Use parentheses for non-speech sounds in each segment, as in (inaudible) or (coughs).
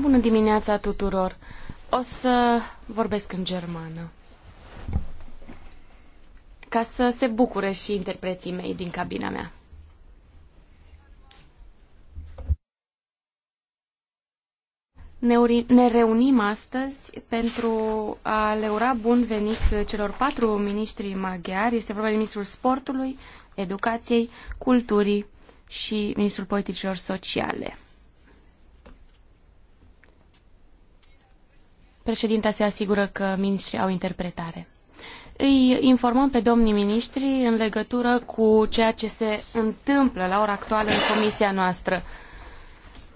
Bună dimineața tuturor. O să vorbesc în germană. Ca să se bucure și interpreții mei din cabina mea. Ne, reunim astăzi pentru a le ura bun venit celor patru miniștri maghiari. Este vorba de ministrul sportului, educației, culturii și ministrul politicilor sociale. Președinta se asigură că ministrii au interpretare. Îi informăm pe domnii ministri în legătură cu ceea ce se întâmplă la ora actuală în comisia noastră.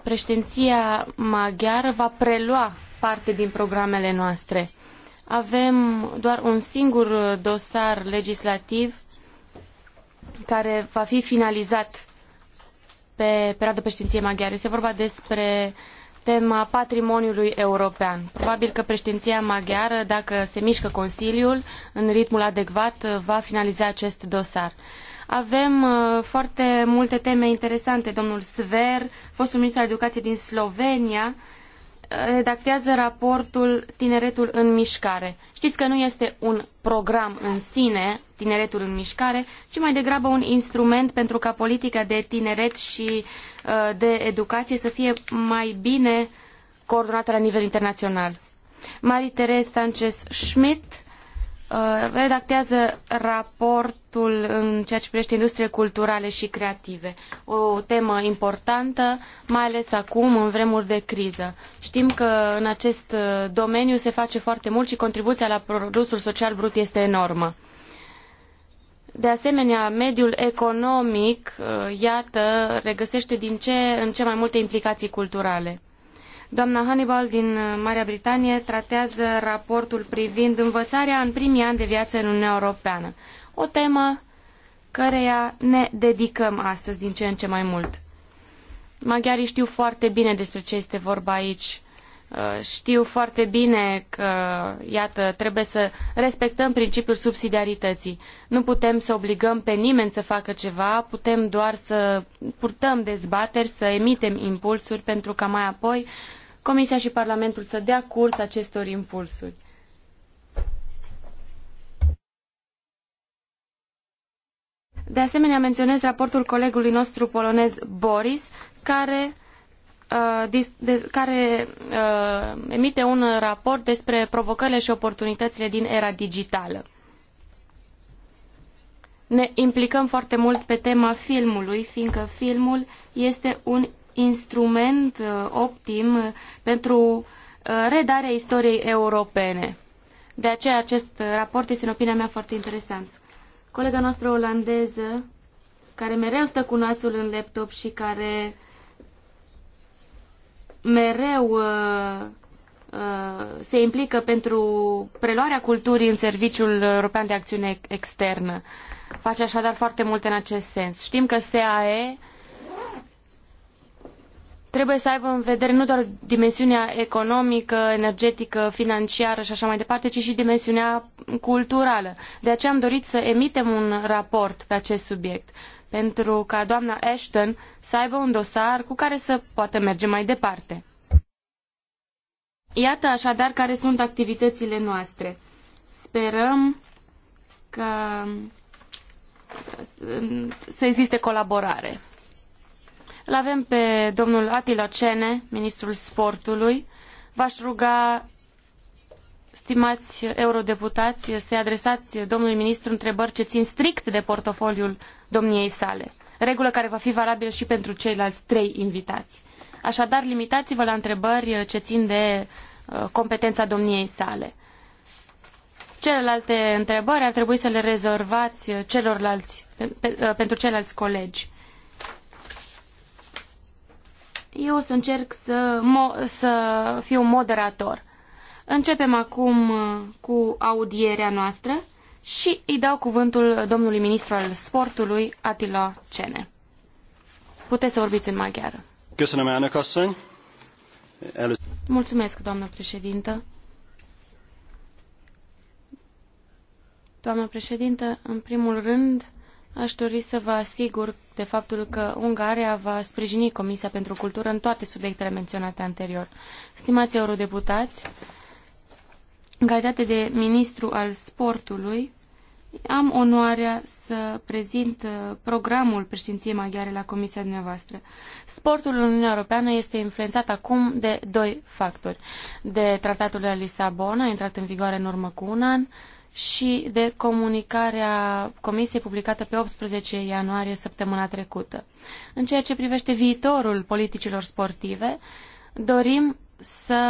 Președinția maghiară va prelua parte din programele noastre. Avem doar un singur dosar legislativ care va fi finalizat pe perioada președinției maghiare. Este vorba despre tema patrimoniului european. Probabil că președinția maghiară, dacă se mișcă Consiliul în ritmul adecvat, va finaliza acest dosar. Avem uh, foarte multe teme interesante. Domnul Sver, fostul ministru al educației din Slovenia, uh, redactează raportul Tineretul în Mișcare. Știți că nu este un program în sine tineretul în mișcare, ci mai degrabă un instrument pentru ca politica de tineret și uh, de educație să fie mai bine coordonată la nivel internațional. Marie-Therese Sanchez Schmidt uh, redactează raportul în ceea ce privește industriile culturale și creative. O temă importantă, mai ales acum, în vremuri de criză. Știm că în acest domeniu se face foarte mult și contribuția la produsul social brut este enormă. De asemenea, mediul economic, uh, iată, regăsește din ce în ce mai multe implicații culturale. Doamna Hannibal din uh, Marea Britanie tratează raportul privind învățarea în primii ani de viață în Uniunea Europeană, o temă căreia ne dedicăm astăzi din ce în ce mai mult. Maghiarii știu foarte bine despre ce este vorba aici. Uh, știu foarte bine că, iată, trebuie să respectăm principiul subsidiarității. Nu putem să obligăm pe nimeni să facă ceva, putem doar să purtăm dezbateri, să emitem impulsuri pentru ca mai apoi Comisia și Parlamentul să dea curs acestor impulsuri. De asemenea, menționez raportul colegului nostru polonez Boris, care Uh, care uh, emite un raport despre provocările și oportunitățile din era digitală. Ne implicăm foarte mult pe tema filmului, fiindcă filmul este un instrument uh, optim pentru redarea istoriei europene. De aceea acest raport este, în opinia mea, foarte interesant. Colega noastră olandeză, care mereu stă cu nasul în laptop și care mereu uh, uh, se implică pentru preluarea culturii în Serviciul European de Acțiune Externă. Face așadar foarte multe în acest sens. Știm că SAE trebuie să aibă în vedere nu doar dimensiunea economică, energetică, financiară și așa mai departe, ci și dimensiunea culturală. De aceea am dorit să emitem un raport pe acest subiect pentru ca doamna Ashton să aibă un dosar cu care să poată merge mai departe. Iată așadar care sunt activitățile noastre. Sperăm ca uh, să existe colaborare. Îl avem pe domnul Atila Cene, ministrul sportului. V-aș ruga, stimați eurodeputați, să-i adresați domnului ministru întrebări ce țin strict de portofoliul domniei sale, regulă care va fi valabilă și pentru ceilalți trei invitați. Așadar, limitați-vă la întrebări ce țin de uh, competența domniei sale. Celelalte întrebări ar trebui să le rezervați uh, celorlalți, uh, pentru ceilalți colegi. Eu o să încerc să, mo- să fiu moderator. Începem acum cu audierea noastră și îi dau cuvântul domnului ministru al sportului, Atila Cene. Puteți să vorbiți în maghiară. Mulțumesc, doamnă președintă. Doamnă președintă, în primul rând, aș dori să vă asigur de faptul că Ungaria va sprijini Comisia pentru Cultură în toate subiectele menționate anterior. Stimați eurodeputați, în calitate de ministru al sportului, am onoarea să prezint uh, programul președinției maghiare la comisia dumneavoastră. Sportul în Uniunea Europeană este influențat acum de doi factori. De tratatul de la Lisabona, intrat în vigoare în urmă cu un an, și de comunicarea comisiei publicată pe 18 ianuarie săptămâna trecută. În ceea ce privește viitorul politicilor sportive, dorim să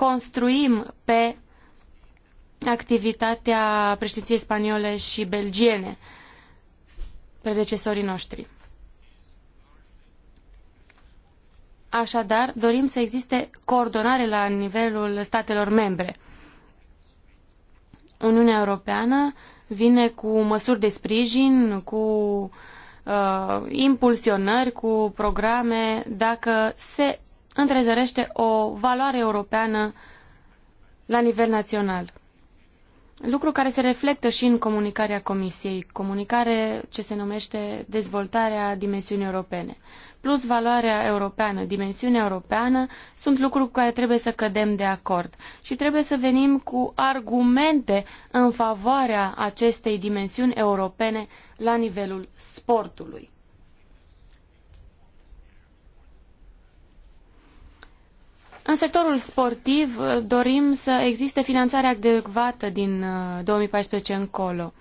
construim pe activitatea președinției spaniole și belgiene, predecesorii noștri. Așadar, dorim să existe coordonare la nivelul statelor membre. Uniunea Europeană vine cu măsuri de sprijin, cu uh, impulsionări, cu programe, dacă se întrezărește o valoare europeană la nivel național. Lucru care se reflectă și în comunicarea Comisiei, comunicare ce se numește dezvoltarea dimensiunii europene. Plus valoarea europeană, dimensiunea europeană, sunt lucruri cu care trebuie să cădem de acord. Și trebuie să venim cu argumente în favoarea acestei dimensiuni europene la nivelul sportului. În sectorul sportiv uh, dorim să existe finanțare adecvată din 2014 uh, încolo.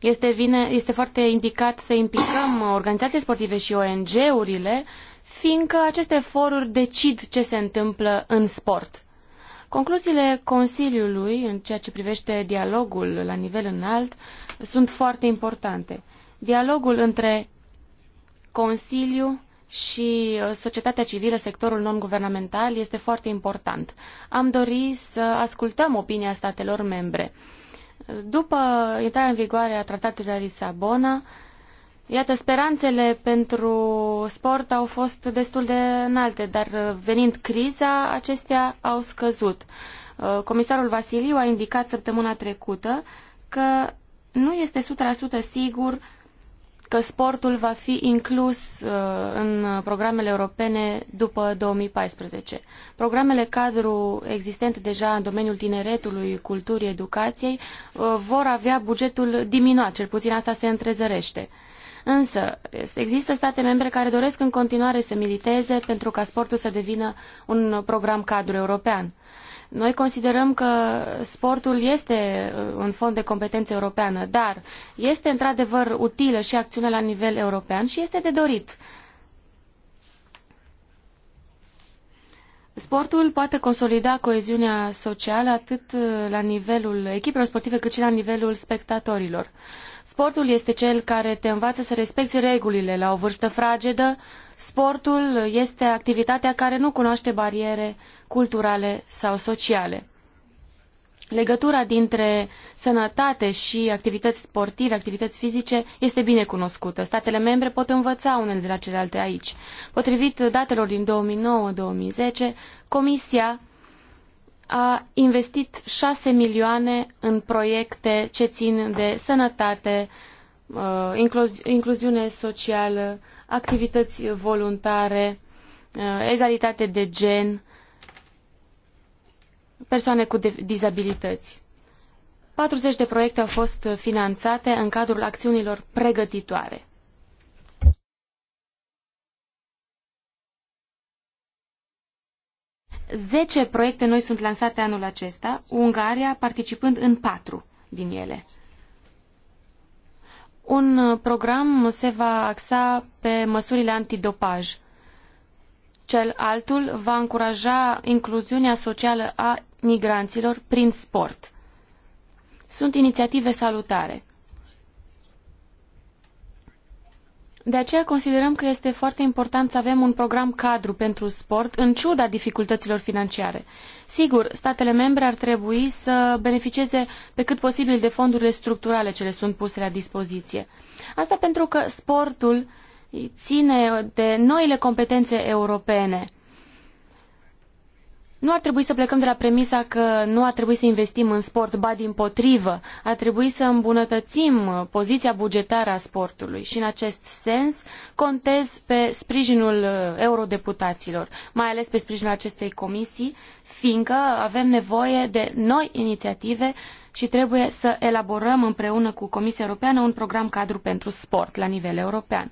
Este, vine, este foarte indicat să implicăm organizații sportive și ONG-urile, fiindcă aceste foruri decid ce se întâmplă în sport. Concluziile Consiliului în ceea ce privește dialogul la nivel înalt sunt foarte importante. Dialogul între Consiliu, și uh, societatea civilă, sectorul non-guvernamental este foarte important. Am dori să ascultăm opinia statelor membre. După intrarea în vigoare a tratatului de la Lisabona, Iată, speranțele pentru sport au fost destul de înalte, dar uh, venind criza, acestea au scăzut. Uh, comisarul Vasiliu a indicat săptămâna trecută că nu este 100% sigur că sportul va fi inclus uh, în programele europene după 2014. Programele cadru existente deja în domeniul tineretului, culturii, educației uh, vor avea bugetul diminuat, cel puțin asta se întrezărește. Însă, există state membre care doresc în continuare să militeze pentru ca sportul să devină un program cadru european. Noi considerăm că sportul este în uh, fond de competență europeană, dar este într-adevăr utilă și acțiune la nivel european și este de dorit. Sportul poate consolida coeziunea socială atât uh, la nivelul echipelor sportive cât și la nivelul spectatorilor. Sportul este cel care te învață să respecti regulile la o vârstă fragedă, Sportul este activitatea care nu cunoaște bariere culturale sau sociale. Legătura dintre sănătate și activități sportive, activități fizice, este bine cunoscută. Statele membre pot învăța unele de la celelalte aici. Potrivit datelor din 2009-2010, Comisia a investit 6 milioane în proiecte ce țin de sănătate, uh, incluziune socială activități voluntare, uh, egalitate de gen, persoane cu dizabilități. 40 de proiecte au fost finanțate în cadrul acțiunilor pregătitoare. Zece proiecte noi sunt lansate anul acesta, Ungaria participând în patru din ele. Un uh, program se va axa pe măsurile antidopaj. Cel altul va încuraja incluziunea socială a migranților prin sport. Sunt inițiative salutare. De aceea considerăm că este foarte important să avem un program cadru pentru sport, în ciuda dificultăților financiare. Sigur, statele membre ar trebui să beneficieze pe cât posibil de fondurile structurale ce le sunt puse la dispoziție. Asta pentru că sportul ține de noile competențe europene – nu ar trebui să plecăm de la premisa că nu ar trebui să investim în sport, ba din potrivă, ar trebui să îmbunătățim poziția bugetară a sportului și în acest sens contez pe sprijinul uh, eurodeputaților, mai ales pe sprijinul acestei comisii, fiindcă avem nevoie de noi inițiative și trebuie să elaborăm împreună cu Comisia Europeană un program cadru pentru sport la nivel european.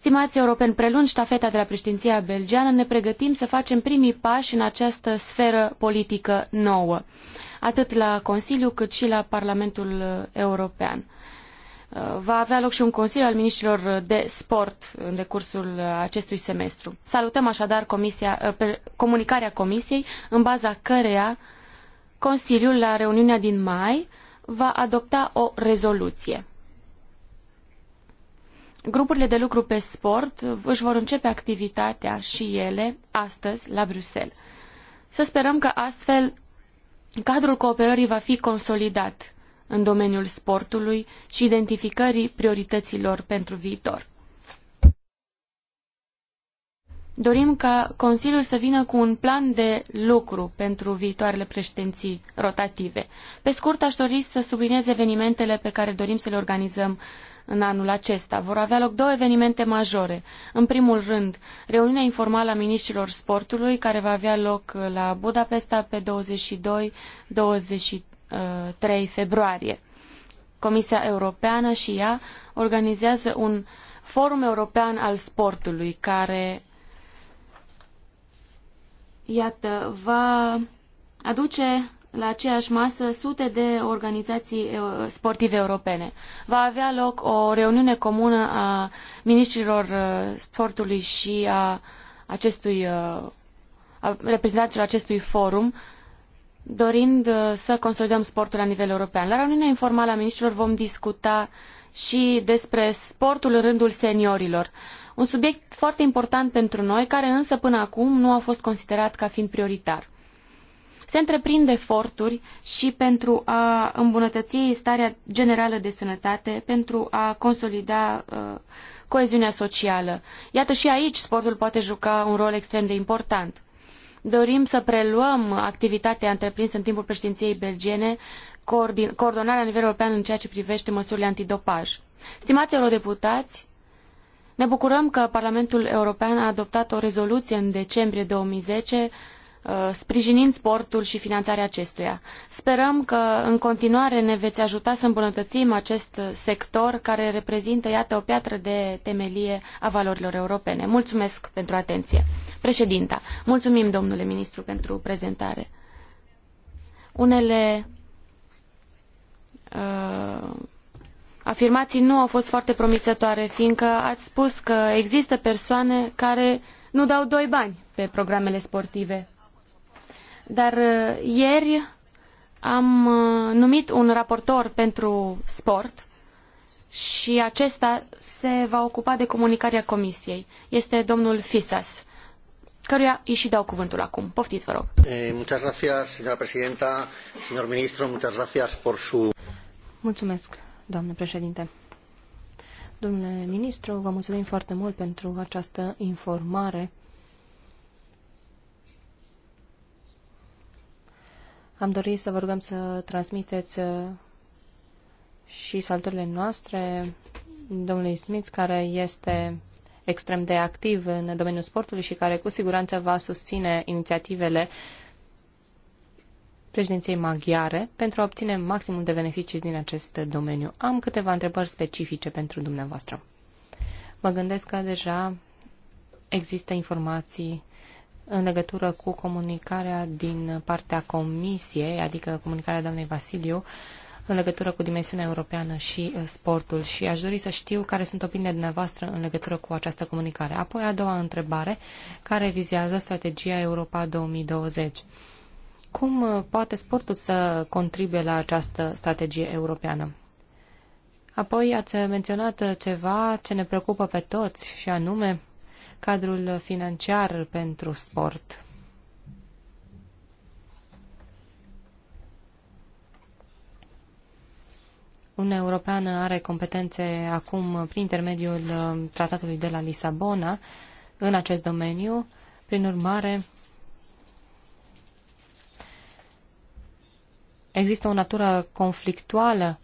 Stimați europeni, prelungi ștafeta de la președinția belgeană, ne pregătim să facem primii pași în această sferă politică nouă, atât la Consiliu cât și la Parlamentul European. Uh, va avea loc și un Consiliu al Ministrilor de Sport în decursul acestui semestru. Salutăm așadar comisia, uh, comunicarea Comisiei, în baza căreia Consiliul, la reuniunea din mai, va adopta o rezoluție. Grupurile de lucru pe sport își vor începe activitatea și ele astăzi la Bruxelles. Să sperăm că astfel cadrul cooperării va fi consolidat în domeniul sportului și identificării priorităților pentru viitor. Dorim ca Consiliul să vină cu un plan de lucru pentru viitoarele președinții rotative. Pe scurt, aș dori să subliniez evenimentele pe care dorim să le organizăm uh, în anul acesta. Vor avea loc două evenimente majore. În primul rând, reuniunea informală a ministrilor sportului, care va avea loc uh, la Budapesta pe 22-23 uh, februarie. Comisia Europeană și ea organizează un forum european al sportului, care, iată, va aduce la aceeași masă sute de organizații uh, sportive europene. Va avea loc o reuniune comună a ministrilor uh, sportului și a acestui uh, a reprezentanților acestui forum dorind să consolidăm sportul la nivel european. La reuniunea informală a ministrilor vom discuta și despre sportul în rândul seniorilor. Un subiect foarte important pentru noi, care însă până acum nu a fost considerat ca fiind prioritar se întreprind eforturi și pentru a îmbunătăți starea generală de sănătate, pentru a consolida uh, coeziunea socială. Iată și aici sportul poate juca un rol extrem de important. Dorim să preluăm activitatea întreprinsă în timpul președinției belgiene, coordonarea la nivel european în ceea ce privește măsurile antidopaj. Stimați eurodeputați, ne bucurăm că Parlamentul European a adoptat o rezoluție în decembrie 2010 Uh, sprijinind sportul și finanțarea acestuia. Sperăm că în continuare ne veți ajuta să îmbunătățim acest sector care reprezintă, iată, o piatră de temelie a valorilor europene. Mulțumesc pentru atenție. Președinta, mulțumim, domnule ministru, pentru prezentare. Unele uh, afirmații nu au fost foarte promițătoare, fiindcă ați spus că există persoane care nu dau doi bani pe programele sportive. Dar uh, ieri am uh, numit un raportor pentru sport și acesta se va ocupa de comunicarea comisiei. Este domnul Fisas, căruia îi și dau cuvântul acum. Poftiți, vă rog. Eh, muchas gracias, señora presidenta, señor ministro, muchas gracias por su... Mulțumesc, președinte. Domnule ministru, vă mulțumim foarte mult pentru această informare Am dorit să vă rugăm să transmiteți uh, și salturile noastre domnului Smith, care este extrem de activ în domeniul sportului și care cu siguranță va susține inițiativele președinției maghiare pentru a obține maximul de beneficii din acest domeniu. Am câteva întrebări specifice pentru dumneavoastră. Mă gândesc că deja există informații în legătură cu comunicarea din partea Comisiei, adică comunicarea doamnei Vasiliu, în legătură cu dimensiunea europeană și uh, sportul și aș dori să știu care sunt opiniile dumneavoastră în legătură cu această comunicare. Apoi a doua întrebare, care vizează strategia Europa 2020. Cum uh, poate sportul să contribuie la această strategie europeană? Apoi ați menționat uh, ceva ce ne preocupă pe toți și anume cadrul financiar pentru sport. Uniunea Europeană are competențe acum prin intermediul uh, tratatului de la Lisabona în acest domeniu. Prin urmare, există o natură conflictuală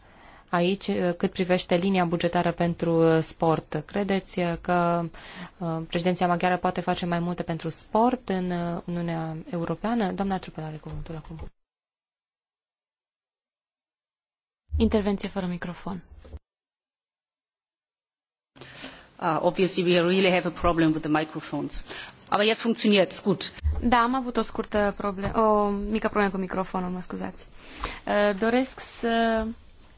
aici uh, cât privește linia bugetară pentru uh, sport. Credeți uh, că președinția maghiară poate face mai multe pentru sport în Uniunea Europeană? Doamna Trupel are cuvântul acum. Intervenție fără microfon. Uh, obviously we really have a problem with the microphones. Aber jetzt funktioniert's gut. Da, am avut o scurtă problemă, o mică problemă cu microfonul, mă scuzați. Uh, doresc să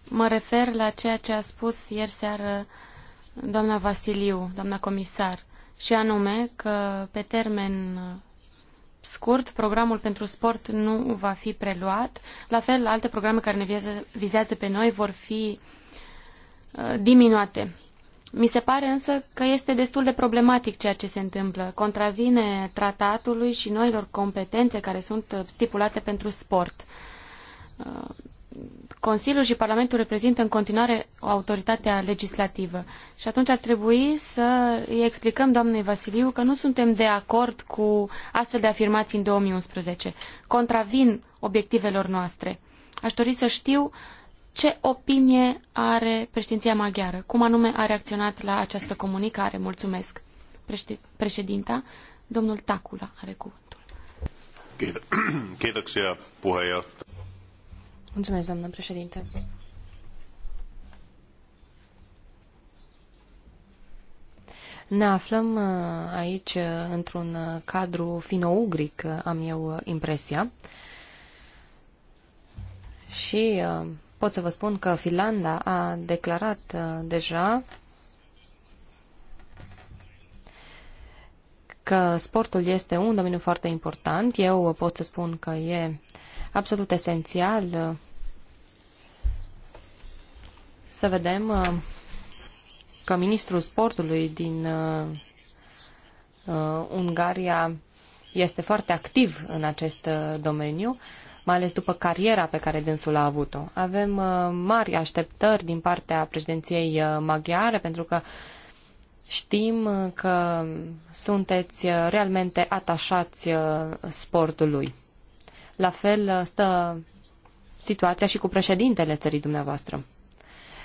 Mă refer la ceea ce a spus ieri seară doamna Vasiliu, doamna comisar, și anume că pe termen scurt, programul pentru sport nu va fi preluat. La fel, alte programe care ne vizează pe noi vor fi uh, diminuate. Mi se pare însă că este destul de problematic ceea ce se întâmplă. Contravine tratatului și noilor competențe care sunt stipulate pentru sport. Uh, Consiliul și Parlamentul reprezintă în continuare o autoritatea legislativă. Și atunci ar trebui să îi explicăm doamnei Vasiliu că nu suntem de acord cu astfel de afirmații în 2011. Contravin obiectivelor noastre. Aș dori să știu ce opinie are președinția maghiară, cum anume a reacționat la această comunicare. Mulțumesc. Președinta, domnul Tacula are cuvântul. Kiitoksia puheenjohtaja. Mulțumesc, doamnă președinte. Ne aflăm uh, aici uh, într-un uh, cadru fino-ugric, am eu impresia. Și pot să vă spun că Finlanda a declarat deja că sportul este un domeniu foarte important. Eu pot să spun că e absolut esențial să vedem uh, că ministrul sportului din uh, uh, Ungaria este foarte activ în acest domeniu, mai ales după cariera pe care dânsul a avut-o. Avem mari așteptări din partea președinției maghiare, pentru că știm că sunteți realmente atașați sportului. La fel stă situația și cu președintele țării dumneavoastră.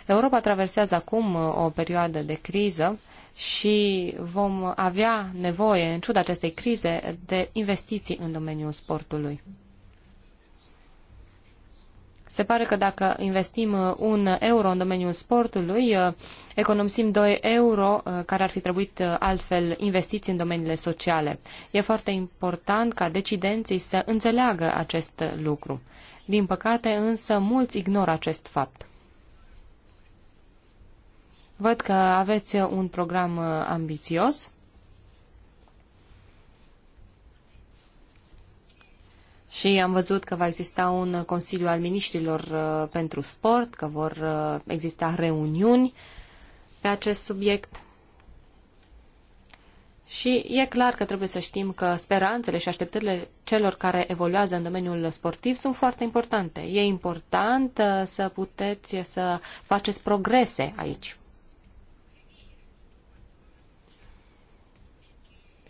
Europa traversează acum uh, o perioadă de criză și vom avea nevoie, în ciuda acestei crize, de investiții în domeniul sportului. Se pare că dacă investim uh, un euro în domeniul sportului, uh, economisim 2 euro care ar fi trebuit altfel investiți în domeniile sociale. E foarte important ca decidenții să înțeleagă acest lucru. Din păcate, însă, mulți ignoră acest fapt. Văd că aveți un program uh, ambițios. Și am văzut că va exista un Consiliu al Miniștrilor uh, pentru Sport, că vor uh, exista reuniuni pe acest subiect. Și e clar că trebuie să știm că speranțele și așteptările celor care evoluează în domeniul sportiv sunt foarte importante. E important să puteți să faceți progrese aici.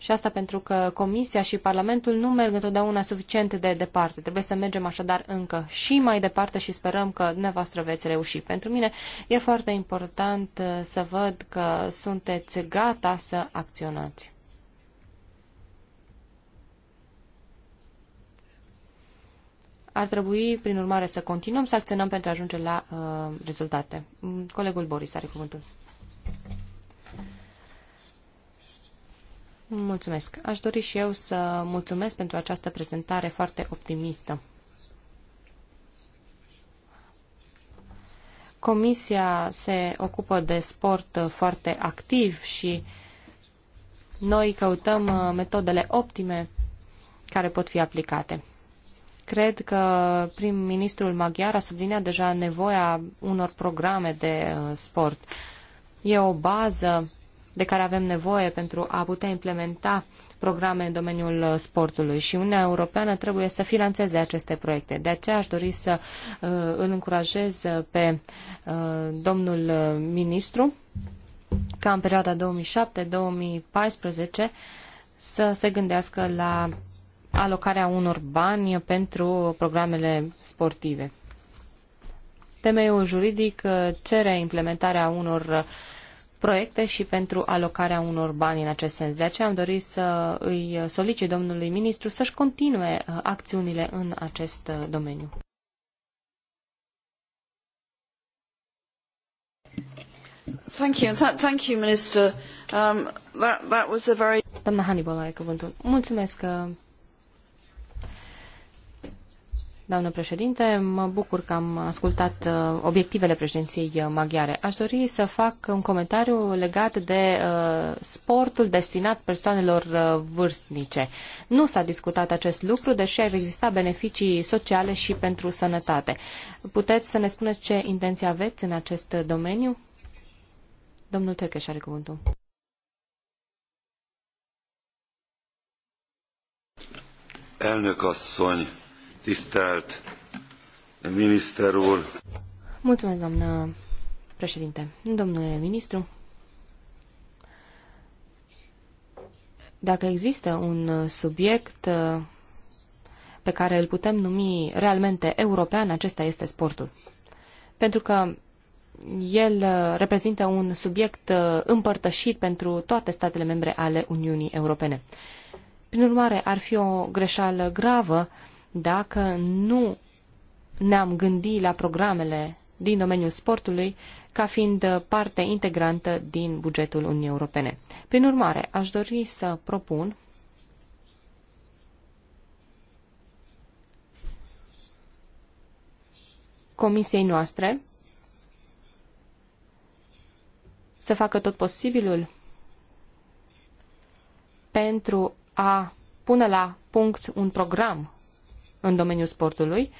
Și asta pentru că Comisia și Parlamentul nu merg întotdeauna suficient de departe. Trebuie să mergem așadar încă și mai departe și sperăm că dumneavoastră veți reuși. Pentru mine e foarte important uh, să văd că sunteți gata să acționați. Ar trebui, prin urmare, să continuăm să acționăm pentru a ajunge la uh, rezultate. Mm, colegul Boris are cuvântul. Mulțumesc. Aș dori și eu să mulțumesc pentru această prezentare foarte optimistă. Comisia se ocupă de sport foarte activ și noi căutăm metodele optime care pot fi aplicate. Cred că prim-ministrul maghiar a subliniat deja nevoia unor programe de uh, sport. E o bază de care avem nevoie pentru a putea implementa programe în domeniul sportului și Uniunea Europeană trebuie să financeze aceste proiecte. De aceea aș dori să uh, îl încurajez pe uh, domnul ministru ca în perioada 2007-2014 să se gândească la alocarea unor bani pentru programele sportive. Temeiul juridic uh, cere implementarea unor uh, proiecte și pentru alocarea unor bani în acest sens. De aceea am dorit să îi solicit domnului ministru să-și continue uh, acțiunile în acest uh, domeniu. Thank you. Thank you, Minister. Um, that, that was a very... Doamna Hannibal are cuvântul. Mulțumesc, uh, Doamnă președinte, mă bucur că am ascultat uh, obiectivele președinției uh, maghiare. Aș dori să fac un comentariu legat de uh, sportul destinat persoanelor vârstnice. Nu s-a discutat acest lucru, deși ar exista beneficii sociale și pentru sănătate. Puteți să ne spuneți ce intenții aveți în acest domeniu? Domnul Techeș are cuvântul. Elnök asszony, tisztelt miniszter úr! Mulțumesc, doamnă președinte. Domnule ministru, dacă există un subiect uh, pe care îl putem numi realmente european, acesta este sportul. Pentru că el uh, reprezintă un subiect uh, împărtășit pentru toate statele membre ale Uniunii Europene. Prin urmare, ar fi o greșeală gravă dacă nu ne-am gândit la programele din domeniul sportului ca fiind parte integrantă din bugetul Uniunii Europene. Prin urmare, aș dori să propun comisiei noastre să facă tot posibilul pentru a pune la punct un program în domeniul sportului,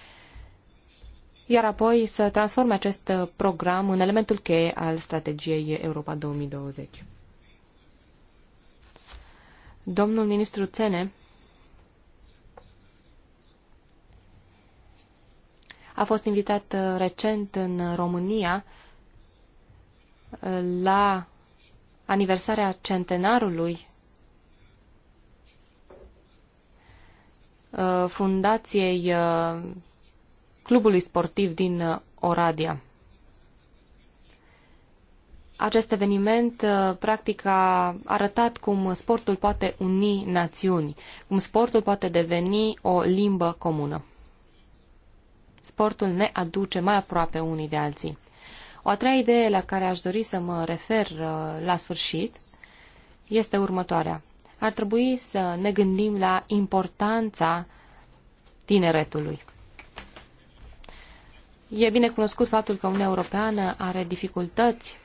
iar apoi să transforme acest program în elementul cheie al strategiei Europa 2020. Domnul ministru Țene a fost invitat uh, recent în România uh, la aniversarea centenarului Uh, fundației uh, clubului sportiv din uh, Oradia. Acest eveniment, practic, a arătat cum sportul poate uni națiuni, cum sportul poate deveni o limbă comună. Sportul ne aduce mai aproape unii de alții. O a treia idee la care aș dori să mă refer la sfârșit este următoarea ar trebui să ne gândim la importanța tineretului. E bine cunoscut faptul că Uniunea Europeană are dificultăți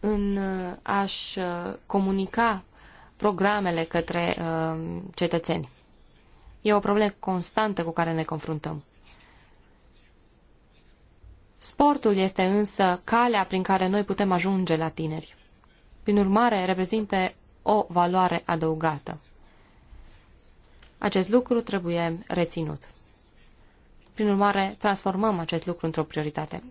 în uh, a-și uh, comunica programele către uh, cetățeni. E o problemă constantă cu care ne confruntăm. Sportul este însă calea prin care noi putem ajunge la tineri. Prin urmare, reprezintă o valoare adăugată. Acest lucru trebuie reținut. Prin urmare, transformăm acest lucru într-o prioritate.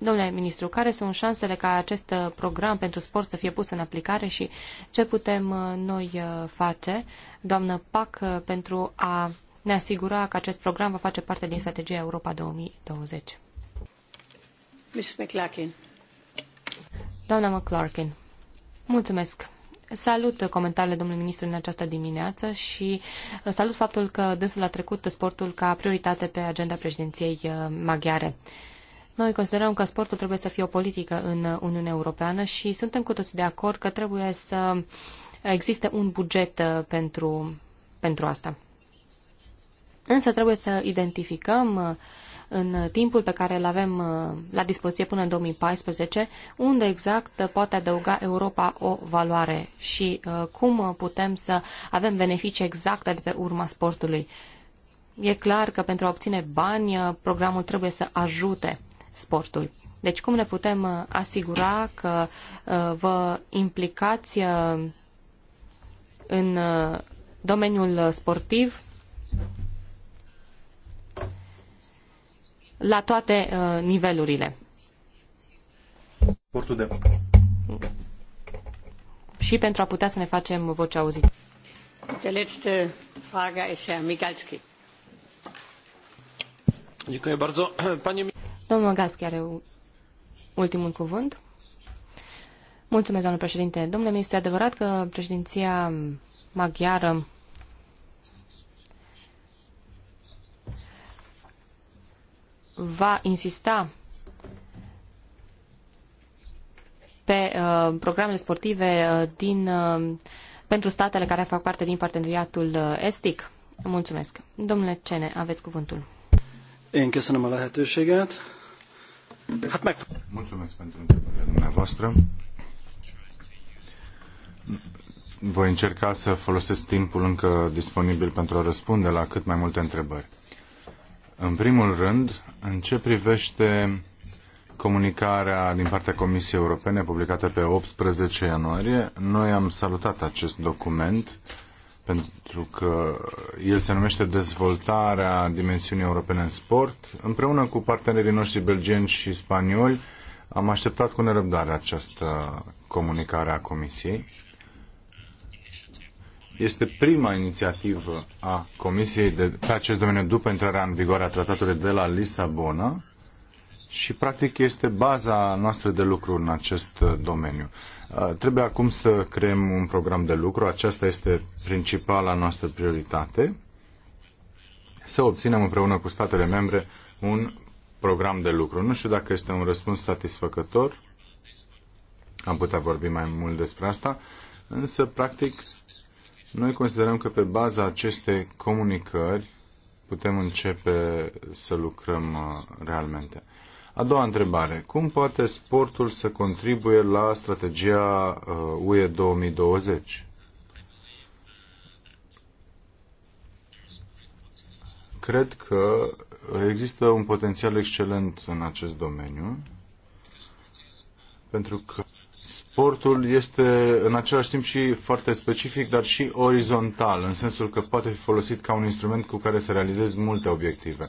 Domnule ministru, care sunt șansele ca acest program pentru sport să fie pus în aplicare și ce putem uh, noi uh, face, doamnă PAC, uh, pentru a ne asigura că acest program va face parte din strategia Europa 2020? Ms. McClarkin. Doamna McClarkin, mulțumesc. Salut comentariile domnului ministru în această dimineață și uh, salut faptul că dânsul a trecut sportul ca prioritate pe agenda președinției uh, maghiare. Noi considerăm că sportul trebuie să fie o politică în Uniunea Europeană și suntem cu toții de acord că trebuie să existe un buget uh, pentru, pentru asta. Însă trebuie să identificăm uh, în timpul pe care îl avem uh, la dispoziție până în 2014, unde exact uh, poate adăuga Europa o valoare și uh, cum putem să avem beneficii exacte de pe urma sportului. E clar că pentru a obține bani, programul trebuie să ajute sportul. Deci cum ne putem asigura că vă implicați în domeniul sportiv la toate uh, nivelurile. Portul de... Și pentru a putea să ne facem vocea auzită. Der letzte Frage ist Herr Migalski. Dziękuję bardzo. Panie... Domnul Migalski are ultimul cuvânt. Mulțumesc, doamnă președinte. Domnule ministru, e adevărat că președinția maghiară va insista pe uh, programele sportive uh, din, uh, pentru statele care fac parte din parteneriatul uh, estic? Mulțumesc. Domnule Cene, aveți cuvântul. Mulțumesc pentru întrebările dumneavoastră. Voi încerca să folosesc timpul încă disponibil pentru a răspunde la cât mai multe întrebări. În primul rând, în ce privește comunicarea din partea Comisiei Europene publicată pe 18 ianuarie, noi am salutat acest document pentru că el se numește Dezvoltarea dimensiunii europene în sport. Împreună cu partenerii noștri belgeni și spanioli am așteptat cu nerăbdare această comunicare a Comisiei este prima inițiativă a Comisiei de, pe acest domeniu după intrarea în vigoare a tratatului de la Lisabona și practic este baza noastră de lucru în acest uh, domeniu. Uh, trebuie acum să creăm un program de lucru, aceasta este principala noastră prioritate, să obținem împreună cu statele membre un program de lucru. Nu știu dacă este un răspuns satisfăcător, am putea vorbi mai mult despre asta, însă, practic, noi considerăm că pe baza acestei comunicări putem începe să lucrăm uh, realmente. A doua întrebare. Cum poate sportul să contribuie la strategia UE uh, 2020? Cred că există un potențial excelent în acest domeniu, pentru că Sportul este în același timp și foarte specific, dar și orizontal, în sensul că poate fi folosit ca un instrument cu care să realizezi multe obiective.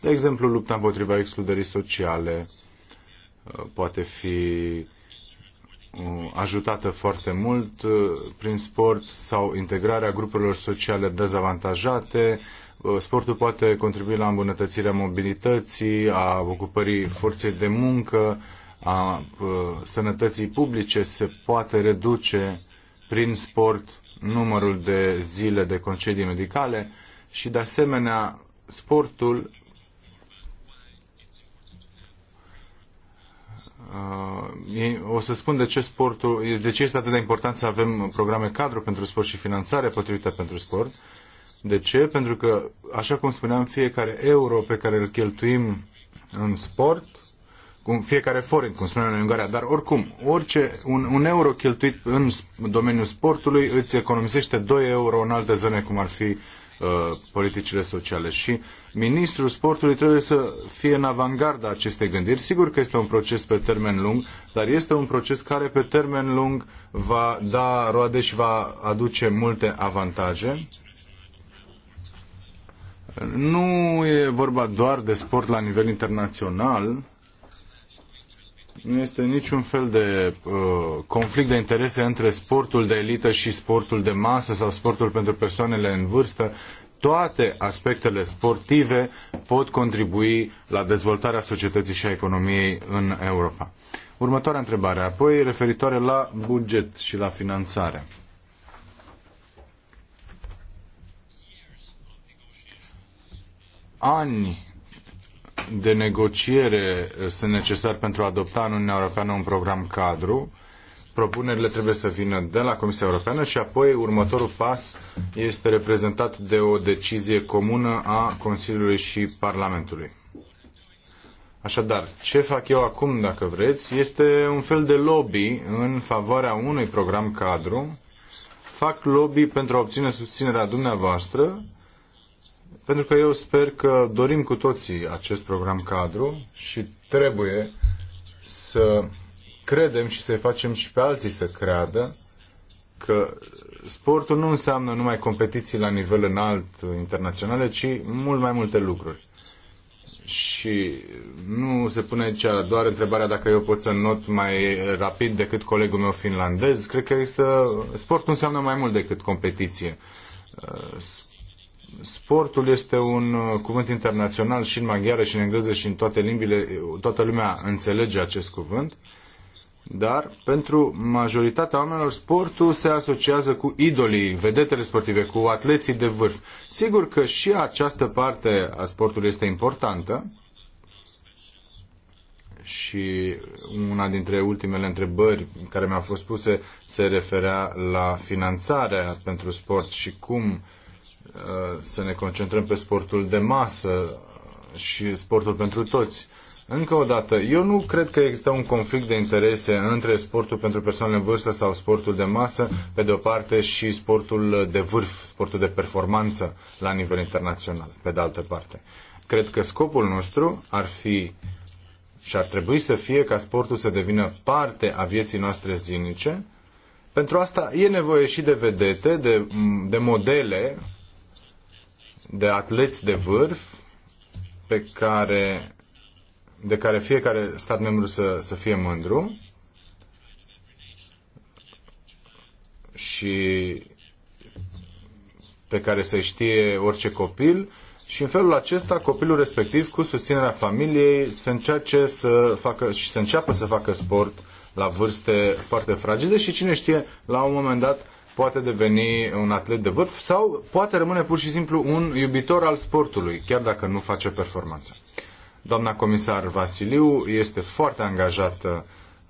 De exemplu, lupta împotriva excluderii sociale uh, poate fi uh, ajutată foarte mult uh, prin sport sau integrarea grupurilor sociale dezavantajate. Sportul poate contribui la îmbunătățirea mobilității, a ocupării forței de muncă, a sănătății publice se poate reduce prin sport numărul de zile de concedii medicale și, de asemenea, sportul o să spun de ce, sportul, de ce este atât de important să avem programe cadru pentru sport și finanțare potrivită pentru sport. De ce? Pentru că, așa cum spuneam, fiecare euro pe care îl cheltuim în sport cum fiecare forint, cum spunem în Ungaria, dar oricum, orice, un, un euro cheltuit în domeniul sportului îți economisește 2 euro în alte zone, cum ar fi uh, politicile sociale și ministrul sportului trebuie să fie în avangarda acestei gândiri. Sigur că este un proces pe termen lung, dar este un proces care pe termen lung va da roade și va aduce multe avantaje. Nu e vorba doar de sport la nivel internațional, nu este niciun fel de uh, conflict de interese între sportul de elită și sportul de masă sau sportul pentru persoanele în vârstă. Toate aspectele sportive pot contribui la dezvoltarea societății și a economiei în Europa. Următoarea întrebare, apoi referitoare la buget și la finanțare. Ani de negociere sunt necesari pentru a adopta în Uniunea Europeană un program cadru. Propunerile trebuie să vină de la Comisia Europeană și apoi următorul pas este reprezentat de o decizie comună a Consiliului și Parlamentului. Așadar, ce fac eu acum, dacă vreți, este un fel de lobby în favoarea unui program cadru. Fac lobby pentru a obține susținerea dumneavoastră pentru că eu sper că dorim cu toții acest program cadru și trebuie să credem și să facem și pe alții să creadă că sportul nu înseamnă numai competiții la nivel înalt internaționale, ci mult mai multe lucruri. Și nu se pune aici doar întrebarea dacă eu pot să not mai rapid decât colegul meu finlandez. Cred că este sportul înseamnă mai mult decât competiție sportul este un uh, cuvânt internațional și în maghiară și în engleză și în toate limbile, uh, toată lumea înțelege acest cuvânt, dar pentru majoritatea oamenilor sportul se asociază cu idolii, vedetele sportive, cu atleții de vârf. Sigur că și această parte a sportului este importantă și una dintre ultimele întrebări care mi-au fost puse se referea la finanțarea pentru sport și cum uh, Uh, să ne concentrăm pe sportul de masă și sportul pentru toți. Încă o dată, eu nu cred că există un conflict de interese între sportul pentru persoanele în vârstă sau sportul de masă, pe de o parte, și sportul de vârf, sportul de performanță la nivel internațional, pe de altă parte. Cred că scopul nostru ar fi și ar trebui să fie ca sportul să devină parte a vieții noastre zilnice. Pentru asta e nevoie și de vedete, de, de modele de atleți de vârf pe care, de care fiecare stat membru să, să fie mândru și pe care să știe orice copil și în felul acesta copilul respectiv cu susținerea familiei să încerce să facă și să înceapă să facă sport la vârste foarte fragede și cine știe la un moment dat poate deveni un atlet de vârf sau poate rămâne pur și simplu un iubitor al sportului, chiar dacă nu face performanță. Doamna comisar Vasiliu este foarte angajată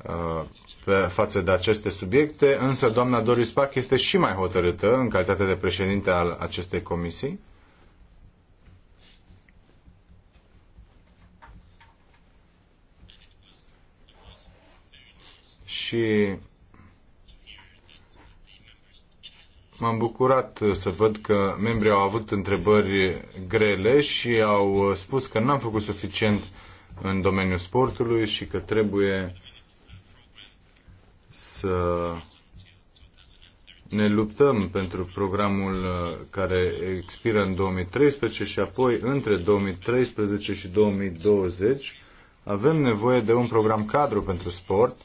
uh, pe față de aceste subiecte, însă doamna Doris Pac este și mai hotărâtă în calitate de președinte al acestei comisii. Și M-am bucurat uh, să văd că membrii au avut întrebări grele și au uh, spus că n-am făcut suficient în domeniul sportului și că trebuie să ne luptăm pentru programul uh, care expiră în 2013 și apoi între 2013 și 2020 avem nevoie de un program cadru pentru sport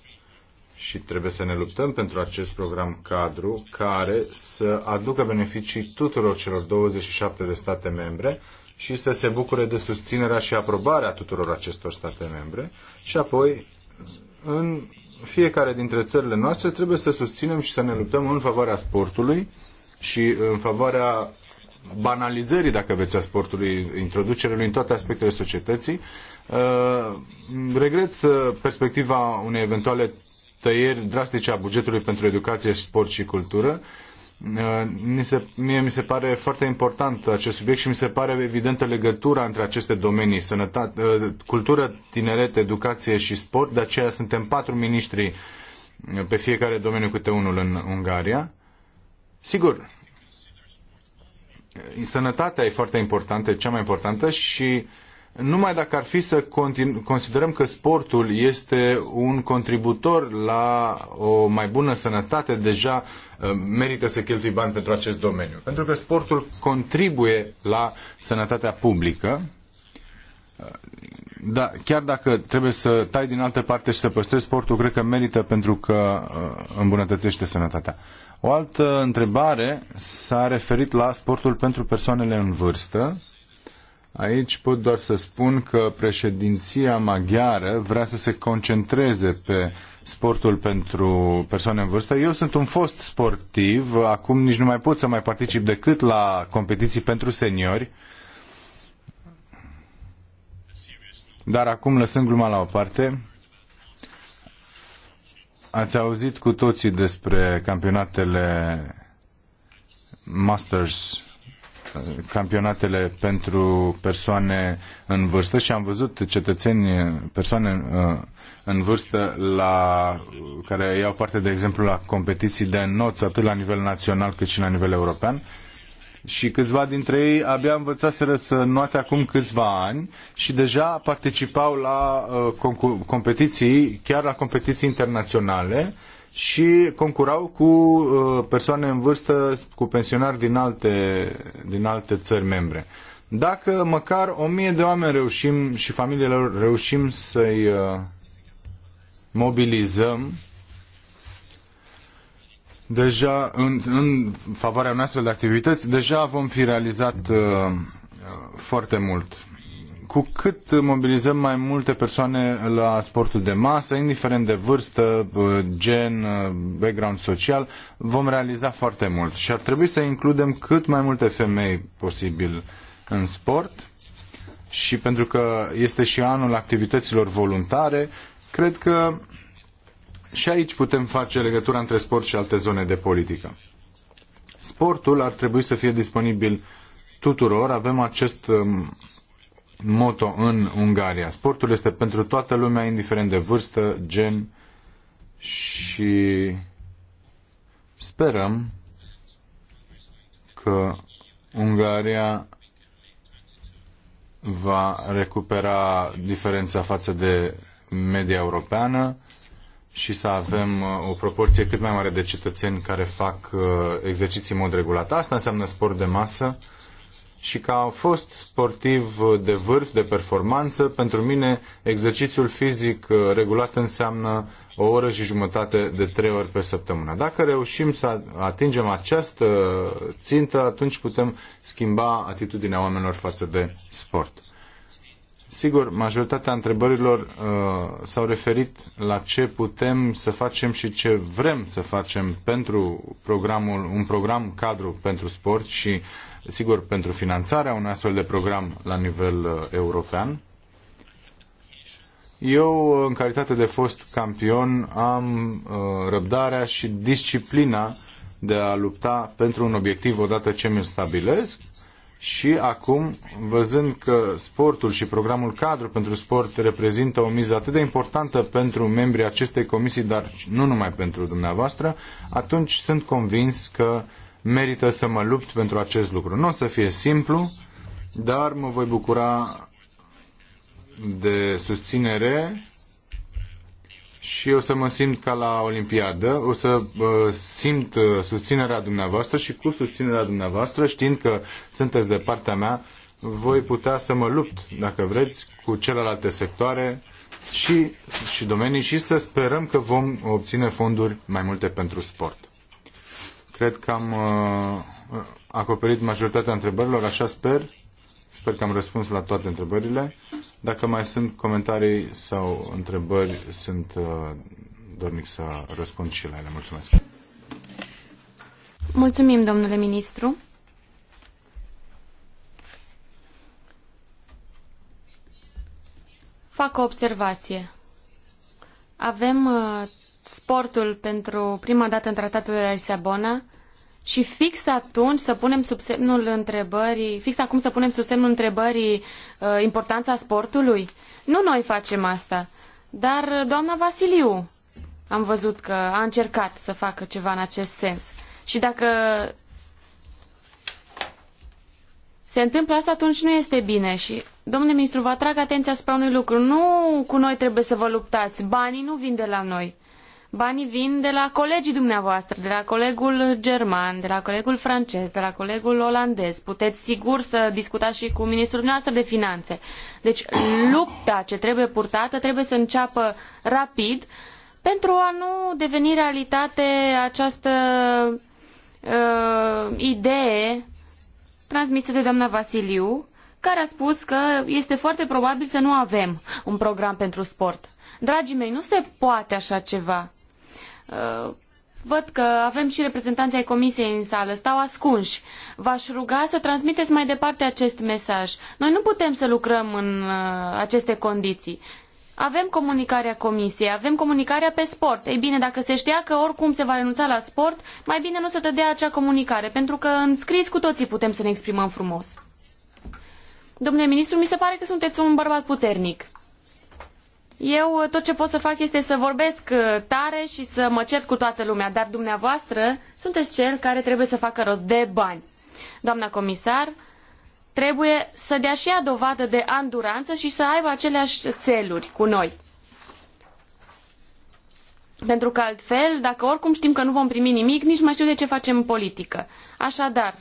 și trebuie să ne luptăm pentru acest program cadru care să aducă beneficii tuturor celor 27 de state membre și să se bucure de susținerea și aprobarea tuturor acestor state membre și apoi în fiecare dintre țările noastre trebuie să susținem și să ne luptăm în favoarea sportului și în favoarea banalizării, dacă veți, a sportului, introducerea lui în toate aspectele societății. Uh, regret să perspectiva unei eventuale tăieri drastice a bugetului pentru educație, sport și cultură. Mi uh, se, mie mi se pare foarte important acest subiect și mi se pare evidentă legătura între aceste domenii, sănătate, uh, cultură, tineret, educație și sport, de aceea suntem patru miniștri pe fiecare domeniu câte unul în Ungaria. Sigur, sănătatea e foarte importantă, cea mai importantă și uh, numai dacă ar fi să considerăm că sportul este un contributor la o mai bună sănătate, deja uh, merită să cheltui bani pentru acest domeniu. Pentru că sportul contribuie la sănătatea publică, uh, da, chiar dacă trebuie să tai din altă parte și să păstrezi sportul, cred că merită pentru că uh, îmbunătățește sănătatea. O altă întrebare s-a referit la sportul pentru persoanele în vârstă Aici pot doar să spun că președinția maghiară vrea să se concentreze pe sportul pentru persoane în vârstă. Eu sunt un fost sportiv, acum nici nu mai pot să mai particip decât la competiții pentru seniori. Dar acum, lăsând gluma la o parte, ați auzit cu toții despre campionatele Masters campionatele pentru persoane în vârstă și am văzut cetățeni, persoane uh, în vârstă la, care iau parte, de exemplu, la competiții de noți, atât la nivel național cât și la nivel european și câțiva dintre ei abia învățaseră să noate acum câțiva ani și deja participau la uh, competiții, chiar la competiții internaționale și concurau cu uh, persoane în vârstă, cu pensionari din alte, din alte țări membre. Dacă măcar o mie de oameni reușim și familiile lor reușim să-i uh, mobilizăm, deja în, în favoarea unei astfel de activități, deja vom fi realizat uh, uh foarte mult cu cât mobilizăm mai multe persoane la sportul de masă, indiferent de vârstă, uh, gen, uh, background social, vom realiza foarte mult. Și ar trebui să includem cât mai multe femei posibil în sport și pentru că este și anul activităților voluntare, cred că și aici putem face legătura între sport și alte zone de politică. Sportul ar trebui să fie disponibil tuturor. Avem acest um, moto în Ungaria. Sportul este pentru toată lumea, indiferent de vârstă, gen și sperăm că Ungaria va recupera diferența față de media europeană și să avem uh, o proporție cât mai mare de cetățeni care fac uh, exerciții în mod regulat. Asta înseamnă sport de masă și ca am fost sportiv de vârf, de performanță, pentru mine exercițiul fizic uh, regulat înseamnă o oră și jumătate de trei ori pe săptămână. Dacă reușim să atingem această țintă, atunci putem schimba atitudinea oamenilor față de sport. Sigur, majoritatea întrebărilor uh, s-au referit la ce putem să facem și ce vrem să facem pentru programul, un program cadru pentru sport și sigur, pentru finanțarea unui astfel de program la nivel uh, european. Eu, uh, în calitate de fost campion, am uh, răbdarea și disciplina de a lupta pentru un obiectiv odată ce mi-l stabilesc și acum, văzând că sportul și programul cadru pentru sport reprezintă o miză atât de importantă pentru membrii acestei comisii, dar nu numai pentru dumneavoastră, atunci sunt convins că merită să mă lupt pentru acest lucru. Nu o să fie simplu, dar mă voi bucura de susținere și o să mă simt ca la Olimpiadă, o să uh, simt uh, susținerea dumneavoastră și cu susținerea dumneavoastră, știind că sunteți de partea mea, voi putea să mă lupt, dacă vreți, cu celelalte sectoare și, și domenii și să sperăm că vom obține fonduri mai multe pentru sport. Cred că am uh, acoperit majoritatea întrebărilor, așa sper. Sper că am răspuns la toate întrebările. Dacă mai sunt comentarii sau întrebări, sunt uh, dornic să răspund și la ele. Mulțumesc. Mulțumim, domnule ministru. Fac o observație. Avem uh, sportul pentru prima dată în tratatul de la Lisabona și fix atunci să punem sub semnul întrebării, fix acum să punem sub semnul întrebării uh, importanța sportului? Nu noi facem asta, dar uh, doamna Vasiliu am văzut că a încercat să facă ceva în acest sens. Și dacă se întâmplă asta, atunci nu este bine. Și, domnule ministru, vă atrag atenția asupra unui lucru. Nu cu noi trebuie să vă luptați. Banii nu vin de la noi. Banii vin de la colegii dumneavoastră, de la colegul german, de la colegul francez, de la colegul olandez. Puteți sigur să discutați și cu ministrul dumneavoastră de finanțe. Deci lupta ce trebuie purtată trebuie să înceapă rapid pentru a nu deveni realitate această uh, idee transmisă de doamna Vasiliu, care a spus că este foarte probabil să nu avem un program pentru sport. Dragii mei, nu se poate așa ceva. Văd că avem și reprezentanții ai comisiei în sală, stau ascunși. V-aș ruga să transmiteți mai departe acest mesaj. Noi nu putem să lucrăm în uh, aceste condiții. Avem comunicarea comisiei, avem comunicarea pe sport. Ei bine, dacă se știa că oricum se va renunța la sport, mai bine nu să tădea acea comunicare, pentru că în scris cu toții putem să ne exprimăm frumos. Domnule ministru, mi se pare că sunteți un bărbat puternic. Eu uh, tot ce pot să fac este să vorbesc uh, tare și să mă cert cu toată lumea, dar dumneavoastră sunteți cel care trebuie să facă rost de bani. Doamna comisar, trebuie să dea și ea dovadă de anduranță și să aibă aceleași țeluri cu noi. Pentru că altfel, dacă oricum știm că nu vom primi nimic, nici mai știu de ce facem politică. Așadar,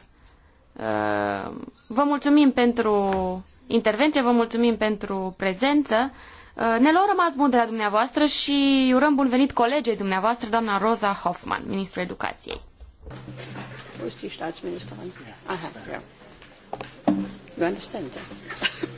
uh, vă mulțumim pentru intervenție, vă mulțumim pentru prezență. Uh, ne luăm rămas bun de la dumneavoastră și urăm bun venit colegei dumneavoastră, doamna Rosa Hoffman, ministrul educației. Wo ist die Staatsministerin? Aha, ja. You understand? Yeah. (laughs)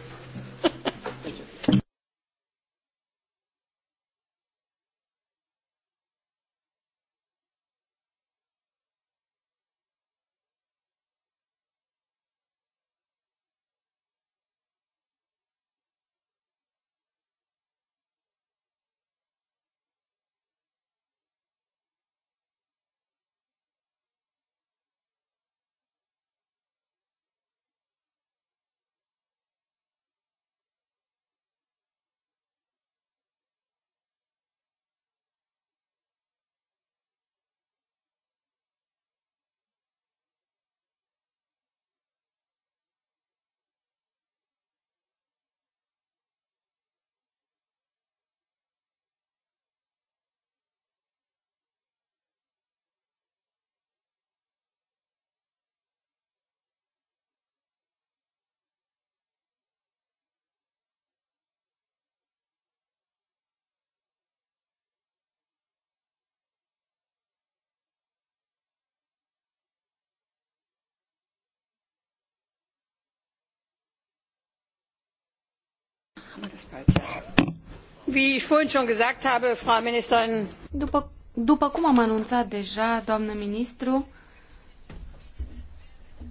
După, după cum am anunțat deja, doamnă ministru,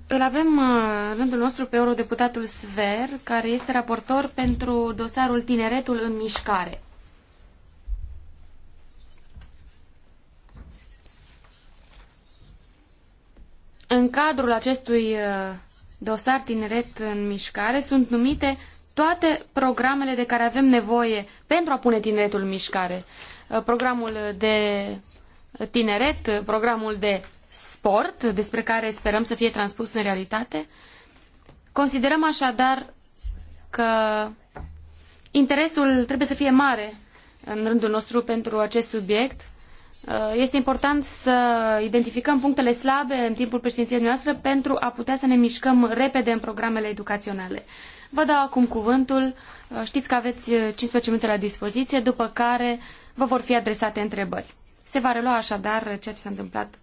îl avem uh, în rândul nostru pe eurodeputatul Sver, care este raportor pentru dosarul Tineretul în Mișcare. În cadrul acestui uh, dosar Tineret în Mișcare sunt numite toate programele de care avem nevoie pentru a pune tineretul în mișcare. Uh, programul de tineret, uh, programul de sport, despre care sperăm să fie transpus în realitate. Considerăm așadar că interesul trebuie să fie mare în rândul nostru pentru acest subiect Uh, este important să identificăm punctele slabe în timpul președinției noastre pentru a putea să ne mișcăm repede în programele educaționale. Vă dau acum cuvântul, uh, știți că aveți 15 uh, minute la dispoziție, după care vă vor fi adresate întrebări. Se va relua așadar ceea ce s-a întâmplat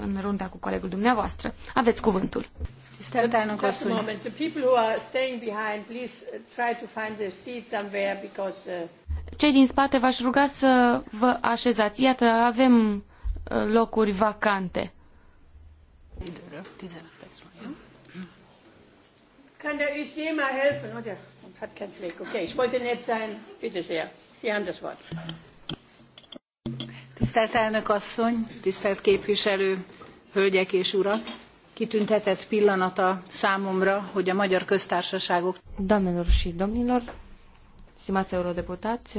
în runda cu colegul dumneavoastră. Aveți cuvântul. Just a moment. The people who are staying behind, please try to find seat somewhere because uh, cei din spate v-aș ruga să vă așezați. Iată, avem uh, locuri vacante. Kann der Ystema helfen, oder? Oh, Und hat keinen Zweck. Okay, ich wollte nett sein. Bitte sehr. Sie haben das Wort. Tisztelt elnök asszony, tisztelt képviselő, hölgyek és urak! Kitüntetett pillanata számomra, hogy a magyar köztársaságok... Doamnelor și domnilor, Stimați eurodeputați,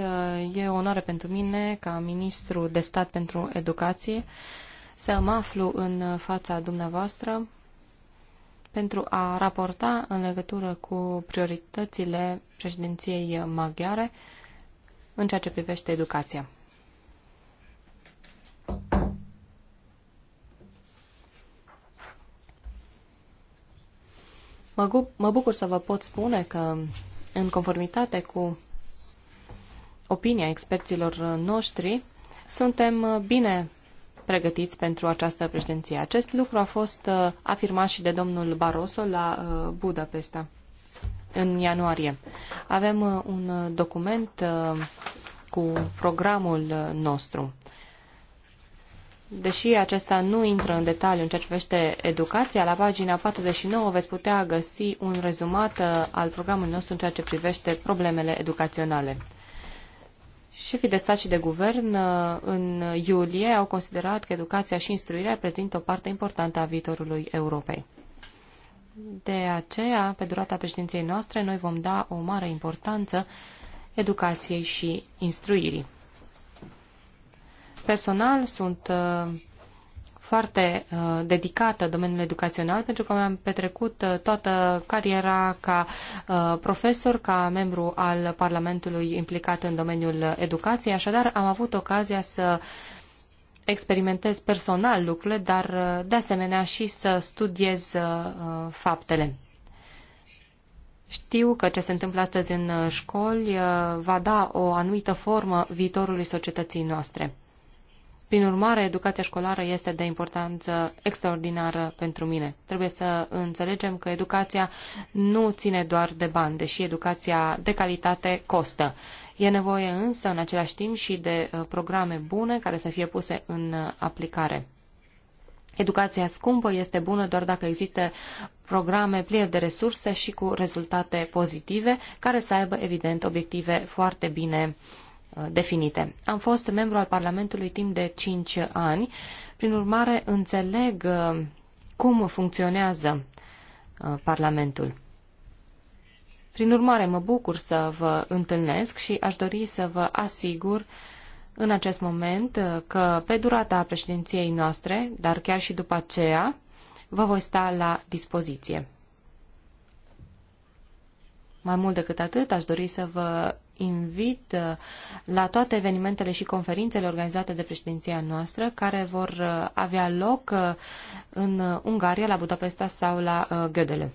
e o onoare pentru mine, ca ministru de stat pentru educație, să mă aflu în fața dumneavoastră pentru a raporta în legătură cu prioritățile președinției maghiare în ceea ce privește educația. Mă, mă bucur să vă pot spune că, în conformitate cu opinia experților noștri, suntem uh, bine pregătiți pentru această președinție. Acest lucru a fost uh, afirmat și de domnul Barroso la uh, Budapesta în ianuarie. Avem un document cu programul nostru. Deși acesta nu intră în detaliu în ceea ce privește educația, la pagina 49 veți putea găsi un rezumat al programului nostru în ceea ce privește problemele educaționale. Șefii de stat și de guvern uh, în iulie au considerat că educația și instruirea reprezintă o parte importantă a viitorului Europei. De aceea, pe durata președinției noastre, noi vom da o mare importanță educației și instruirii. Personal sunt uh, foarte uh, dedicată domeniului educațional pentru că mi-am petrecut uh, toată cariera ca uh, profesor, ca membru al Parlamentului implicat în domeniul educației, așadar am avut ocazia să experimentez personal lucrurile, dar uh, de asemenea și să studiez uh, faptele. Știu că ce se întâmplă astăzi în școli uh, va da o anumită formă viitorului societății noastre. Prin urmare, educația școlară este de importanță extraordinară pentru mine. Trebuie să înțelegem că educația nu ține doar de bani, deși educația de calitate costă. E nevoie însă, în același timp, și de uh, programe bune care să fie puse în uh, aplicare. Educația scumpă este bună doar dacă există programe pline de resurse și cu rezultate pozitive, care să aibă, evident, obiective foarte bine uh, Uh, definite. Am fost membru al Parlamentului timp de 5 ani, prin urmare înțeleg uh, cum funcționează uh, Parlamentul. Prin urmare, mă bucur să vă întâlnesc și aș dori să vă asigur în acest moment că pe durata președinției noastre, dar chiar și după aceea, vă voi sta la dispoziție. Mai mult decât atât, aș dori să vă invit uh, la toate evenimentele și conferințele organizate de președinția noastră, care vor uh, avea loc uh, în Ungaria, la Budapesta sau la Gödele.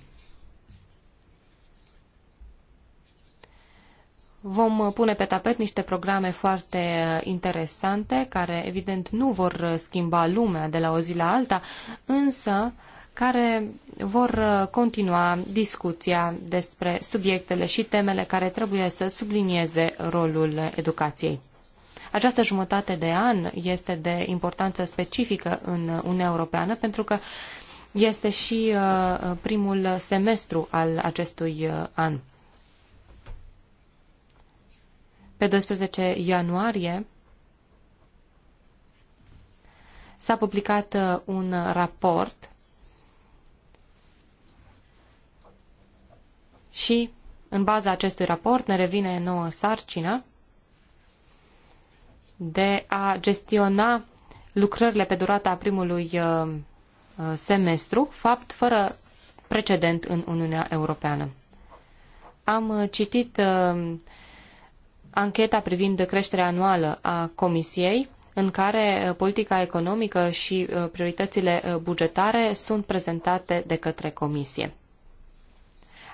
Vom pune pe tapet niște programe foarte interesante, care evident nu vor schimba lumea de la o zi la alta, însă uh, care vor uh, continua discuția despre subiectele și temele care trebuie să sublinieze rolul educației. Această jumătate de an este de importanță specifică în Uniunea Europeană pentru că este și uh, primul semestru al acestui uh, an. Pe 12 ianuarie s-a publicat un raport Și, în baza acestui raport, ne revine nouă sarcina de a gestiona lucrările pe durata primului uh, uh, semestru, fapt fără precedent în Uniunea Europeană. Am uh, citit ancheta privind creșterea anuală a Comisiei, în care politica economică și prioritățile bugetare sunt prezentate de către Comisie.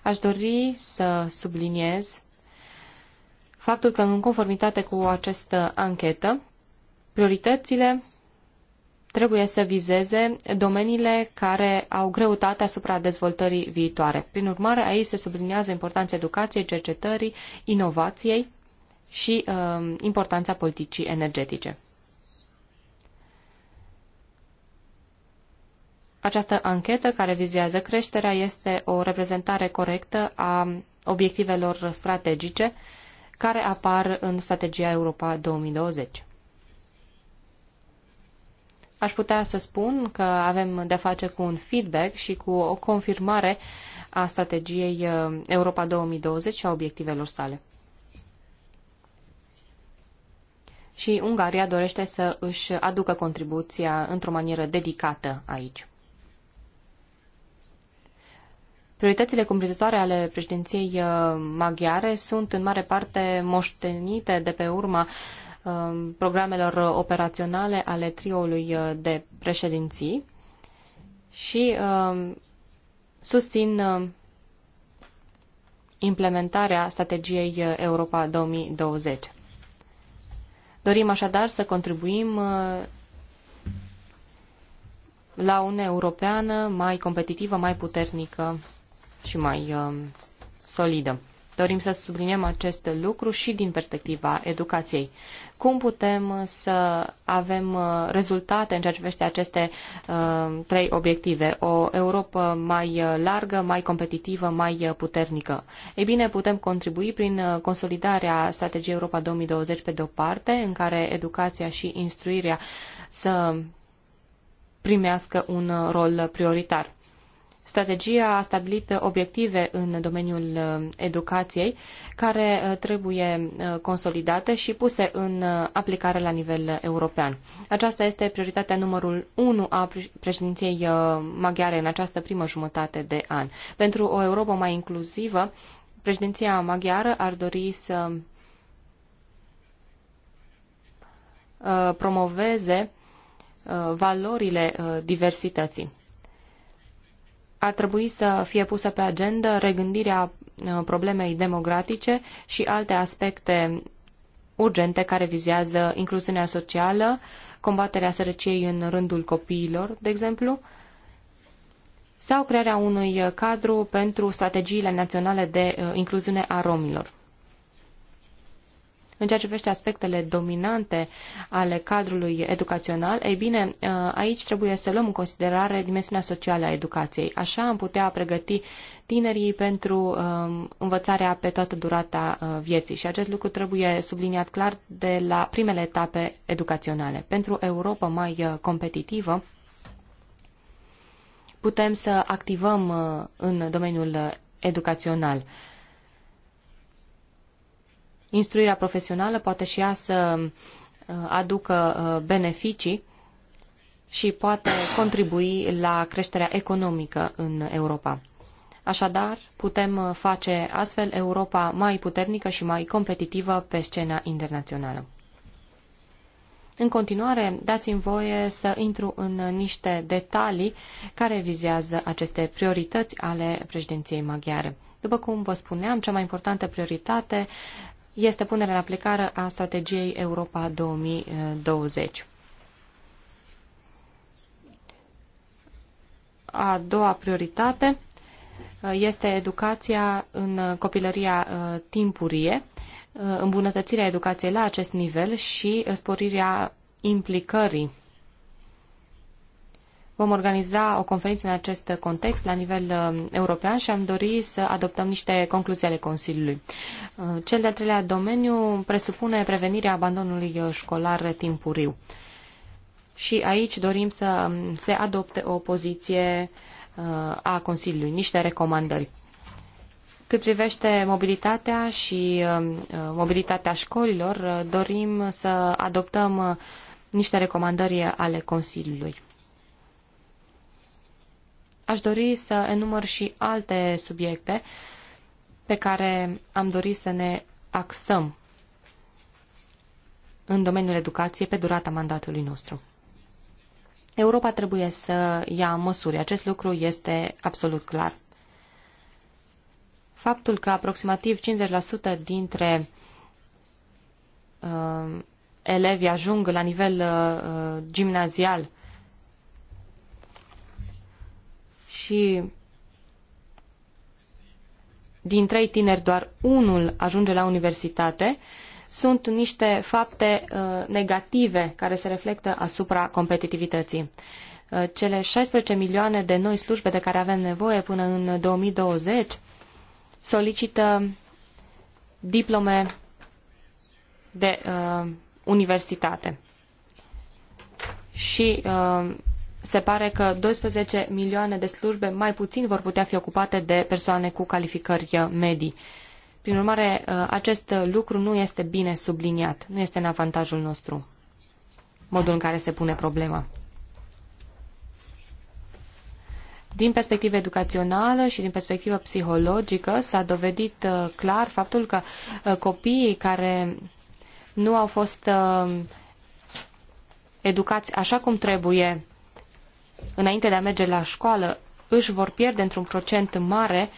Aș dori să subliniez faptul că, în conformitate cu această anchetă, prioritățile trebuie să vizeze domeniile care au greutate asupra dezvoltării viitoare. Prin urmare, aici se subliniază importanța educației, cercetării, inovației și uh, importanța politicii energetice. Această anchetă care vizează creșterea este o reprezentare corectă a obiectivelor strategice care apar în strategia Europa 2020. Aș putea să spun că avem de face cu un feedback și cu o confirmare a strategiei uh, Europa 2020 și a obiectivelor sale. Și Ungaria dorește să își aducă contribuția într-o manieră dedicată aici. Prioritățile cumplitoare ale președinției uh, maghiare sunt în mare parte moștenite de pe urma um, programelor operaționale ale trioului uh, de președinții și um, susțin um, implementarea strategiei uh, Europa 2020. Dorim așadar să contribuim la Uniunea Europeană mai competitivă, mai puternică și mai um, solidă. Dorim să subliniem acest lucru și din perspectiva educației. Cum putem uh, să avem uh, rezultate în ceea ce privește aceste uh, trei obiective? O Europa mai uh, largă, mai competitivă, mai puternică. Ei bine, putem contribui prin consolidarea strategiei Europa 2020 pe de o parte, în care educația și instruirea să primească un rol prioritar. Strategia a stabilit obiective în domeniul uh, educației care uh, trebuie uh, consolidate și puse în aplicare la nivel european. Aceasta este prioritatea numărul 1 a președinției maghiare în această primă jumătate de an. Pentru o Europa mai inclusivă, președinția maghiară ar dori să promoveze valorile diversității ar trebui să fie pusă pe agenda regândirea uh, problemei democratice și alte aspecte urgente care vizează incluziunea socială, combaterea sărăciei în rândul copiilor, de exemplu, sau crearea unui cadru pentru strategiile naționale de uh, incluziune a romilor. În ceea ce privește aspectele dominante ale cadrului educațional, ei bine, uh, aici trebuie să luăm în considerare dimensiunea socială a educației. Așa am putea pregăti tinerii pentru um, învățarea pe toată durata uh, vieții și acest lucru trebuie subliniat clar de la primele etape educaționale. Pentru Europa mai uh, competitivă, putem să activăm în domeniul educațional instruirea profesională poate și ea să uh, aducă uh, beneficii și poate contribui la creșterea economică în Europa. Așadar, putem uh, face astfel Europa mai puternică și mai competitivă pe scena internațională. În continuare, dați-mi voie să intru în niște detalii care vizează aceste priorități ale președinției maghiare. După cum vă spuneam, cea mai importantă prioritate este punerea în aplicare a strategiei Europa 2020. A doua prioritate uh, este educația în copilăria uh, timpurie, uh, îmbunătățirea educației la acest nivel și sporirea implicării Vom organiza o conferință în acest context la nivel uh, european și am dori să adoptăm niște concluzii ale Consiliului. Uh, cel de-al treilea domeniu presupune prevenirea abandonului uh, școlar timpuriu. Și aici dorim să um, se adopte o poziție a Consiliului, niște recomandări. Cât privește mobilitatea și um, mobilitatea școlilor, dorim să adoptăm niște recomandări ale Consiliului. Aș dori să enumăr și alte subiecte pe care am dorit să ne axăm în domeniul educației pe durata mandatului nostru. Europa trebuie să ia măsuri. Acest lucru este absolut clar. Faptul că aproximativ 50% dintre uh, elevi ajung la nivel uh, gimnazial și din trei tineri doar unul ajunge la universitate, sunt niște fapte uh, negative care se reflectă asupra competitivității. Uh, cele 16 milioane de noi slujbe de care avem nevoie până în 2020 solicită diplome de uh, universitate. Și uh, se pare că 12 milioane de slujbe mai puțin vor putea fi ocupate de persoane cu calificări uh, medii. Prin urmare, uh, acest lucru nu este bine subliniat, nu este în avantajul nostru, modul în care se pune problema. Din perspectivă educațională și din perspectivă psihologică s-a dovedit uh, clar faptul că copiii care nu au fost educați așa cum trebuie înainte de a merge la școală, își vor pierde într-un procent mare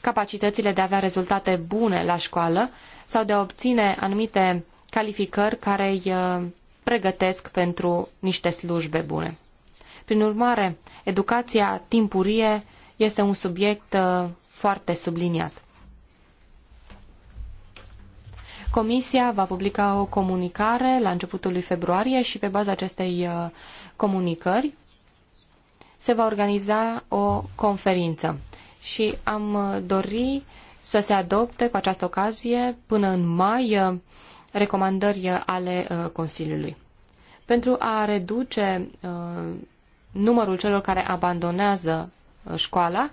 capacitățile de a avea rezultate bune la școală sau de a obține anumite calificări care îi uh, pregătesc pentru niște slujbe bune. Prin urmare, educația timpurie este un subiect uh, foarte subliniat. Comisia va publica o comunicare la începutul lui februarie și pe baza acestei uh, comunicări se va organiza o conferință și am uh, dori să se adopte cu această ocazie până în mai uh, recomandări ale Consiliului. Pentru a reduce numărul celor care abandonează școala,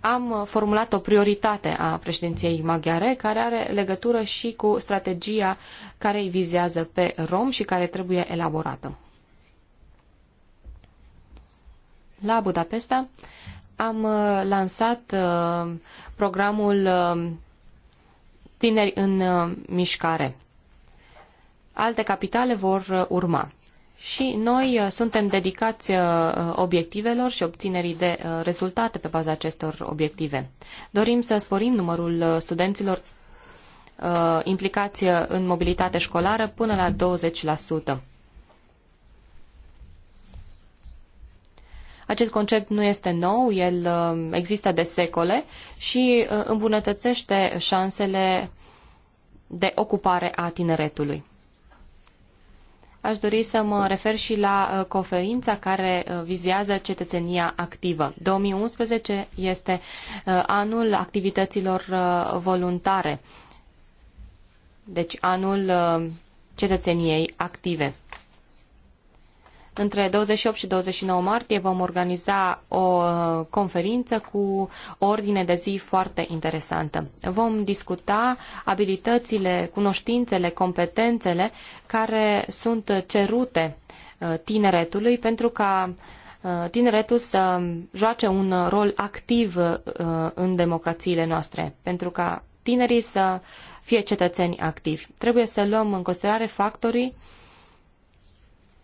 am uh, formulat o prioritate a președinției maghiare care are legătură și cu strategia care îi vizează pe rom și care trebuie elaborată. La Budapesta am uh, lansat uh, programul Tineri în Mișcare. Alte capitale vor urma și noi uh, suntem dedicați uh, obiectivelor și obținerii de uh, rezultate pe baza acestor obiective. Dorim să sporim numărul studenților implicați în mobilitate școlară până la 20%. Acest concept nu este nou, el există de secole și îmbunătățește șansele de ocupare a tineretului. Aș dori să mă refer și la uh, conferința care uh, vizează cetățenia activă. 2011 este uh, anul activităților voluntare, deci anul cetățeniei active. Între 28 și 29 martie vom organiza o uh, conferință cu o ordine de zi foarte interesantă. Vom discuta abilitățile, cunoștințele, competențele care sunt cerute uh, tineretului pentru ca uh, tineretul să joace un rol activ în democrațiile noastre, pentru ca tinerii să fie cetățeni activi. Trebuie să luăm în considerare factorii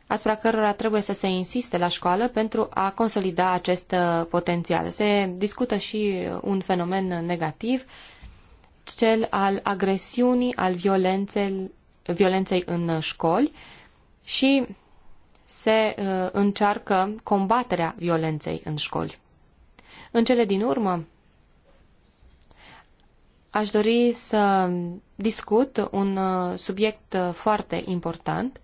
asupra cărora trebuie să se insiste la școală pentru a consolida acest uh, potențial. Se discută și un fenomen negativ, cel al agresiunii, al violenței, violenței în școli și se uh, încearcă combaterea violenței în școli. În cele din urmă, aș dori să discut un uh, subiect foarte important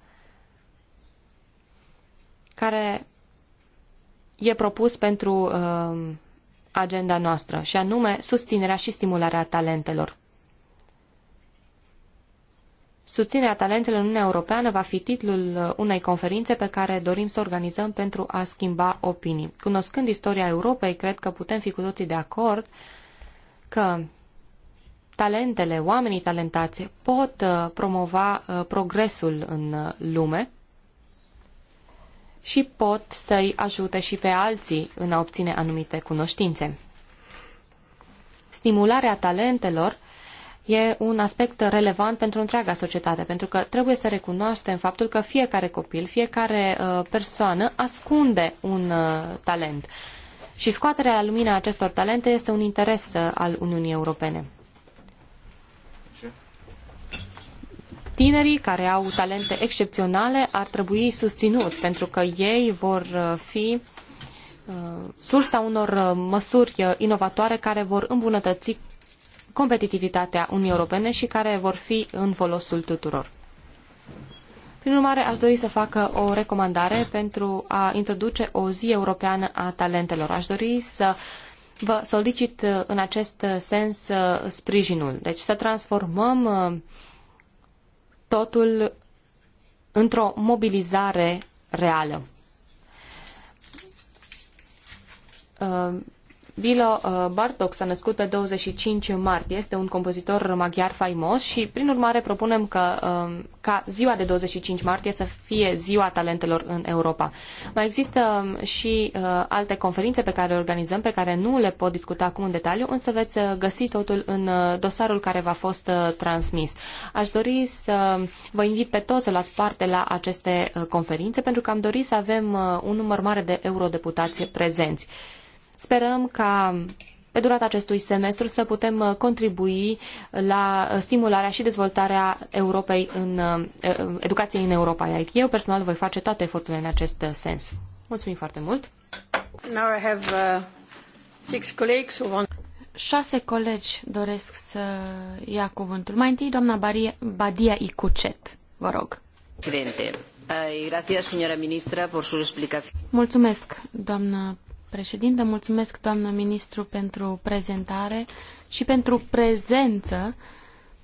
care e propus pentru uh, agenda noastră, și anume susținerea și stimularea talentelor. Susținerea talentelor în Uniunea Europeană va fi titlul uh, unei conferințe pe care dorim să o organizăm pentru a schimba opinii. Cunoscând istoria Europei, cred că putem fi cu toții de acord că talentele, oamenii talentați pot uh, promova uh, progresul în lume și pot să-i ajute și pe alții în a obține anumite cunoștințe. Stimularea talentelor e un aspect relevant pentru întreaga societate, pentru că trebuie să recunoaștem faptul că fiecare copil, fiecare uh, persoană ascunde un uh, talent. Și scoaterea la lumină acestor talente este un interes uh, al Uniunii Europene. Tinerii care au talente excepționale ar trebui susținuți pentru că ei vor uh, fi uh, sursa unor uh, măsuri inovatoare care vor îmbunătăți competitivitatea Uniunii Europene și care vor fi în folosul tuturor. Prin urmare, aș dori să facă o recomandare pentru a introduce o zi europeană a talentelor. Aș dori să vă solicit în acest sens sprijinul. Deci să transformăm totul într-o mobilizare reală. Uh, Bilo uh, Bartok s-a născut pe 25 martie, este un compozitor maghiar faimos și, prin urmare, propunem că, um, ca ziua de 25 martie să fie ziua talentelor în Europa. Mai există um, și uh, alte conferințe pe care le organizăm, pe care nu le pot discuta acum în detaliu, însă veți uh, găsi totul în dosarul care v-a fost transmis. Aș dori să um, vă invit pe toți să luați parte la aceste conferințe, pentru că am dorit să avem un număr mare de eurodeputați prezenți. Sperăm ca pe durata acestui semestru să putem uh, contribui la stimularea și dezvoltarea Europei în, uh, uh, educației în Europa. Iar eu personal voi face toate eforturile în acest sens. Mulțumim foarte mult! Now I have, uh, six colleagues who want... Șase colegi doresc să ia cuvântul. Mai întâi, doamna Baria, Badia Icucet, vă rog. Eh, Mulțumesc, doamnă președinte, mulțumesc, doamnă ministru, pentru prezentare și pentru prezență,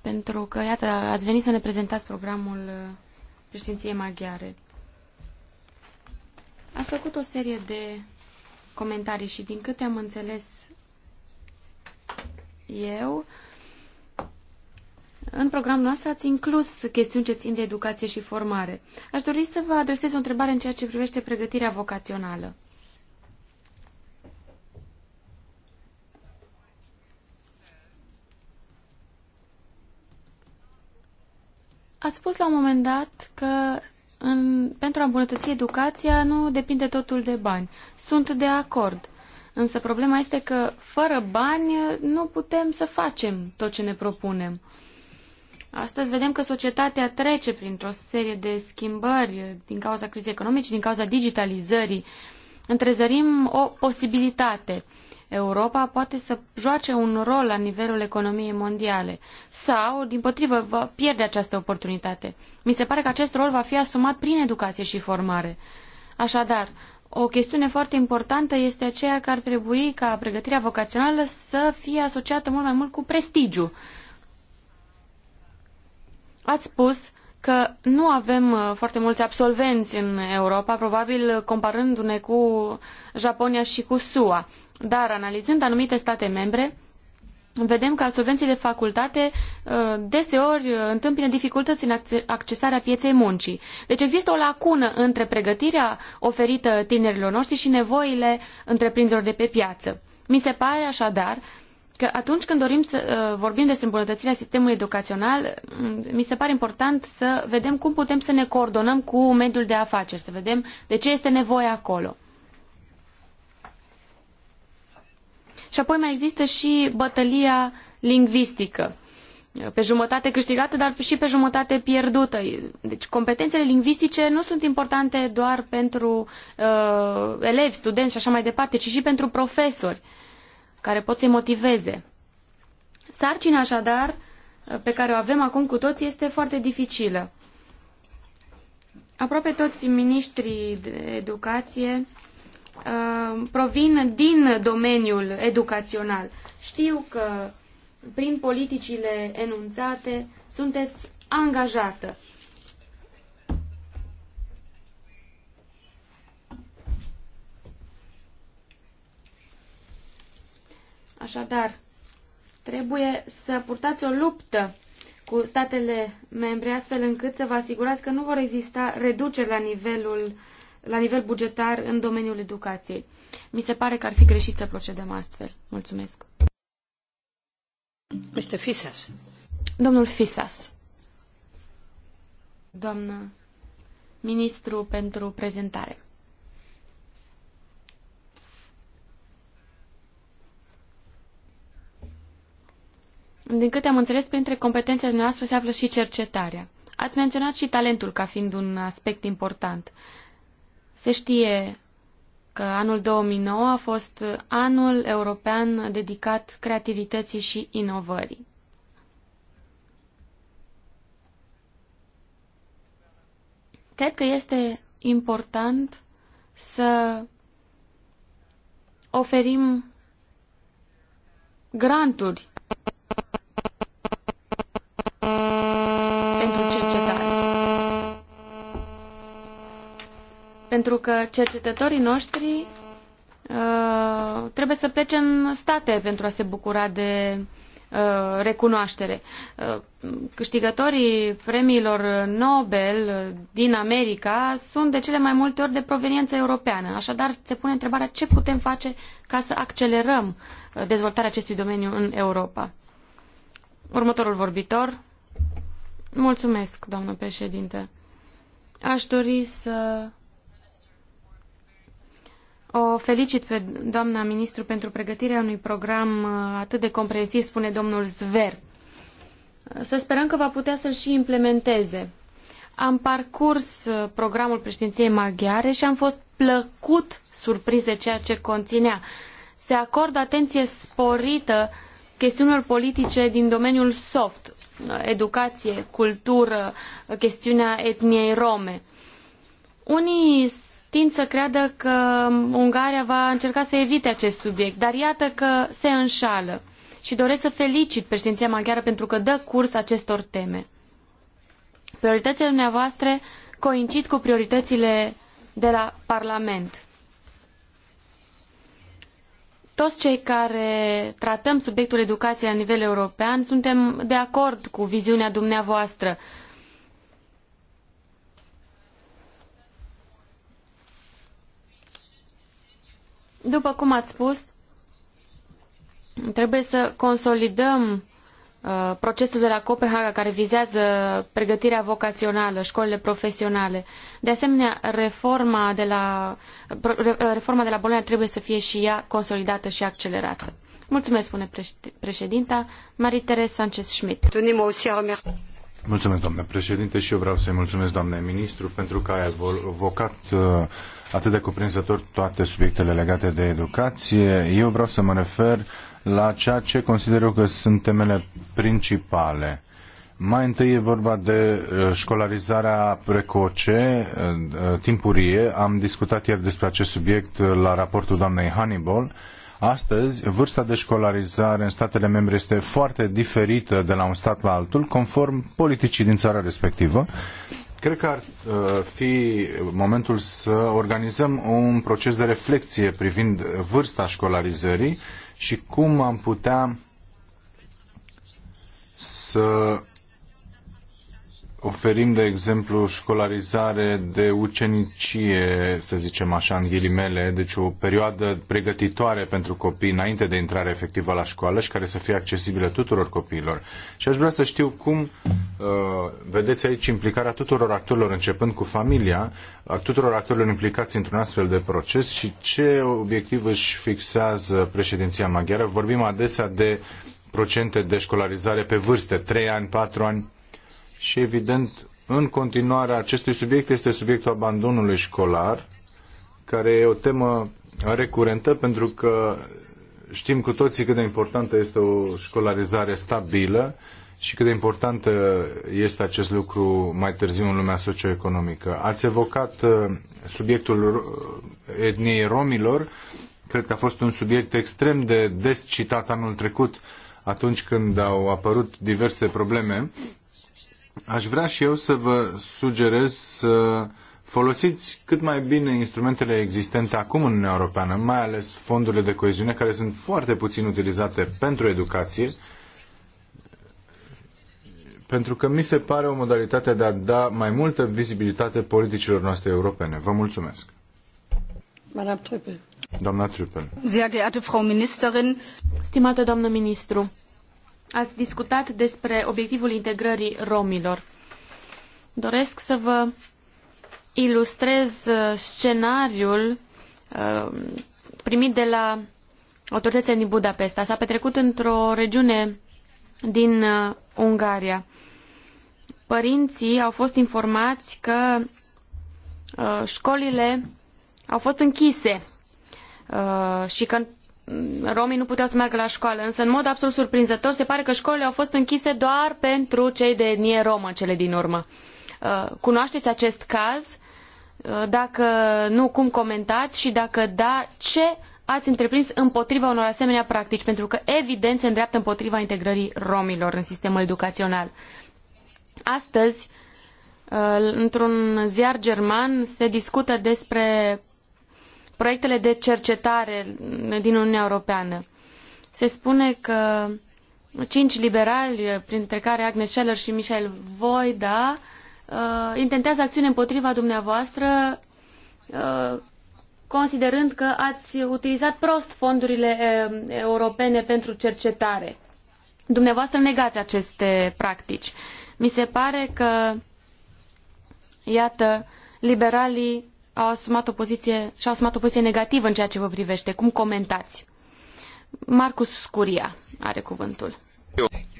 pentru că, iată, ați venit să ne prezentați programul uh, președinției maghiare. Ați făcut o serie de comentarii și, din câte am înțeles eu, în programul nostru ați inclus chestiuni ce țin de educație și formare. Aș dori să vă adresez o întrebare în ceea ce privește pregătirea vocațională. Ați spus la un moment dat că în, pentru a îmbunătăți educația nu depinde totul de bani. Sunt de acord. Însă problema este că fără bani nu putem să facem tot ce ne propunem. Astăzi vedem că societatea trece printr-o serie de schimbări din cauza crizei economice, din cauza digitalizării. Întrezărim o posibilitate. Uh, Europa poate să joace un rol la nivelul economiei mondiale sau, din potrivă, va pierde această oportunitate. Mi se pare că acest rol va fi asumat prin educație și formare. Așadar, o chestiune foarte importantă este aceea că ar trebui ca pregătirea vocațională să fie asociată mult mai mult cu prestigiu. Ați spus că nu avem uh, foarte mulți absolvenți în Europa, probabil comparându-ne cu Japonia și cu SUA. Dar analizând anumite state membre, vedem că absolvenții de facultate uh, deseori uh, întâmpină dificultăți în accesarea pieței muncii. Deci există o lacună între pregătirea oferită tinerilor noștri și nevoile întreprinderilor de pe piață. Mi se pare așadar că atunci când dorim să uh, vorbim despre îmbunătățirea sistemului educațional, mm, mi se pare important să vedem cum putem să ne coordonăm cu mediul de afaceri, să vedem de ce este nevoie acolo. Și apoi mai există și bătălia lingvistică pe jumătate câștigată, dar și pe jumătate pierdută. Deci competențele lingvistice nu sunt importante doar pentru uh, elevi, studenți și așa mai departe, ci și pentru profesori care pot să-i motiveze. Sarcina așadar uh, pe care o avem acum cu toți este foarte dificilă. Aproape toți ministrii de educație Uh, provin din domeniul educațional. Știu că prin politicile enunțate sunteți angajată. Așadar, trebuie să purtați o luptă cu statele membre, astfel încât să vă asigurați că nu vor exista reduceri la nivelul la nivel bugetar în domeniul educației. Mi se pare că ar fi greșit să procedăm astfel. Mulțumesc. Este Fisas. Domnul Fisas. Doamnă ministru pentru prezentare. Din câte am înțeles, printre competențele noastre se află și cercetarea. Ați menționat și talentul ca fiind un aspect important. Uh, se știe că anul 2009 a fost anul european dedicat creativității și inovării. Cred că este important să oferim granturi Pentru că cercetătorii noștri uh, trebuie să plece în state pentru a se bucura de uh, recunoaștere. Uh, câștigătorii premiilor Nobel din America sunt de cele mai multe ori de proveniență europeană. Așadar, se pune întrebarea ce putem face ca să accelerăm uh, dezvoltarea acestui domeniu în Europa. Următorul vorbitor. Mulțumesc, doamnă președinte. Aș dori să o felicit pe doamna ministru pentru pregătirea unui program uh, atât de comprehensiv, spune domnul Zver. Să sperăm că va putea să-l și implementeze. Am parcurs uh, programul președinției maghiare și am fost plăcut surprins de ceea ce conținea. Se acordă atenție sporită chestiunilor politice din domeniul soft, uh, educație, cultură, chestiunea etniei rome. Unii tind să creadă că Ungaria va încerca să evite acest subiect, dar iată că se înșală. Și doresc să felicit președinția maghiară pentru că dă curs acestor teme. Prioritățile dumneavoastră coincid cu prioritățile de la Parlament. Toți cei care tratăm subiectul educației la nivel european suntem de acord cu viziunea dumneavoastră. Uh, După cum ați spus, trebuie să consolidăm uh, procesul de la Copenhaga care vizează pregătirea vocațională, școlile profesionale. De asemenea, reforma de la, uh, reforma de la Bologna trebuie să fie și ea consolidată și accelerată. Mulțumesc, spune președinta, Marie-Therese Sanchez-Schmidt. Mulțumesc, doamnă președinte, și eu vreau să-i mulțumesc, doamne ministru, pentru că a evocat uh, atât de cuprinzător toate subiectele legate de educație. Eu vreau să mă refer la ceea ce consider eu că sunt temele principale. Mai întâi e vorba de uh, școlarizarea precoce, uh, uh, timpurie. Am discutat ieri despre acest subiect la raportul doamnei Hannibal. Astăzi, vârsta de școlarizare în statele membre este foarte diferită de la un stat la altul, conform politicii din țara respectivă Cred că ar uh, fi momentul să organizăm un proces de reflexie privind vârsta școlarizării și cum am putea să oferim, de exemplu, școlarizare de ucenicie, să zicem așa, în ghilimele, deci o perioadă pregătitoare pentru copii înainte de intrare efectivă la școală și care să fie accesibilă tuturor copiilor. Și aș vrea să știu cum uh, vedeți aici implicarea tuturor actorilor, începând cu familia, a tuturor actorilor implicați într-un astfel de proces și ce obiectiv își fixează președinția maghiară. Vorbim adesea de procente de școlarizare pe vârste, 3 ani, 4 ani, și evident în continuare acestui subiect este subiectul abandonului școlar, care e o temă recurentă pentru că știm cu toții cât de importantă este o școlarizare stabilă și cât de important uh, este acest lucru mai târziu în lumea socioeconomică. Ați evocat uh, subiectul uh, etniei romilor. Cred că a fost un subiect extrem de des citat anul trecut atunci când au apărut diverse probleme aș vrea și eu să vă sugerez să folosiți cât mai bine instrumentele existente acum în Uniunea Europeană, mai ales fondurile de coeziune, care sunt foarte puțin utilizate pentru educație, pentru că mi se pare o modalitate de a da mai multă vizibilitate politicilor noastre europene. Vă mulțumesc. Doamna Trüppel. Sehr geehrte Frau Ministerin, stimată doamnă ministru, ați discutat despre obiectivul integrării romilor. Doresc să vă ilustrez uh, scenariul uh, primit de la autoritățile din Budapesta. S-a petrecut într-o regiune din uh, Ungaria. Părinții au fost informați că școlile au fost închise și că romii nu puteau să meargă la școală, însă în mod absolut surprinzător se pare că școlile au fost închise doar pentru cei de etnie romă cele din urmă. Uh, cunoașteți acest caz? Uh, dacă nu, cum comentați și dacă da, ce ați întreprins împotriva unor asemenea practici? Pentru că evident se îndreaptă împotriva integrării romilor în sistemul educațional. Astăzi, uh, într-un ziar german se discută despre proiectele de cercetare din Uniunea Europeană. Se spune că cinci liberali, printre care Agnes Scheller și Michel Voida, uh, intentează acțiune împotriva dumneavoastră uh, considerând că ați utilizat prost fondurile uh, europene pentru cercetare. Dumneavoastră negați aceste practici. Mi se pare că, iată, liberalii au asumat o poziție, și-au asumat o poziție negativă în ceea ce vă privește. Cum comentați? Marcus Curia are cuvântul.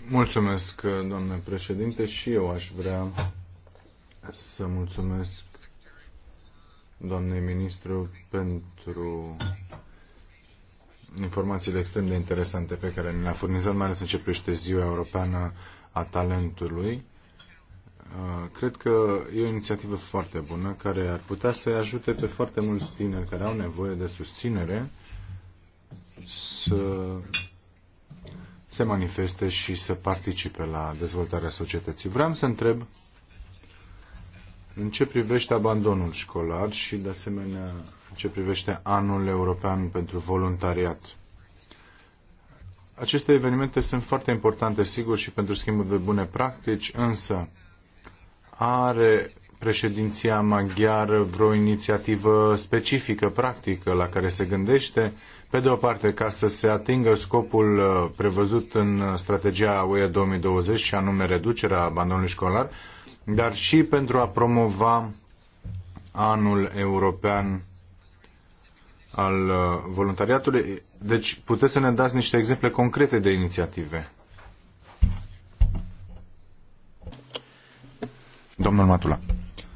Mulțumesc, doamne președinte, și eu aș vrea să mulțumesc doamnei ministru pentru informațiile extrem de interesante pe care ne le-a furnizat, mai ales în ce privește Ziua Europeană a Talentului. Ah, cred că e o inițiativă foarte bună care ar putea să ajute pe foarte mulți tineri care au nevoie de susținere să se manifeste și să participe la dezvoltarea societății. Vreau să întreb în ce privește abandonul școlar și, de asemenea, în ce privește anul european pentru voluntariat. Aceste evenimente sunt foarte importante, sigur, și pentru schimbul de bune practici, însă are președinția maghiară vreo inițiativă specifică, practică, la care se gândește? Pe de o parte, ca să se atingă scopul uh, prevăzut în strategia UE 2020 și anume reducerea abandonului școlar, dar și pentru a promova anul european al uh, voluntariatului. Deci puteți să ne dați niște exemple concrete de inițiative. Domnul Matula.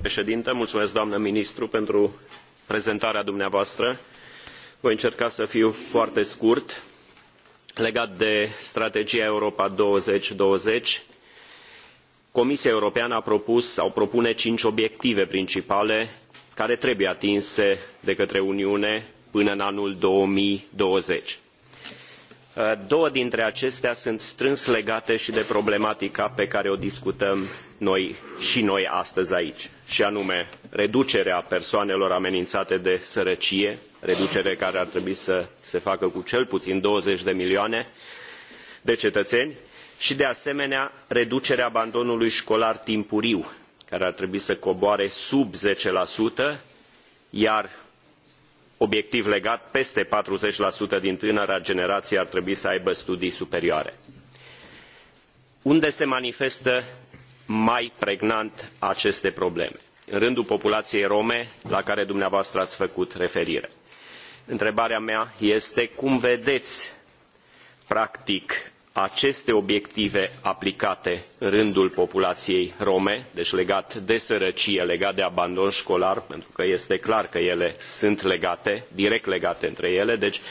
Președinte, mulțumesc doamnă ministru pentru prezentarea dumneavoastră. Voi încerca să fiu foarte scurt. Legat de strategia Europa 2020, Comisia Europeană a propus sau propune cinci obiective principale care trebuie atinse de către Uniune până în anul 2020 Uh, două dintre acestea sunt strâns legate i de problematica pe care o discutăm noi i noi astăzi aici i anume reducerea persoanelor ameninate de sărăcie reducere care ar trebui să se facă cu cel puin douăzeci de milioane de cetăeni i de asemenea reducerea abandonului colar timpuriu care ar trebui să coboare sub zece iar obiectiv legat peste patruzeci din tânăra generaie ar trebui să aibă studii superioare. unde se manifestă mai pregnant aceste probleme? în rândul populaiei rome la care dumneavoastră ai făcut referire. întrebarea mea este cum vedei practic aceste obiective aplicate în rândul populației rome, deci legat de sărăcie, legat de abandon școlar, pentru că este clar că ele sunt legate, direct legate între ele, deci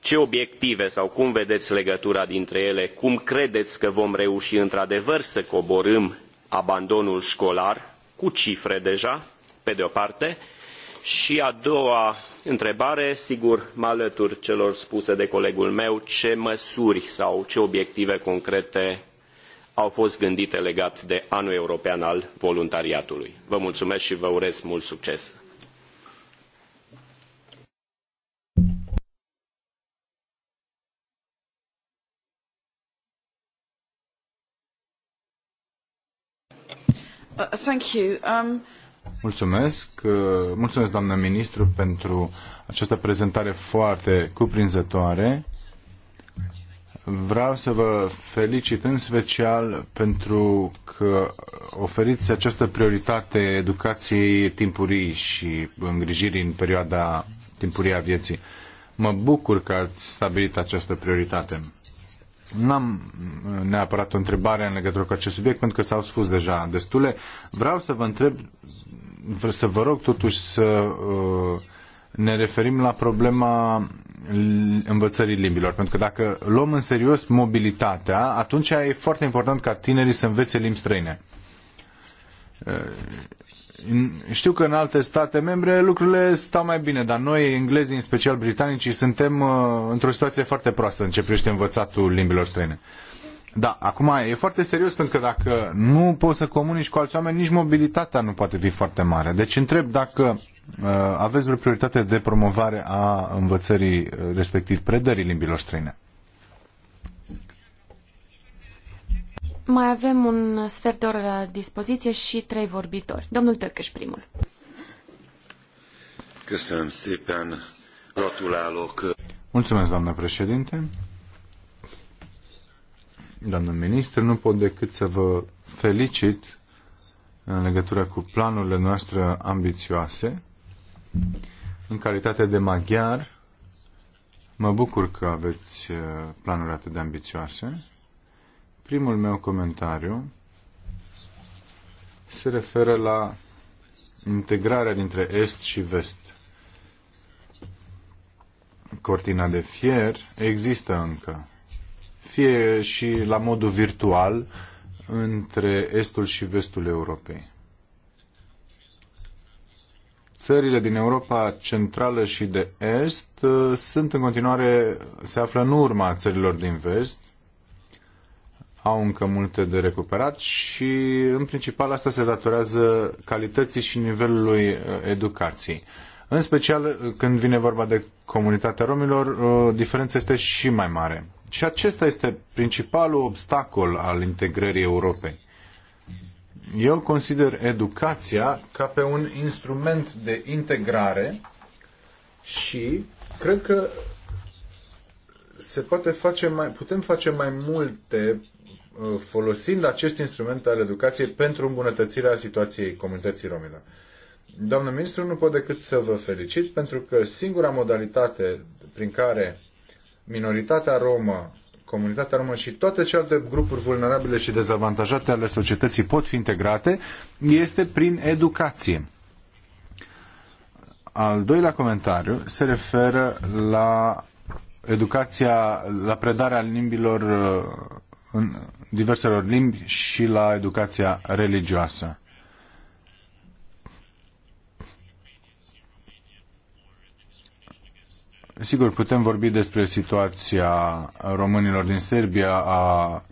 ce obiective sau cum vedeți legătura dintre ele, cum credeți că vom reuși într-adevăr să coborâm abandonul școlar, cu cifre deja, pe de o parte, și a doua întrebare sigur mă alătur celor spuse de colegul meu ce măsuri sau ce obiective concrete au fost gândite legat de anul european al voluntariatului. Vă mulțumesc și vă urez mult succes! Uh, thank you. Um... Mulțumesc. Uh, mulțumesc, doamnă ministru, pentru această prezentare foarte cuprinzătoare. Vreau să vă felicit în special pentru că oferiți această prioritate educației timpurii și îngrijirii în perioada timpurie a vieții. Mă bucur că ați stabilit această prioritate. N-am uh, neapărat o întrebare în legătură cu acest subiect, pentru că s-au spus deja destule. Vreau să vă întreb, să vă rog totuși să uh, ne referim la problema învățării limbilor. Pentru că dacă luăm în serios mobilitatea, atunci e foarte important ca tinerii să învețe limbi străine. Uh, știu că în alte state membre lucrurile stau mai bine, dar noi, englezii, în special britanicii, suntem uh, într-o situație foarte proastă în ce privește învățatul limbilor străine. Da, acum e foarte serios pentru că dacă nu poți să comunici cu alți oameni, nici mobilitatea nu poate fi foarte mare. Deci întreb dacă uh, aveți vreo prioritate de promovare a învățării, uh, respectiv predării limbilor străine. Mai avem un sfert de oră la dispoziție și trei vorbitori. Domnul Tăcăș, primul. Căsăm szépen, gratulálok. Mulțumesc, doamnă președinte. Doamnă ministru, nu pot decât să vă felicit în legătură cu planurile noastre ambițioase. În calitate de maghiar, mă bucur că aveți uh, planuri atât de ambițioase Primul meu comentariu se referă la integrarea dintre Est și Vest. Cortina de fier există încă, fie și la modul virtual, între Estul și Vestul Europei. Țările din Europa Centrală și de Est uh, sunt în continuare, se află în urma țărilor din Vest au încă multe de recuperat și în principal asta se datorează calității și nivelului uh, educației. În special uh, când vine vorba de comunitatea romilor, uh, diferența este și mai mare. Și acesta este principalul obstacol al integrării Europei. Eu consider educația ca pe un instrument de integrare și cred că se poate face mai, putem face mai multe Uh, folosind acest instrument al educației pentru îmbunătățirea situației comunității romilor. Doamnă ministru, nu pot decât să vă felicit pentru că singura modalitate prin care minoritatea romă, comunitatea romă și toate celelalte grupuri vulnerabile și dezavantajate ale societății pot fi integrate este prin educație. Al doilea comentariu se referă la educația, la predarea limbilor uh, în diverselor limbi și la educația religioasă. Sigur, putem vorbi despre situația românilor din Serbia, a, a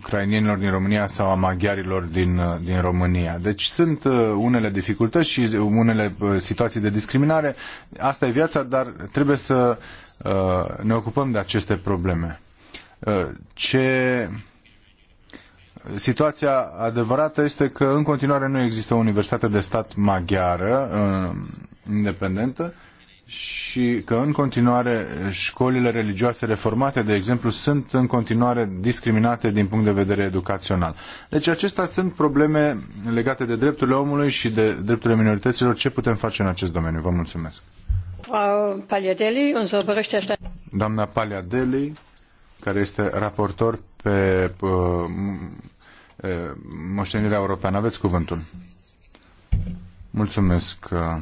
ucrainienilor din România sau a maghiarilor din, din România. Deci sunt uh, unele dificultăți și unele uh, situații de discriminare. Asta e viața, dar trebuie să uh, ne ocupăm de aceste probleme ce situația adevărată este că în continuare nu există o universitate de stat maghiară uh, independentă și că în continuare școlile religioase reformate, de exemplu, sunt în continuare discriminate din punct de vedere educațional. Deci acestea sunt probleme legate de drepturile omului și de drepturile minorităților. Ce putem face în acest domeniu? Vă mulțumesc. Doamna Paliadeli, care este raportor pe uh, uh, moștenirea europeană. Aveți cuvântul. Mulțumesc, uh,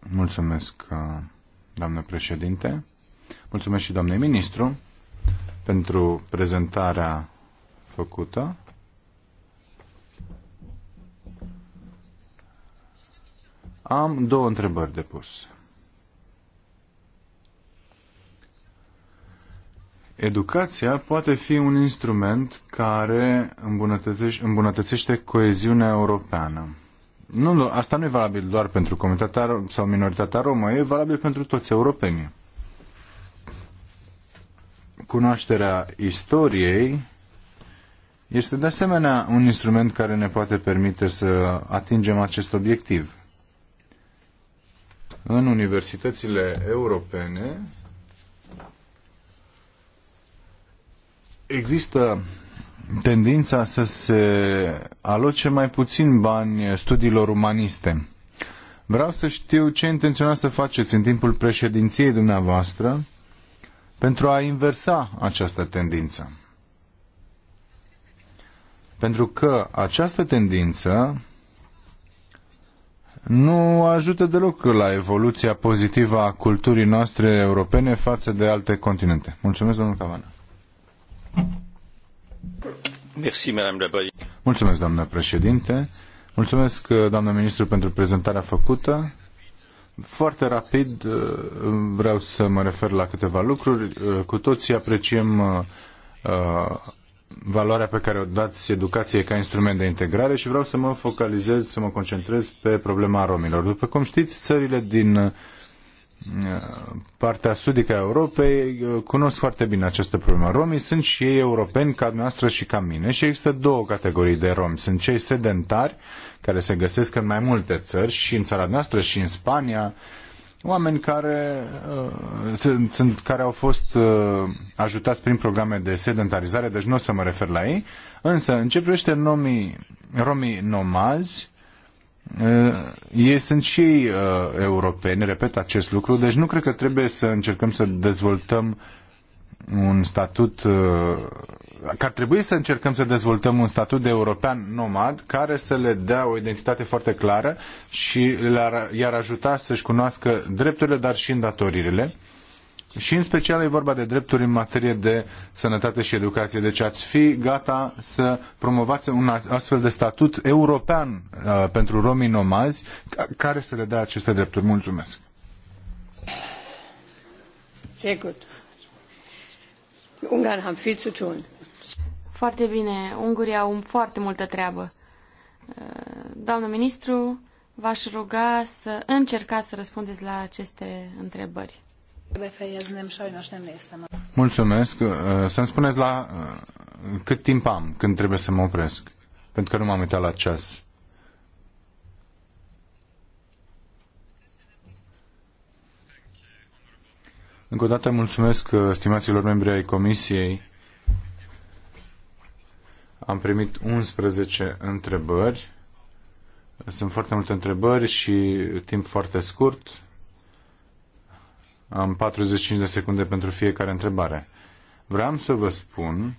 mulțumesc, doamnă președinte. Mulțumesc și doamnei ministru pentru prezentarea făcută. Am două întrebări de pus. Educația poate fi un instrument care îmbunătățește, îmbunătățește coeziunea europeană. Nu, asta nu e valabil doar pentru comunitatea sau minoritatea romă, e valabil pentru toți europenii. Cunoașterea istoriei este de asemenea un instrument care ne poate permite să atingem acest obiectiv. În universitățile europene există tendința să se aloce mai puțin bani studiilor umaniste. Vreau să știu ce intenționați să faceți în timpul președinției dumneavoastră pentru a inversa această tendință. Pentru că această tendință nu ajută deloc la evoluția pozitivă a culturii noastre europene față de alte continente. Mulțumesc, domnul Cavana. Mulțumesc, doamnă președinte. Mulțumesc, uh, doamnă ministru, pentru prezentarea făcută. Foarte rapid uh, vreau să mă refer la câteva lucruri. Uh, cu toții apreciem valoarea pe care o dați educației ca instrument de integrare și vreau să mă focalizez, să mă concentrez pe problema romilor. După cum știți, țările din Eh, partea sudică a Europei eh, cunosc foarte bine această problemă. Romii sunt și ei europeni ca noastră și ca mine și există două categorii de romi. Sunt cei sedentari care se găsesc în mai multe țări și în țara noastră și în Spania, oameni care, uh, sunt, sunt, care au fost uh, ajutați prin programe de sedentarizare, deci nu o să mă refer la ei, însă în ce privește romii, romii nomazi, ei sunt și ei uh, europeni, repet acest lucru, deci nu cred că trebuie să încercăm să dezvoltăm un statut uh, că ar trebui să încercăm să dezvoltăm un statut de european nomad care să le dea o identitate foarte clară și i-ar ajuta să-și cunoască drepturile, dar și îndatoririle și în special e vorba de drepturi în materie de sănătate și educație. Deci ați fi gata să promovați un astfel de statut european uh, pentru romii nomazi care să le dea aceste drepturi. Mulțumesc! Sehr gut. am haben viel tun. Foarte bine. Ungurii au foarte multă treabă. Uh, doamnă ministru, v-aș ruga să încercați să răspundeți la aceste întrebări. Mulțumesc. Uh, să-mi spuneți la uh, cât timp am când trebuie să mă opresc, pentru că nu m-am uitat la ceas. Încă o dată mulțumesc uh, stimaților membri ai Comisiei. Am primit 11 întrebări. Sunt foarte multe întrebări și timp foarte scurt. Am 45 de secunde pentru fiecare întrebare. Vreau să vă spun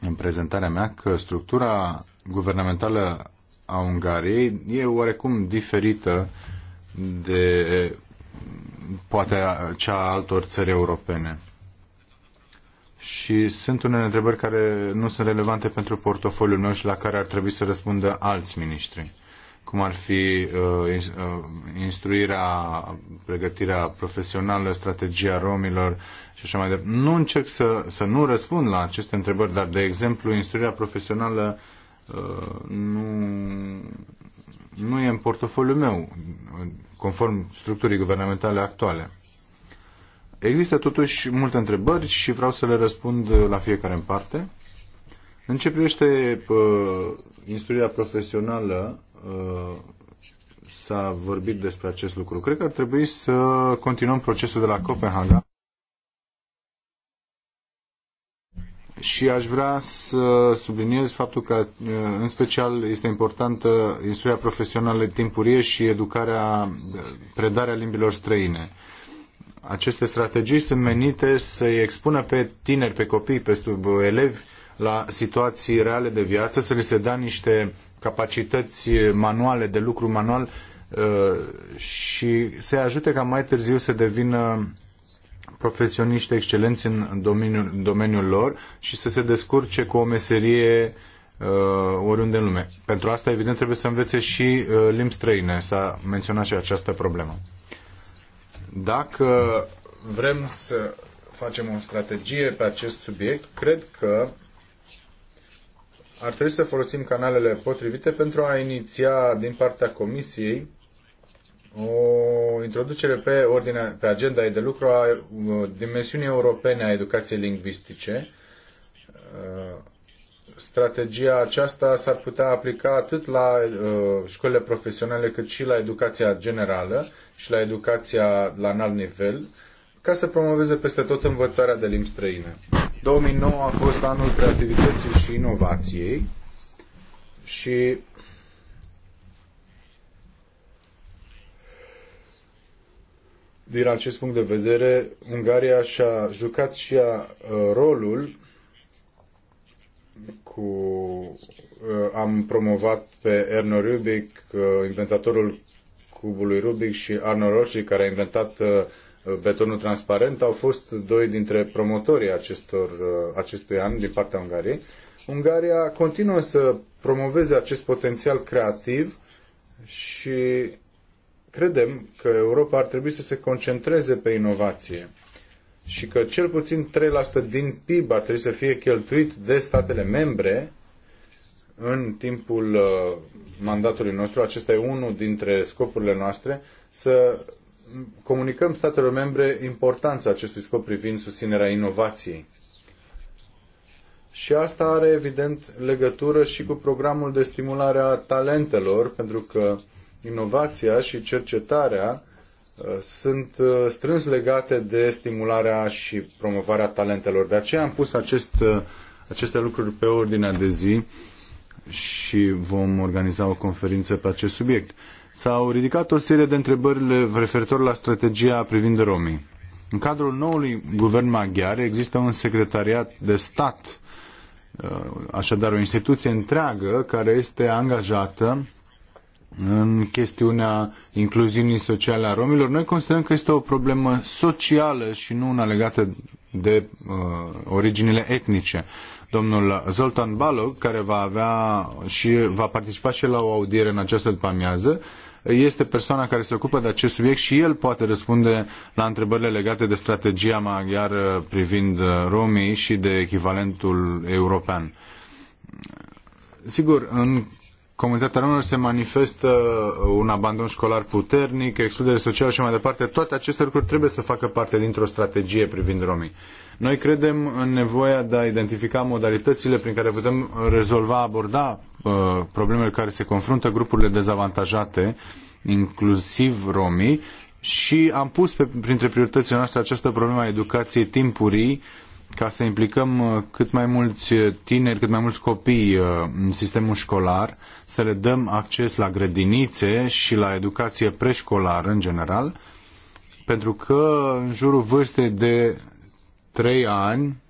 în prezentarea mea că structura guvernamentală a Ungariei e oarecum diferită de poate cea a altor țări europene. Și sunt unele întrebări care nu sunt relevante pentru portofoliul meu și la care ar trebui să răspundă alți miniștri cum ar fi uh, uh, instruirea, pregătirea profesională, strategia romilor și așa mai departe. Nu încerc să, să nu răspund la aceste întrebări, dar, de exemplu, instruirea profesională uh, nu, nu e în portofoliul meu, conform structurii guvernamentale actuale. Există totuși multe întrebări și vreau să le răspund la fiecare în parte. În ce privește instruirea profesională, Uh, s-a vorbit despre acest lucru. Cred că ar trebui să continuăm procesul de la Copenhaga. Și aș vrea să subliniez faptul că, uh, în special, este importantă instruirea profesională timpurie și educarea, predarea limbilor străine. Aceste strategii sunt menite să-i expună pe tineri, pe copii, pe elevi la situații reale de viață, să li se dea niște capacități manuale, de lucru manual uh, și să ajute ca mai târziu să devină profesioniști excelenți în domeniul, în domeniul lor și să se descurce cu o meserie uh, oriunde în lume. Pentru asta, evident, trebuie să învețe și uh, limbi străine. S-a menționat și această problemă. Dacă vrem să facem o strategie pe acest subiect, cred că ar trebui să folosim canalele potrivite pentru a iniția din partea Comisiei o introducere pe, ordinea, pe agenda de lucru a uh, dimensiunii europene a educației lingvistice. Uh, strategia aceasta s-ar putea aplica atât la uh, școlile profesionale cât și la educația generală și la educația la înalt nivel ca să promoveze peste tot învățarea de limbi străine. 2009 a fost anul creativității și inovației și din acest punct de vedere, Ungaria și-a jucat și a uh, rolul cu uh, am promovat pe Erno Rubik, uh, inventatorul cubului Rubik și Arno Roșii, care a inventat betonul transparent au fost doi dintre promotorii acestor, uh, acestui an din partea Ungariei. Ungaria continuă să promoveze acest potențial creativ și credem că Europa ar trebui să se concentreze pe inovație și că cel puțin 3% din PIB ar trebui să fie cheltuit de statele membre în timpul uh, mandatului nostru, acesta e unul dintre scopurile noastre, să comunicăm statelor membre importanța acestui scop privind susținerea inovației. Și asta are evident legătură și cu programul de stimulare a talentelor, pentru că inovația și cercetarea uh, sunt uh, strâns legate de stimularea și promovarea talentelor. De aceea am pus acest, uh, aceste lucruri pe ordinea de zi și vom organiza o conferință pe acest subiect. S-au ridicat o serie de întrebări referitor la strategia privind romii. În cadrul noului guvern maghiar există un secretariat de stat, uh, așadar o instituție întreagă care este angajată în chestiunea incluziunii sociale a romilor. Noi considerăm că este o problemă socială și nu una legată de uh, originile etnice domnul Zoltan Balog, care va avea și va participa și la o audiere în această după-amiază, este persoana care se ocupă de acest subiect și el poate răspunde la întrebările legate de strategia maghiară privind uh, romii și de echivalentul european. Sigur, în comunitatea romilor se manifestă uh, un abandon școlar puternic, excludere socială și mai departe. Toate aceste lucruri trebuie să facă parte dintr-o strategie privind romii. Noi credem în nevoia de a identifica modalitățile prin care putem rezolva, aborda uh, problemele care se confruntă grupurile dezavantajate, inclusiv romii, și am pus pe, printre prioritățile noastre această problemă a educației timpurii ca să implicăm uh, cât mai mulți tineri, cât mai mulți copii uh, în sistemul școlar, să le dăm acces la grădinițe și la educație preșcolară în general, pentru că în jurul vârstei de trei ani,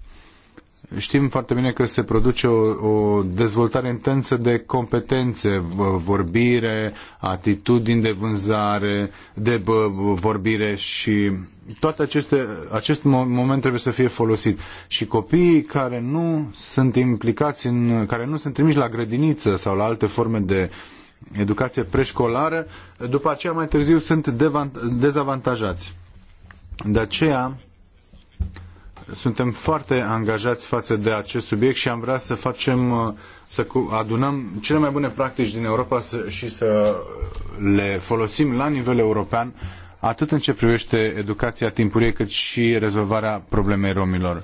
Știm foarte bine că se produce o, o dezvoltare intensă de competențe, vorbire, atitudini de vânzare, de vorbire și toate aceste, acest moment trebuie să fie folosit. Și copiii care nu sunt implicați în, care nu sunt trimiși la grădiniță sau la alte forme de educație preșcolară, după aceea mai târziu sunt dezavantajați. De aceea, suntem foarte angajați față de acest subiect și am vrea să facem, uh, să adunăm cele mai bune practici din Europa și să le folosim la nivel european, atât în ce privește educația timpurie, cât și rezolvarea problemei romilor.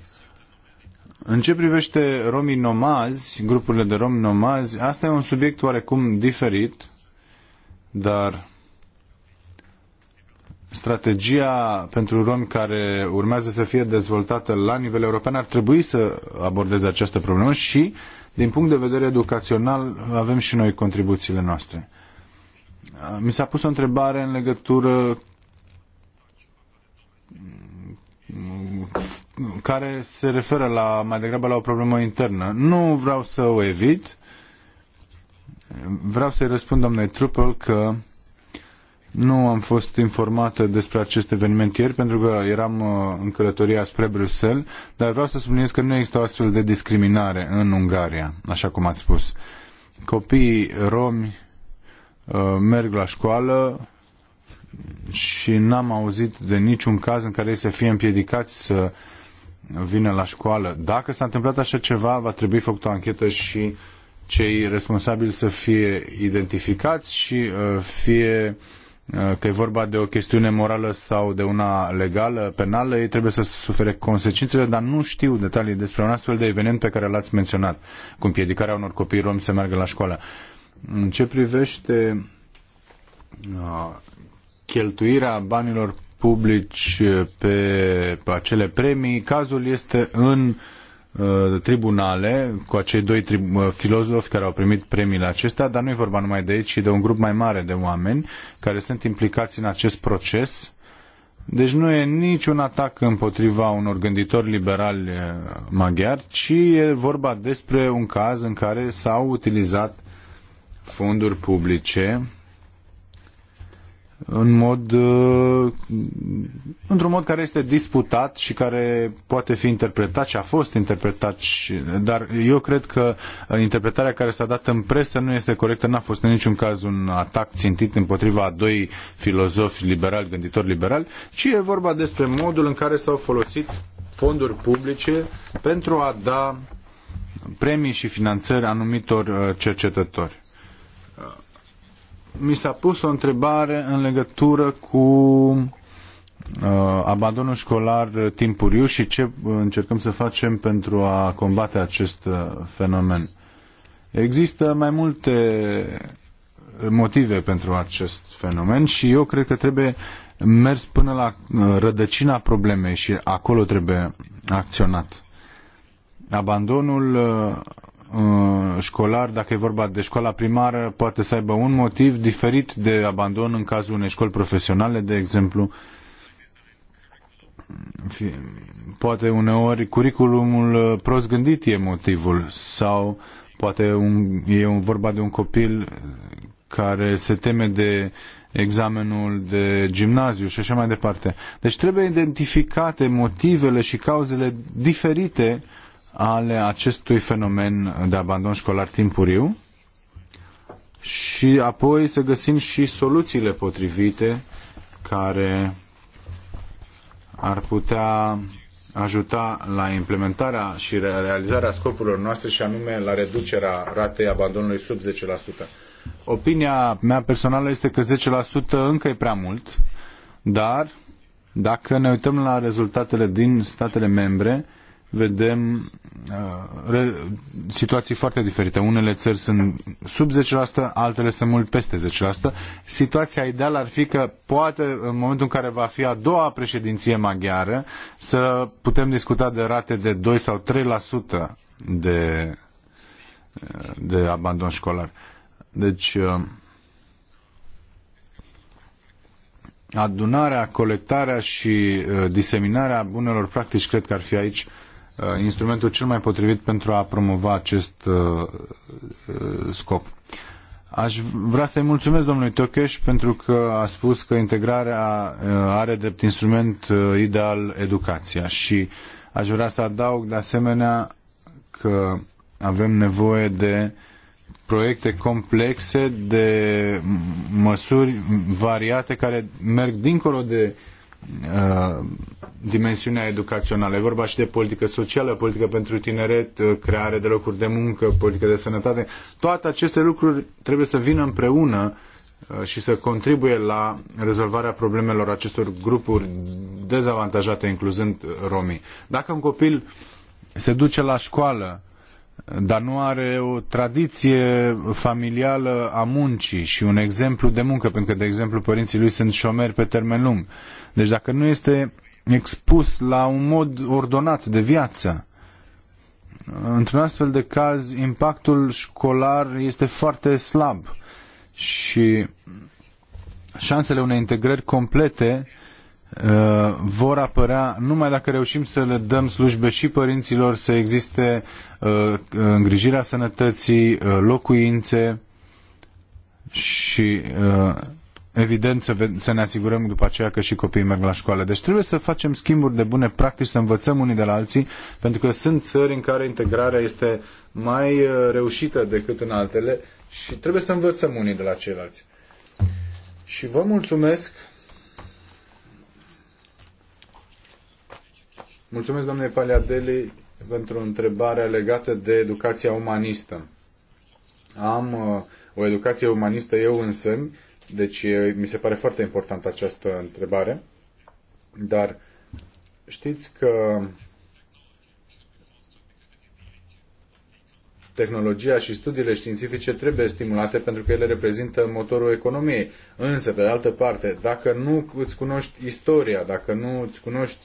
În ce privește romii nomazi, grupurile de romi nomazi, asta e un subiect oarecum diferit, dar strategia pentru romi care urmează să fie dezvoltată la nivel european ar trebui să abordeze această problemă și, din punct de vedere educațional, avem și noi contribuțiile noastre. Mi s-a pus o întrebare în legătură care se referă la, mai degrabă la o problemă internă. Nu vreau să o evit. Vreau să-i răspund domnului Trupel că nu am fost informată despre acest eveniment ieri pentru că eram uh, în călătoria spre Bruxelles, dar vreau să subliniez că nu există o astfel de discriminare în Ungaria, așa cum ați spus. Copiii romi uh, merg la școală și n-am auzit de niciun caz în care ei să fie împiedicați să vină la școală. Dacă s-a întâmplat așa ceva, va trebui făcut o anchetă și cei responsabili să fie identificați și uh, fie uh, Uh, că e vorba de o chestiune morală sau de una legală, penală, ei trebuie să sufere consecințele, dar nu știu detalii despre un astfel de eveniment pe care l-ați menționat, cu împiedicarea unor copii romi să meargă la școală. În ce privește uh, cheltuirea banilor publici pe, pe acele premii, cazul este în uh, Uh, tribunale cu acei doi tri- uh, filozofi care au primit premiile acestea, dar nu e vorba numai de ei, ci de un grup mai mare de oameni care sunt implicați în acest proces. Deci nu e niciun atac împotriva unor gânditori liberali uh, maghiari, ci e vorba despre un caz în care s-au utilizat fonduri publice în mod, uh, într-un mod care este disputat și care poate fi interpretat și a fost interpretat, și, dar eu cred că interpretarea care s-a dat în presă nu este corectă, n-a fost în niciun caz un atac țintit împotriva a doi filozofi liberali, gânditori liberali, ci e vorba despre modul în care s-au folosit fonduri publice pentru a da premii și finanțări anumitor uh, cercetători mi s-a pus o întrebare în legătură cu uh, abandonul școlar timpuriu și ce încercăm să facem pentru a combate acest uh, fenomen. Există mai multe motive pentru acest fenomen și eu cred că trebuie mers până la uh, rădăcina problemei și acolo trebuie acționat. Abandonul uh, Uh, școlar, dacă e vorba de școala primară, poate să aibă un motiv diferit de abandon în cazul unei școli profesionale, de exemplu. Poate uneori curiculumul uh, prost gândit e motivul sau poate un, e un, vorba de un copil care se teme de examenul de gimnaziu și așa mai departe. Deci trebuie identificate motivele și cauzele diferite ale acestui fenomen de abandon școlar timpuriu și apoi să găsim și soluțiile potrivite care ar putea ajuta la implementarea și realizarea scopurilor noastre și anume la reducerea ratei abandonului sub 10%. Opinia mea personală este că 10% încă e prea mult, dar dacă ne uităm la rezultatele din statele membre, vedem uh, re, situații foarte diferite. Unele țări sunt sub 10%, altele sunt mult peste 10%. Situația ideală ar fi că poate în momentul în care va fi a doua președinție maghiară să putem discuta de rate de 2 sau 3% de, de abandon școlar. Deci uh, adunarea, colectarea și uh, diseminarea bunelor practici cred că ar fi aici Uh, instrumentul cel mai potrivit pentru a promova acest uh, uh, scop. Aș vrea să-i mulțumesc domnului Tocheș pentru că a spus că integrarea are drept instrument ideal educația și aș vrea să adaug de asemenea că avem nevoie de proiecte complexe, de măsuri variate care merg dincolo de Uh, dimensiunea educațională. E vorba și de politică socială, politică pentru tineret, uh, creare de locuri de muncă, politică de sănătate. Toate aceste lucruri trebuie să vină împreună uh, și să contribuie la rezolvarea problemelor acestor grupuri dezavantajate, incluzând romii. Dacă un copil se duce la școală, dar nu are o tradiție familială a muncii și un exemplu de muncă, pentru că, de exemplu, părinții lui sunt șomeri pe termen lung, deci dacă nu este expus la un mod ordonat de viață, într-un astfel de caz, impactul școlar este foarte slab și șansele unei integrări complete uh, vor apărea numai dacă reușim să le dăm slujbe și părinților, să existe uh, îngrijirea sănătății, uh, locuințe și uh, evident să, să ne asigurăm după aceea că și copiii merg la școală. Deci trebuie să facem schimburi de bune practici, să învățăm unii de la alții, pentru că sunt țări în care integrarea este mai uh, reușită decât în altele și trebuie să învățăm unii de la ceilalți. Și vă mulțumesc. Mulțumesc, domnule Paliadeli, pentru întrebarea legată de educația umanistă. Am uh, o educație umanistă eu însămi deci mi se pare foarte importantă această întrebare, dar știți că tehnologia și studiile științifice trebuie stimulate pentru că ele reprezintă motorul economiei. Însă, pe de altă parte, dacă nu îți cunoști istoria, dacă nu îți cunoști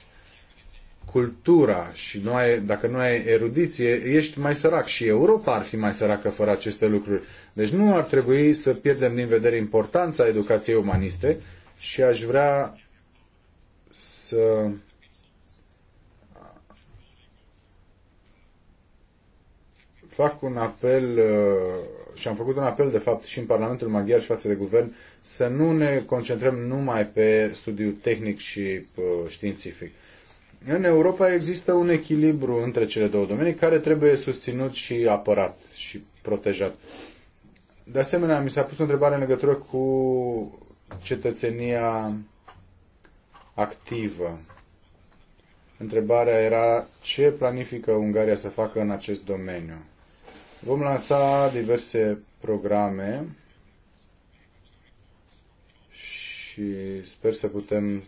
cultura și nu ai, dacă nu ai erudiție, ești mai sărac și Europa ar fi mai săracă fără aceste lucruri. Deci nu ar trebui să pierdem din vedere importanța educației umaniste și aș vrea să fac un apel uh, și am făcut un apel de fapt și în Parlamentul Maghiar și față de guvern să nu ne concentrăm numai pe studiul tehnic și uh, științific. În Europa există un echilibru între cele două domenii care trebuie susținut și apărat și protejat. De asemenea, mi s-a pus o întrebare în legătură cu cetățenia activă. Întrebarea era ce planifică Ungaria să facă în acest domeniu. Vom lansa diverse programe și sper să putem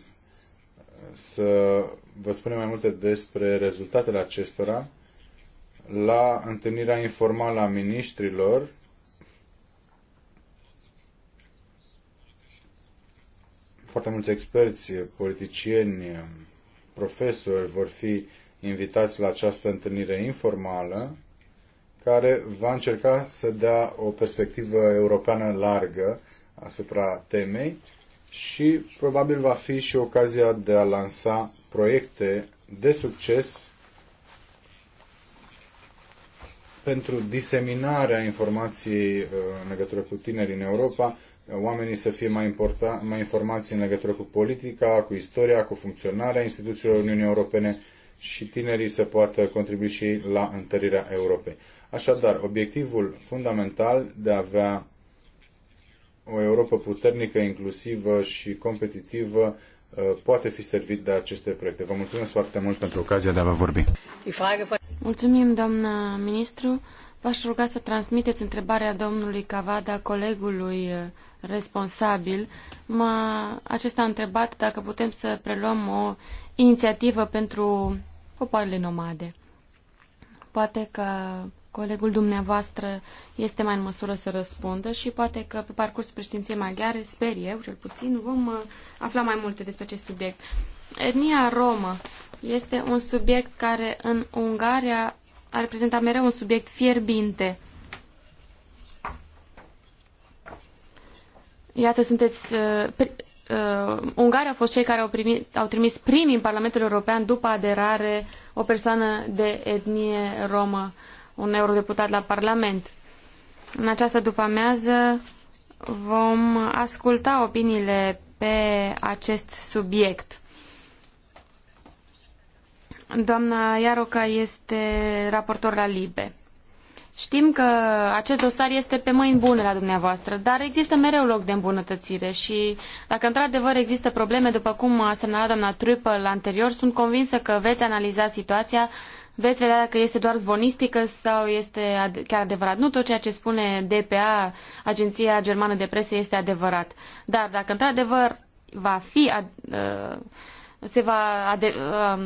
să vă spune mai multe despre rezultatele acestora la întâlnirea informală a ministrilor foarte mulți experți, politicieni, profesori vor fi invitați la această întâlnire informală care va încerca să dea o perspectivă europeană largă asupra temei și probabil va fi și ocazia de a lansa proiecte de succes pentru diseminarea informației uh, în legătură cu tinerii în Europa, oamenii să fie mai, importa, mai informați în legătură cu politica, cu istoria, cu funcționarea instituțiilor Uniunii Europene și tinerii să poată contribui și la întărirea Europei. Așadar, obiectivul fundamental de a avea o Europa puternică, inclusivă și competitivă Uh, poate fi servit de aceste proiecte. Vă mulțumesc foarte mult pentru ocazia de a vă vorbi. Mulțumim, doamnă ministru. V-aș ruga să transmiteți întrebarea domnului Cavada, colegului uh, responsabil. M-a, acesta a întrebat dacă putem să preluăm o inițiativă pentru popoarele nomade. Poate că colegul dumneavoastră este mai în măsură să răspundă și poate că pe parcursul preștiinței maghiare, sper eu cel puțin, vom uh, afla mai multe despre acest subiect. Etnia romă este un subiect care în Ungaria a reprezentat mereu un subiect fierbinte. Iată, sunteți... Uh, uh, Ungaria au fost cei care au, primit, au trimis primii în Parlamentul European după aderare o persoană de etnie romă. Uh, un eurodeputat la Parlament. În această după-amiază vom asculta opiniile pe acest subiect. Doamna Iaroca este raportor la LIBE. Știm că acest dosar este pe mâini bune la dumneavoastră, dar există mereu loc de îmbunătățire și dacă într-adevăr există probleme, după cum a semnalat doamna la anterior, sunt convinsă că veți analiza situația veți vedea dacă este doar zvonistică sau este ad chiar adevărat. Nu tot ceea ce spune DPA, Agenția Germană de Presă, este adevărat. Dar dacă într-adevăr va fi, uh, se va ade uh,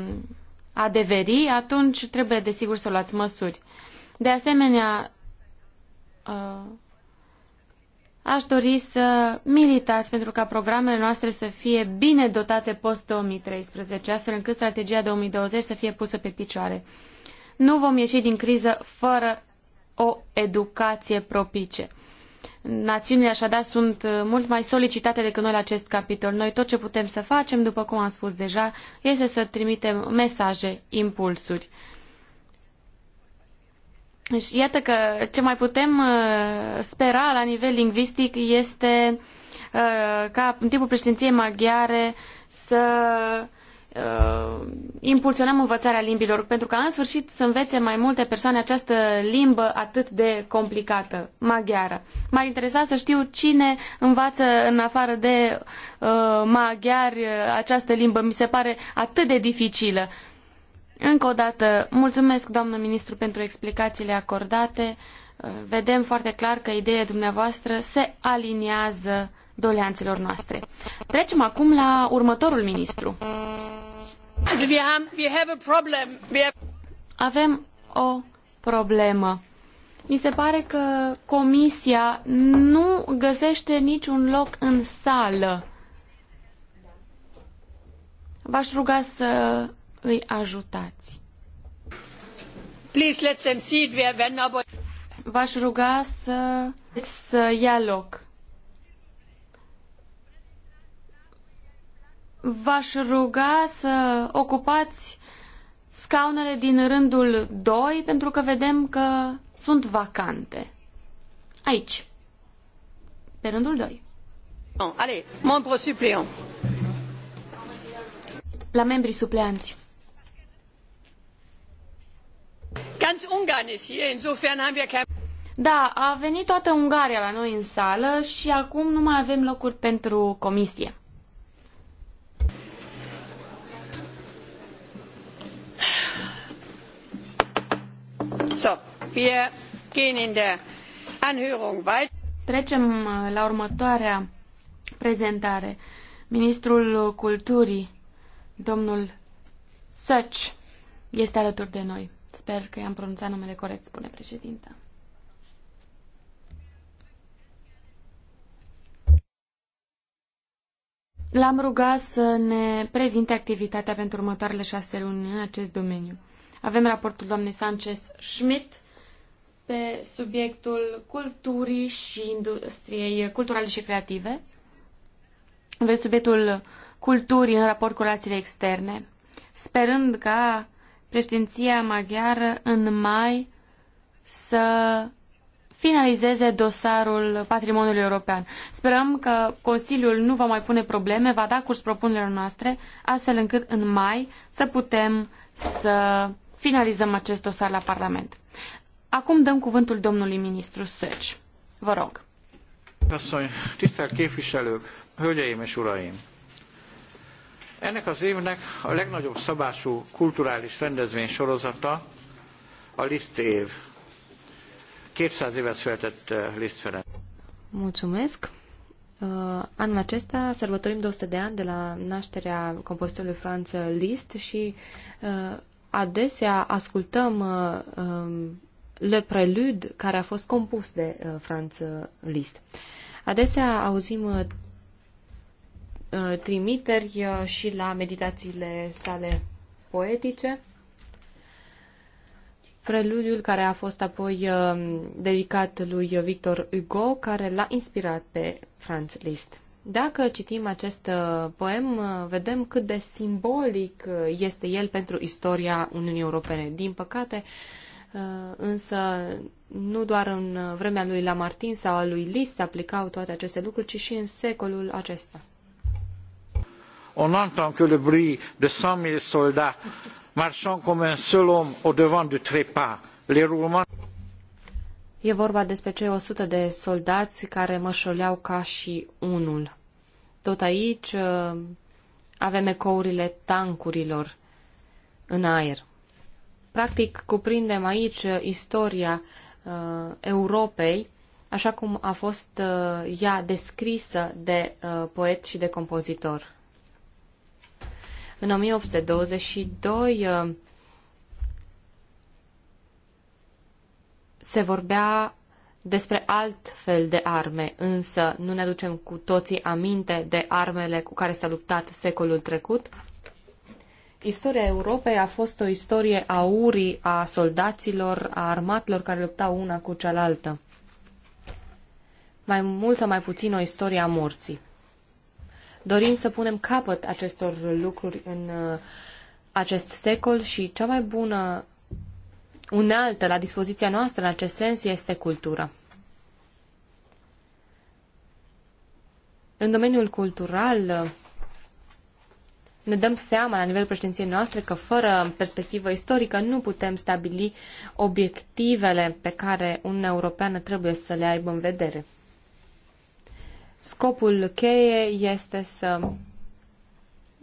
adeveri, atunci trebuie desigur să luați măsuri. De asemenea, uh, aș dori să militați pentru ca programele noastre să fie bine dotate post-2013, astfel încât strategia 2020 să fie pusă pe picioare. Nu vom ieși din criză fără o educație propice. Națiunile așadar sunt mult mai solicitate decât noi la acest capitol. Noi tot ce putem să facem, după cum am spus deja, este să trimitem mesaje, impulsuri. Și deci, iată că ce mai putem uh, spera la nivel lingvistic este uh, ca în timpul președinției maghiare să uh, impulsionăm învățarea limbilor, pentru ca în sfârșit să învețe mai multe persoane această limbă atât de complicată, maghiară. M-ar interesa să știu cine învață în afară de uh, maghiari această limbă. Mi se pare atât de dificilă. Uh, încă o dată, mulțumesc, doamnă ministru, pentru explicațiile acordate. Vedem foarte clar că ideea dumneavoastră se aliniază doleanțelor noastre. Trecem acum la următorul ministru. Avem o problemă. Mi se pare că comisia nu găsește niciun loc în sală. V-aș ruga să îi ajutați. Please let them sit, we have nobody. V-aș ruga să, să ia loc. V-aș ruga să ocupați scaunele din rândul 2 pentru că vedem că sunt vacante. Aici. Pe rândul 2. Allez, membre supleant. La membrii supleanți. ganz Ungarn ist hier, insofern haben wir kein... Da, a venit toată Ungaria la noi în sală și acum nu mai avem locuri pentru comisie. So, wir gehen in der Anhörung weiter. Trecem uh, la următoarea prezentare. Ministrul Culturii, domnul Săci, este alături de noi. Sper că i-am pronunțat numele corect, spune președinta. L-am rugat să ne prezinte activitatea pentru următoarele șase luni în acest domeniu. Avem raportul doamnei Sanchez Schmidt pe subiectul culturii și industriei culturale și creative. Avem subiectul culturii în raport cu relațiile externe, sperând ca președinția maghiară în mai să finalizeze dosarul patrimoniului european. Sperăm că Consiliul nu va mai pune probleme, va da curs propunerilor noastre, astfel încât în mai să putem să finalizăm acest dosar la Parlament. Acum dăm cuvântul domnului ministru Săci. Vă rog. Asszony, tisztelt képviselők, hölgyeim és uraim! Ennek az évnek a legnagyobb szabású kulturális rendezvény sorozata a Liszt év. 200 éve született eh, Liszt Ferenc. Mulțumesc! Eh, anul acesta sărbătorim 200 de ani de la nașterea compozitorului Franz Liszt și eh, adesea ascultăm Le Prelude, care a fost compus de Franz Liszt. Adesea auzim Uh, trimiteri uh, și la meditațiile sale poetice. Preludiul care a fost apoi uh, dedicat lui Victor Hugo, care l-a inspirat pe Franz Liszt. Dacă citim acest poem, vedem cât de simbolic este el pentru istoria Uniunii Europene. Din păcate, însă nu doar în vremea lui Lamartine sau a lui Liszt se aplicau toate aceste lucruri, ci și în secolul acesta on entend que le bruit de cent mille soldats marchant comme un seul homme au devant du trépas. Les roulements. E vorba despre cei 100 de soldați care mășoleau ca și unul. Tot aici uh, avem ecourile tancurilor în aer. Practic, cuprindem aici uh, istoria uh, Europei, așa cum a fost uh, ea descrisă de uh, poet și de compozitor. În 1822 uh, se vorbea despre alt fel de arme, însă nu ne aducem cu toții aminte de armele cu care s-a luptat secolul trecut? Istoria Europei a fost o istorie urii, a soldaților, a armatelor care luptau una cu cealaltă. Mai mult sau mai puțin o istorie a morții. Dorim să punem capăt acestor lucruri în uh, acest secol și cea mai bună unealtă la dispoziția noastră în acest sens este cultura. În domeniul cultural uh, ne dăm seama la nivelul președinției noastre că fără perspectivă istorică nu putem stabili obiectivele pe care un european trebuie să le aibă în vedere. Scopul cheie este să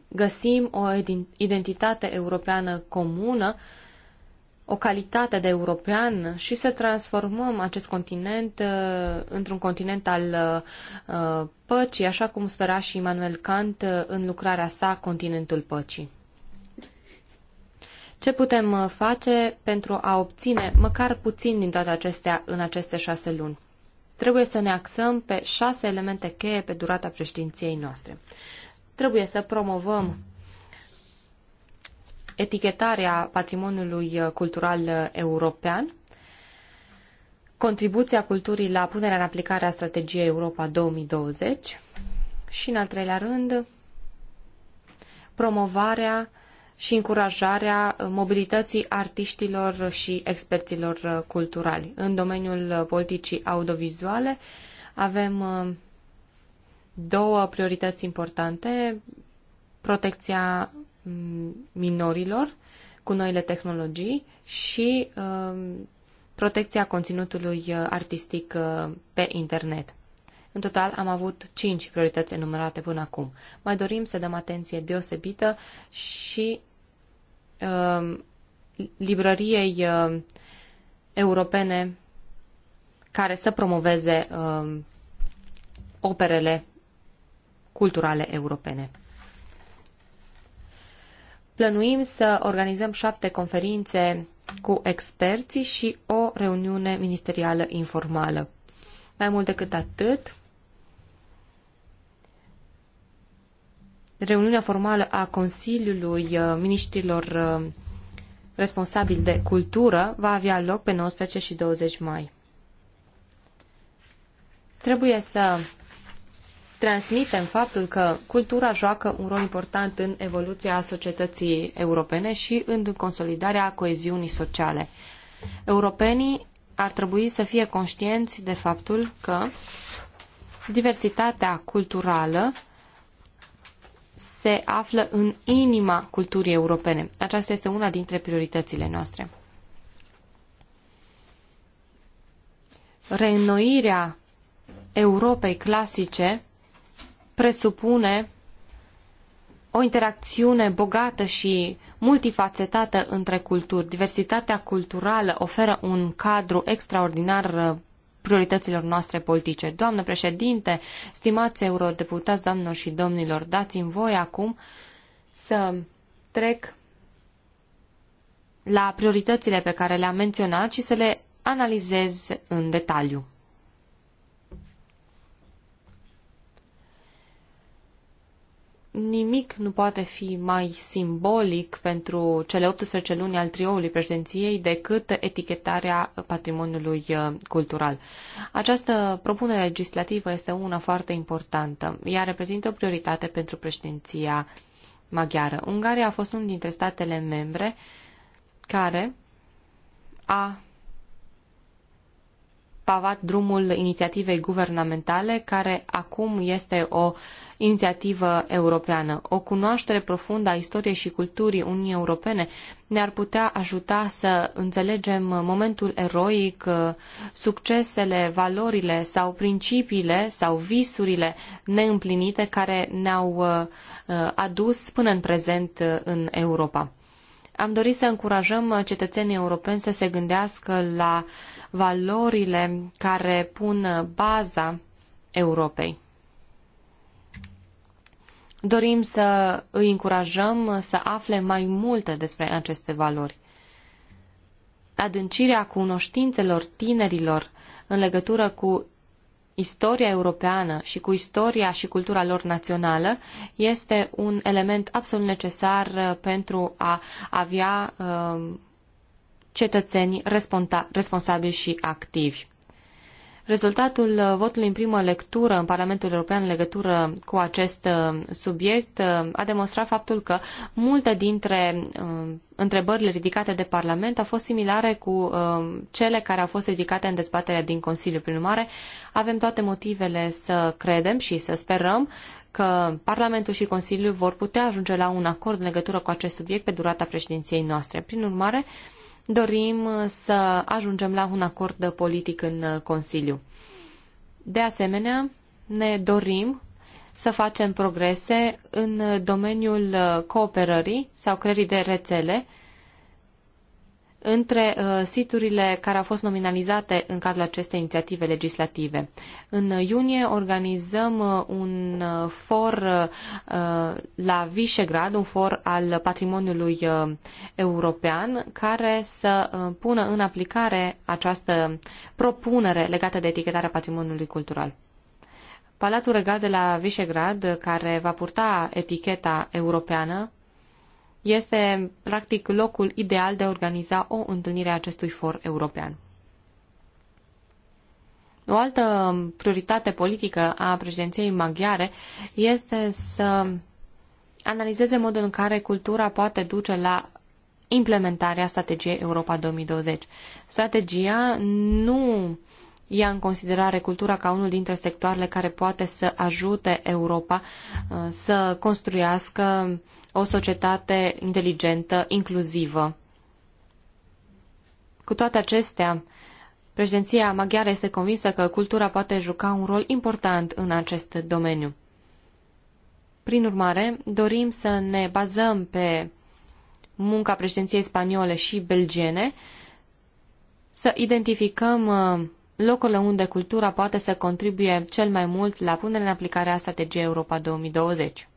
găsim o identitate europeană comună, o calitate de european și să transformăm acest continent uh, într-un continent al uh, păcii, așa cum spera și Immanuel Kant uh, în lucrarea sa Continentul Păcii. Ce putem face pentru a obține măcar puțin din toate acestea în aceste șase luni? Trebuie să ne axăm pe șase elemente cheie pe durata președinției noastre. Trebuie să promovăm etichetarea patrimoniului cultural european, contribuția culturii la punerea în aplicare a strategiei Europa 2020 și, în al treilea rând, promovarea și încurajarea mobilității artiștilor și experților culturali. În domeniul politicii audiovizuale avem uh, două priorități importante, protecția mm, minorilor cu noile tehnologii și uh, protecția conținutului artistic uh, pe internet. În total am avut cinci priorități enumerate până acum. Mai dorim să dăm atenție deosebită și Um, librăriei um, europene care să promoveze um, operele culturale europene. Plănuim să organizăm șapte conferințe cu experții și o reuniune ministerială informală. Mai mult decât atât, reuniunea formală a Consiliului uh, Ministrilor uh, responsabili de cultură va avea loc pe 19 și 20 mai. Trebuie să transmitem faptul că cultura joacă un rol important în evoluția societății europene și în consolidarea coeziunii sociale. Europenii ar trebui să fie conștienți de faptul că diversitatea culturală se află în inima culturii europene. Aceasta este una dintre prioritățile noastre. Reînnoirea Europei clasice presupune o interacțiune bogată și multifacetată între culturi. Diversitatea culturală oferă un cadru extraordinar priorităților noastre politice. Doamnă președinte, stimați eurodeputați, doamnelor și domnilor, dați-mi voi acum să trec la prioritățile pe care le-am menționat și să le analizez în detaliu. nimic nu poate fi mai simbolic pentru cele 18 luni al trioului președinției decât etichetarea patrimoniului uh, cultural. Această propunere legislativă este una foarte importantă. Ea reprezintă o prioritate pentru președinția maghiară. Ungaria a fost unul dintre statele membre care a pavat drumul inițiativei guvernamentale, care acum este o inițiativă europeană. O cunoaștere profundă a istoriei și culturii Uniunii Europene ne-ar putea ajuta să înțelegem momentul eroic, succesele, valorile sau principiile sau visurile neîmplinite care ne-au uh, adus până în prezent uh, în Europa. Am dorit să încurajăm uh, cetățenii europeni să se gândească la valorile care pun uh, baza Europei. Dorim să îi încurajăm uh, să afle mai multe despre aceste valori. Adâncirea cunoștințelor tinerilor în legătură cu istoria europeană și cu istoria și cultura lor națională este un element absolut necesar uh, pentru a avea uh, cetățeni responsabili și activi. Rezultatul uh, votului în primă lectură în Parlamentul European în legătură cu acest uh, subiect uh, a demonstrat faptul că multe dintre întrebările ridicate de Parlament au fost similare cu cele care au fost ridicate în dezbaterea din Consiliu. Prin urmare, avem toate motivele să credem și să sperăm că Parlamentul și Consiliul vor putea ajunge la un acord în legătură cu acest subiect pe durata președinției noastre. Prin urmare, dorim uh, să ajungem la un acord politic în uh, Consiliu. De asemenea, ne dorim să facem progrese în uh, domeniul cooperării sau creării de rețele între uh, siturile care au fost nominalizate în cadrul acestei inițiative legislative. În iunie organizăm uh, un uh, for uh, la Visegrad, un for al patrimoniului uh, european, care să uh, pună în aplicare această propunere legată de etichetarea patrimoniului cultural. Palatul Regal de la Visegrad, care va purta eticheta europeană, este practic locul ideal de a organiza o întâlnire a acestui for european. O altă prioritate politică a președinției maghiare este să analizeze modul în care cultura poate duce la implementarea strategiei Europa 2020. Strategia nu ia în considerare cultura ca unul dintre sectoarele care poate să ajute Europa uh, să construiască o societate inteligentă, inclusivă. Cu toate acestea, președinția maghiară este convinsă că cultura poate juca un rol important în acest domeniu. Prin urmare, dorim să ne bazăm pe munca președinției spaniole și belgiene, să identificăm uh, locurile unde cultura poate să contribuie cel mai mult la punerea în aplicare a strategiei Europa 2020.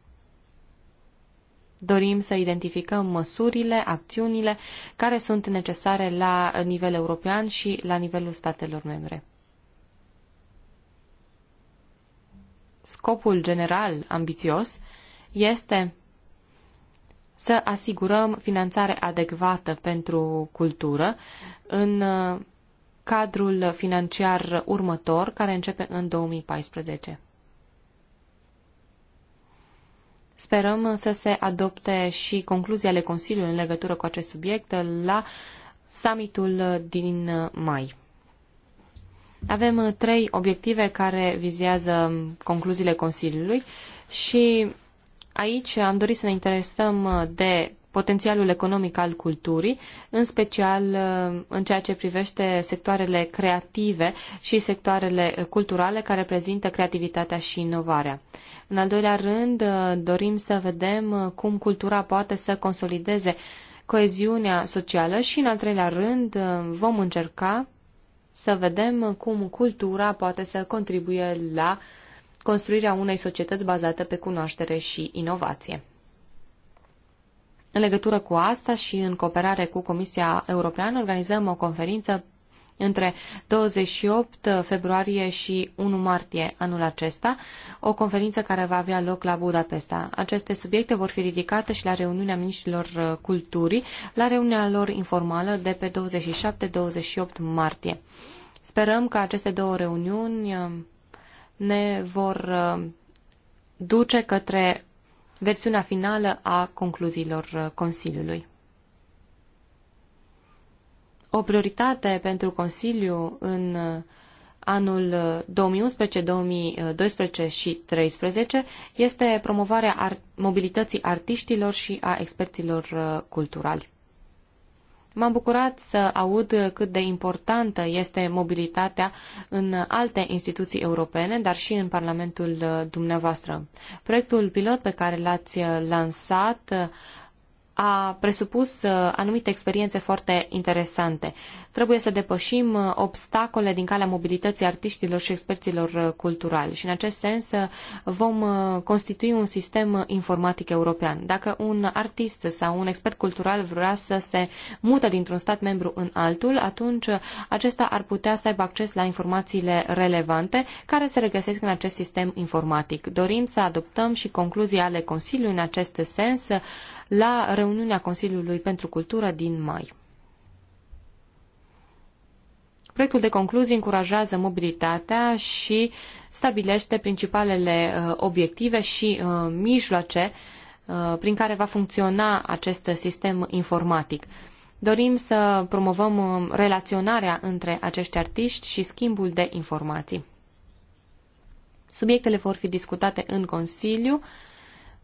Dorim să identificăm măsurile, acțiunile care sunt necesare la nivel european și la nivelul statelor membre. Scopul general ambițios este să asigurăm finanțare adecvată pentru cultură în uh, cadrul financiar următor, care începe în 2014. Sperăm să se adopte și concluzia ale Consiliului în legătură cu acest subiect la summitul din mai. Avem trei obiective care vizează concluziile Consiliului și aici am dorit să ne interesăm de potențialul economic al culturii, în special uh, în ceea ce privește sectoarele creative și sectoarele culturale care prezintă creativitatea și inovarea. În al doilea rând, uh, dorim să vedem uh, cum cultura poate să consolideze coeziunea socială și, în al treilea rând, uh, vom încerca să vedem cum cultura poate să contribuie la construirea unei societăți bazate pe cunoaștere și inovație. În legătură cu asta și în cooperare cu Comisia Europeană, organizăm o conferință între 28 februarie și 1 martie anul acesta, o conferință care va avea loc la Budapesta. Aceste subiecte vor fi ridicate și la reuniunea ministrilor culturii, la reuniunea lor informală de pe 27-28 martie. Sperăm că aceste două reuniuni uh, ne vor uh, duce către versiunea finală a concluziilor uh, Consiliului. O prioritate pentru Consiliu în uh, anul 2011, uh, 2012 și 2013 este promovarea ar mobilității artiștilor și a experților uh, culturali. M-am bucurat să aud cât de importantă este mobilitatea în alte instituții europene, dar și în Parlamentul dumneavoastră. Proiectul pilot pe care l-ați lansat a presupus uh, anumite experiențe foarte interesante. Trebuie să depășim uh, obstacole din calea mobilității artiștilor și experților uh, culturali și în acest sens vom constitui un sistem informatic european. Dacă un artist sau un expert cultural vrea să se mută dintr-un stat membru în altul, atunci acesta ar putea să aibă acces la informațiile relevante care se regăsesc în acest sistem informatic. Dorim să adoptăm și concluzii ale Consiliului în acest sens la reuniunea Consiliului pentru Cultură din mai. Proiectul de concluzie încurajează mobilitatea și stabilește principalele uh, obiective și uh, mijloace uh, prin care va funcționa acest sistem informatic. Dorim să promovăm relaționarea între acești artiști și schimbul de informații. Subiectele vor fi discutate în Consiliu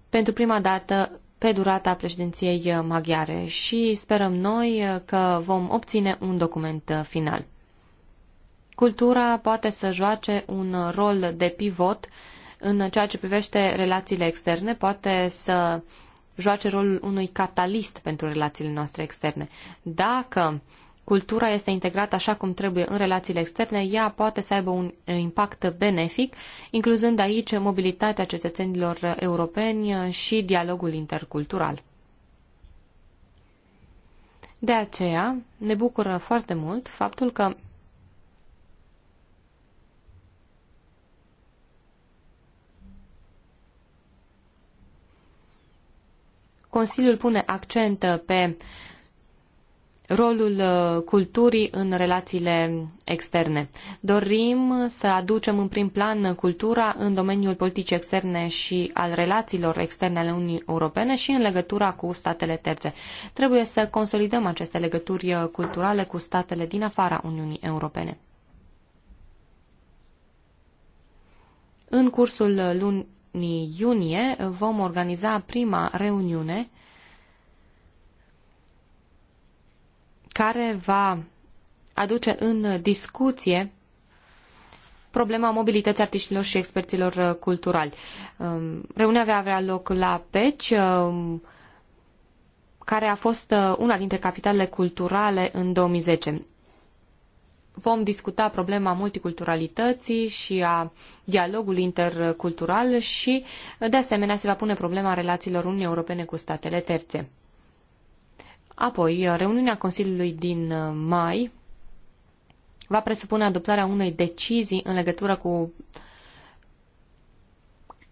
pentru prima dată pe durata președinției uh, maghiare și sperăm noi uh, că vom obține un document uh, final. Cultura poate să joace un rol de pivot în ceea ce privește relațiile externe, poate să joace rolul unui catalist pentru relațiile noastre externe. Dacă cultura este integrată așa cum trebuie în relațiile externe, ea poate să aibă un impact benefic, incluzând aici mobilitatea cetățenilor europeni și dialogul intercultural. De aceea, ne bucură foarte mult faptul că Consiliul pune accent pe uh, rolul uh, culturii în relațiile externe. Dorim să aducem în prim plan cultura în domeniul politicii externe și al relațiilor externe ale Uniunii Europene și în legătura cu statele terțe. Trebuie să consolidăm aceste legături uh, culturale cu statele din afara Uniunii Europene. În cursul lunii iunie vom organiza prima reuniune care va aduce în discuție problema mobilității artiștilor și experților uh, culturali. Um, reuniunea va avea loc la Peci, um, care a fost uh, una dintre capitalele culturale în 2010. Vom discuta problema multiculturalității și a dialogului intercultural și, uh, de asemenea, se va pune problema relațiilor Uniunii Europene cu statele terțe. Apoi, uh, reuniunea Consiliului din uh, mai va presupune adoptarea unei decizii în legătură cu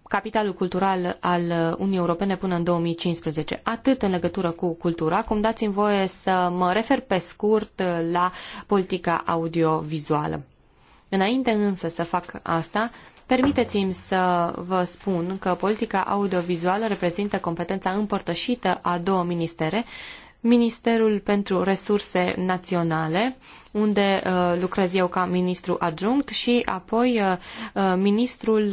capitalul cultural al uh, Uniunii Europene până în 2015. Atât în legătură cu cultura, cum dați-mi voie să mă refer pe scurt la politica audiovizuală. Înainte însă să fac asta, permiteți-mi să vă spun că politica audiovizuală reprezintă competența împărtășită a două ministere, Ministerul pentru Resurse Naționale, unde uh, lucrez eu ca ministru adjunct și apoi uh, uh, ministrul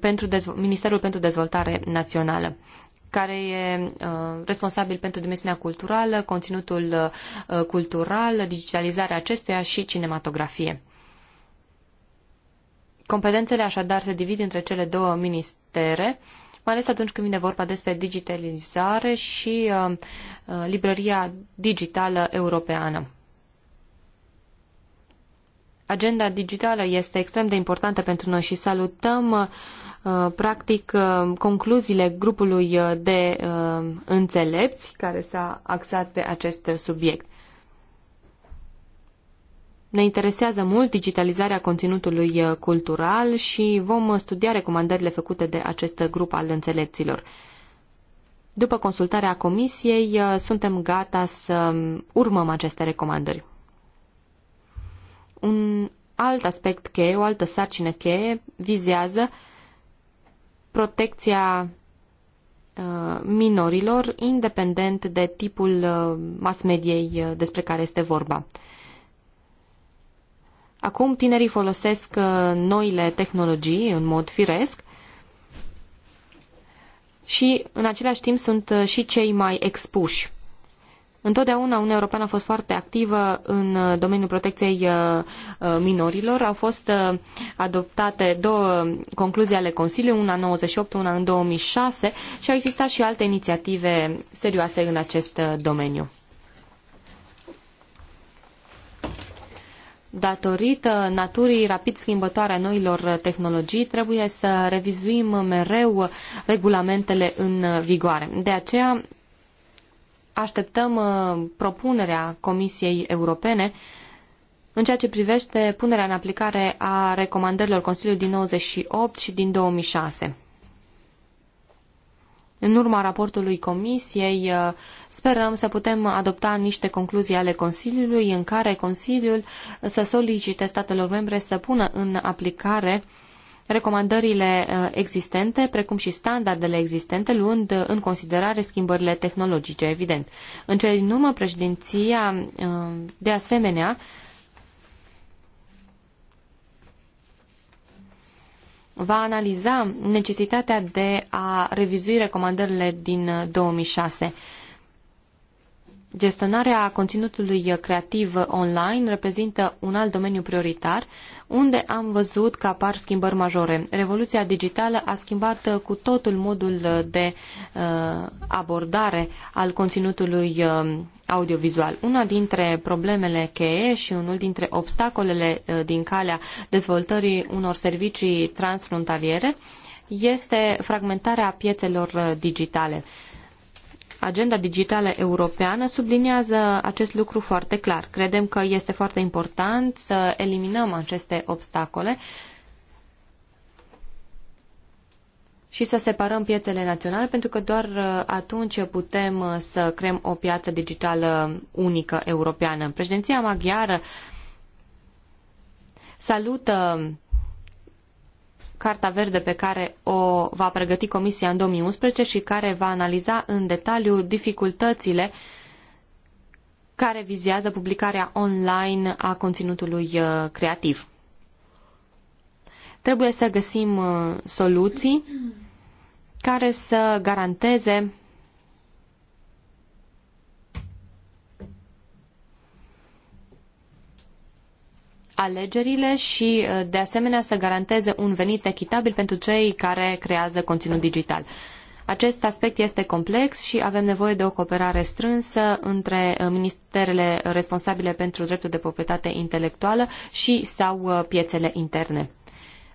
pentru Ministerul pentru Dezvoltare Națională care e responsabil pentru dimensiunea culturală, conținutul cultural, digitalizarea acestuia și cinematografie. Competențele așadar se divid între cele două ministere mai ales atunci când vine vorba despre digitalizare și uh, uh, librăria digitală europeană. Agenda digitală este extrem de importantă pentru noi și salutăm uh, practic uh, concluziile grupului de înțelepți care s-a axat pe acest subiect. Ne interesează mult digitalizarea conținutului uh, cultural și vom uh, studia recomandările făcute de acest uh, grup al înțelepților. După consultarea comisiei, suntem gata să um, urmăm aceste recomandări. Un alt aspect cheie, o altă sarcină cheie, vizează protecția minorilor, independent de tipul mass mediei despre care este vorba. Acum tinerii folosesc uh, noile tehnologii în mod firesc și în același timp sunt uh, și cei mai expuși. Întotdeauna Uniunea Europeană a fost foarte activă în uh, domeniul protecției minorilor. Au fost adoptate două concluzii ale Consiliului, una în 98, una în 2006 și au existat și alte inițiative serioase în acest domeniu. datorită naturii rapid schimbătoare a noilor tehnologii, trebuie să revizuim mereu regulamentele în vigoare. De aceea așteptăm uh, propunerea Comisiei Europene în ceea ce privește punerea în aplicare a recomandărilor Consiliului din 98 și din 2006. În urma raportului Comisiei, uh, sperăm să putem adopta niște concluzii ale Consiliului în care Consiliul să solicite statelor membre să pună în aplicare recomandările uh, existente, precum și standardele existente, luând în considerare schimbările tehnologice, evident. În cele din urmă, președinția, uh, de asemenea, va analiza necesitatea de a revizui recomandările din 2006. Uh, Gestionarea conținutului creativ online reprezintă un alt domeniu prioritar unde am văzut că apar schimbări majore. Revoluția digitală a schimbat uh, cu totul modul uh, de uh, abordare al conținutului audiovizual. Una dintre problemele cheie și unul dintre obstacolele din calea dezvoltării unor servicii transfrontaliere este fragmentarea piețelor digitale. Agenda digitală europeană subliniază acest lucru foarte clar. Credem că este foarte important să eliminăm aceste obstacole și să separăm piețele naționale, pentru că doar uh, atunci putem uh, să creăm o piață digitală unică europeană. Președinția maghiară salută carta verde pe care o va pregăti Comisia în 2011 și care va analiza în detaliu dificultățile care vizează publicarea online a conținutului uh, creativ. Trebuie să găsim uh, soluții care să garanteze alegerile și, uh, de asemenea, să garanteze un venit echitabil pentru cei care creează conținut digital. Acest aspect este complex și avem nevoie de o cooperare strânsă între uh, ministerele responsabile pentru dreptul de proprietate intelectuală și sau uh, piețele interne.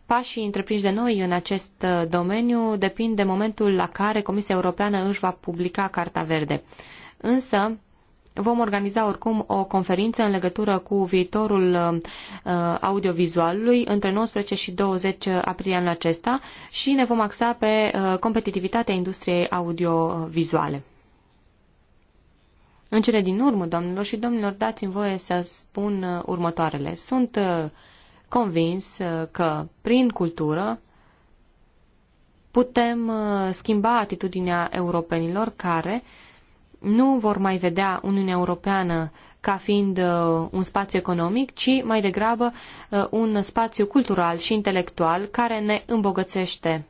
Pașii întreprinși de noi în acest domeniu depind de momentul la care Comisia Europeană își va publica Carta Verde. Însă, Vom organiza oricum o conferință în legătură cu viitorul uh, audiovizualului între 19 și 20 aprilie anul acesta și ne vom axa pe uh, competitivitatea industriei audiovizuale. În cele din urmă, domnilor și domnilor, dați-mi voie să spun uh, următoarele. Sunt uh, convins uh, că prin cultură putem schimba atitudinea europenilor care uh, nu vor mai vedea Uniunea Europeană ca fiind uh, un spațiu economic, ci mai degrabă uh, un spațiu cultural și intelectual care ne îmbogățește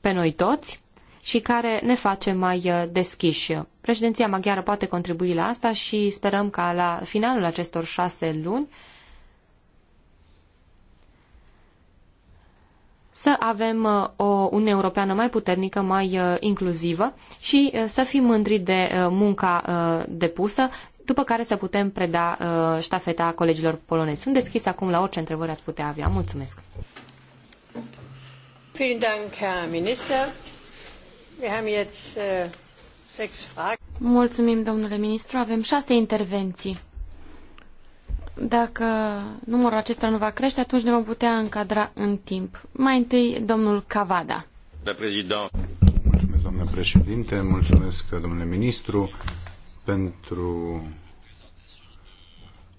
pe noi toți și care ne face mai uh, deschiși. Președinția maghiară poate contribui la asta și sperăm ca la finalul acestor șase luni să avem uh, o Uniune Europeană mai puternică, mai uh, inclusivă și uh, să fim mândri de munca depusă, după care să putem preda ștafeta colegilor polonezi. Sunt deschis acum la orice întrebări ați putea avea. Mulțumesc! Äh, Mulțumim, domnule ministru. Avem șase intervenții. Dacă numărul acesta nu va crește, atunci ne vom putea încadra în timp. Mai întâi, domnul Cavada. Mulțumesc, doamnă președinte, mulțumesc, domnule ministru, pentru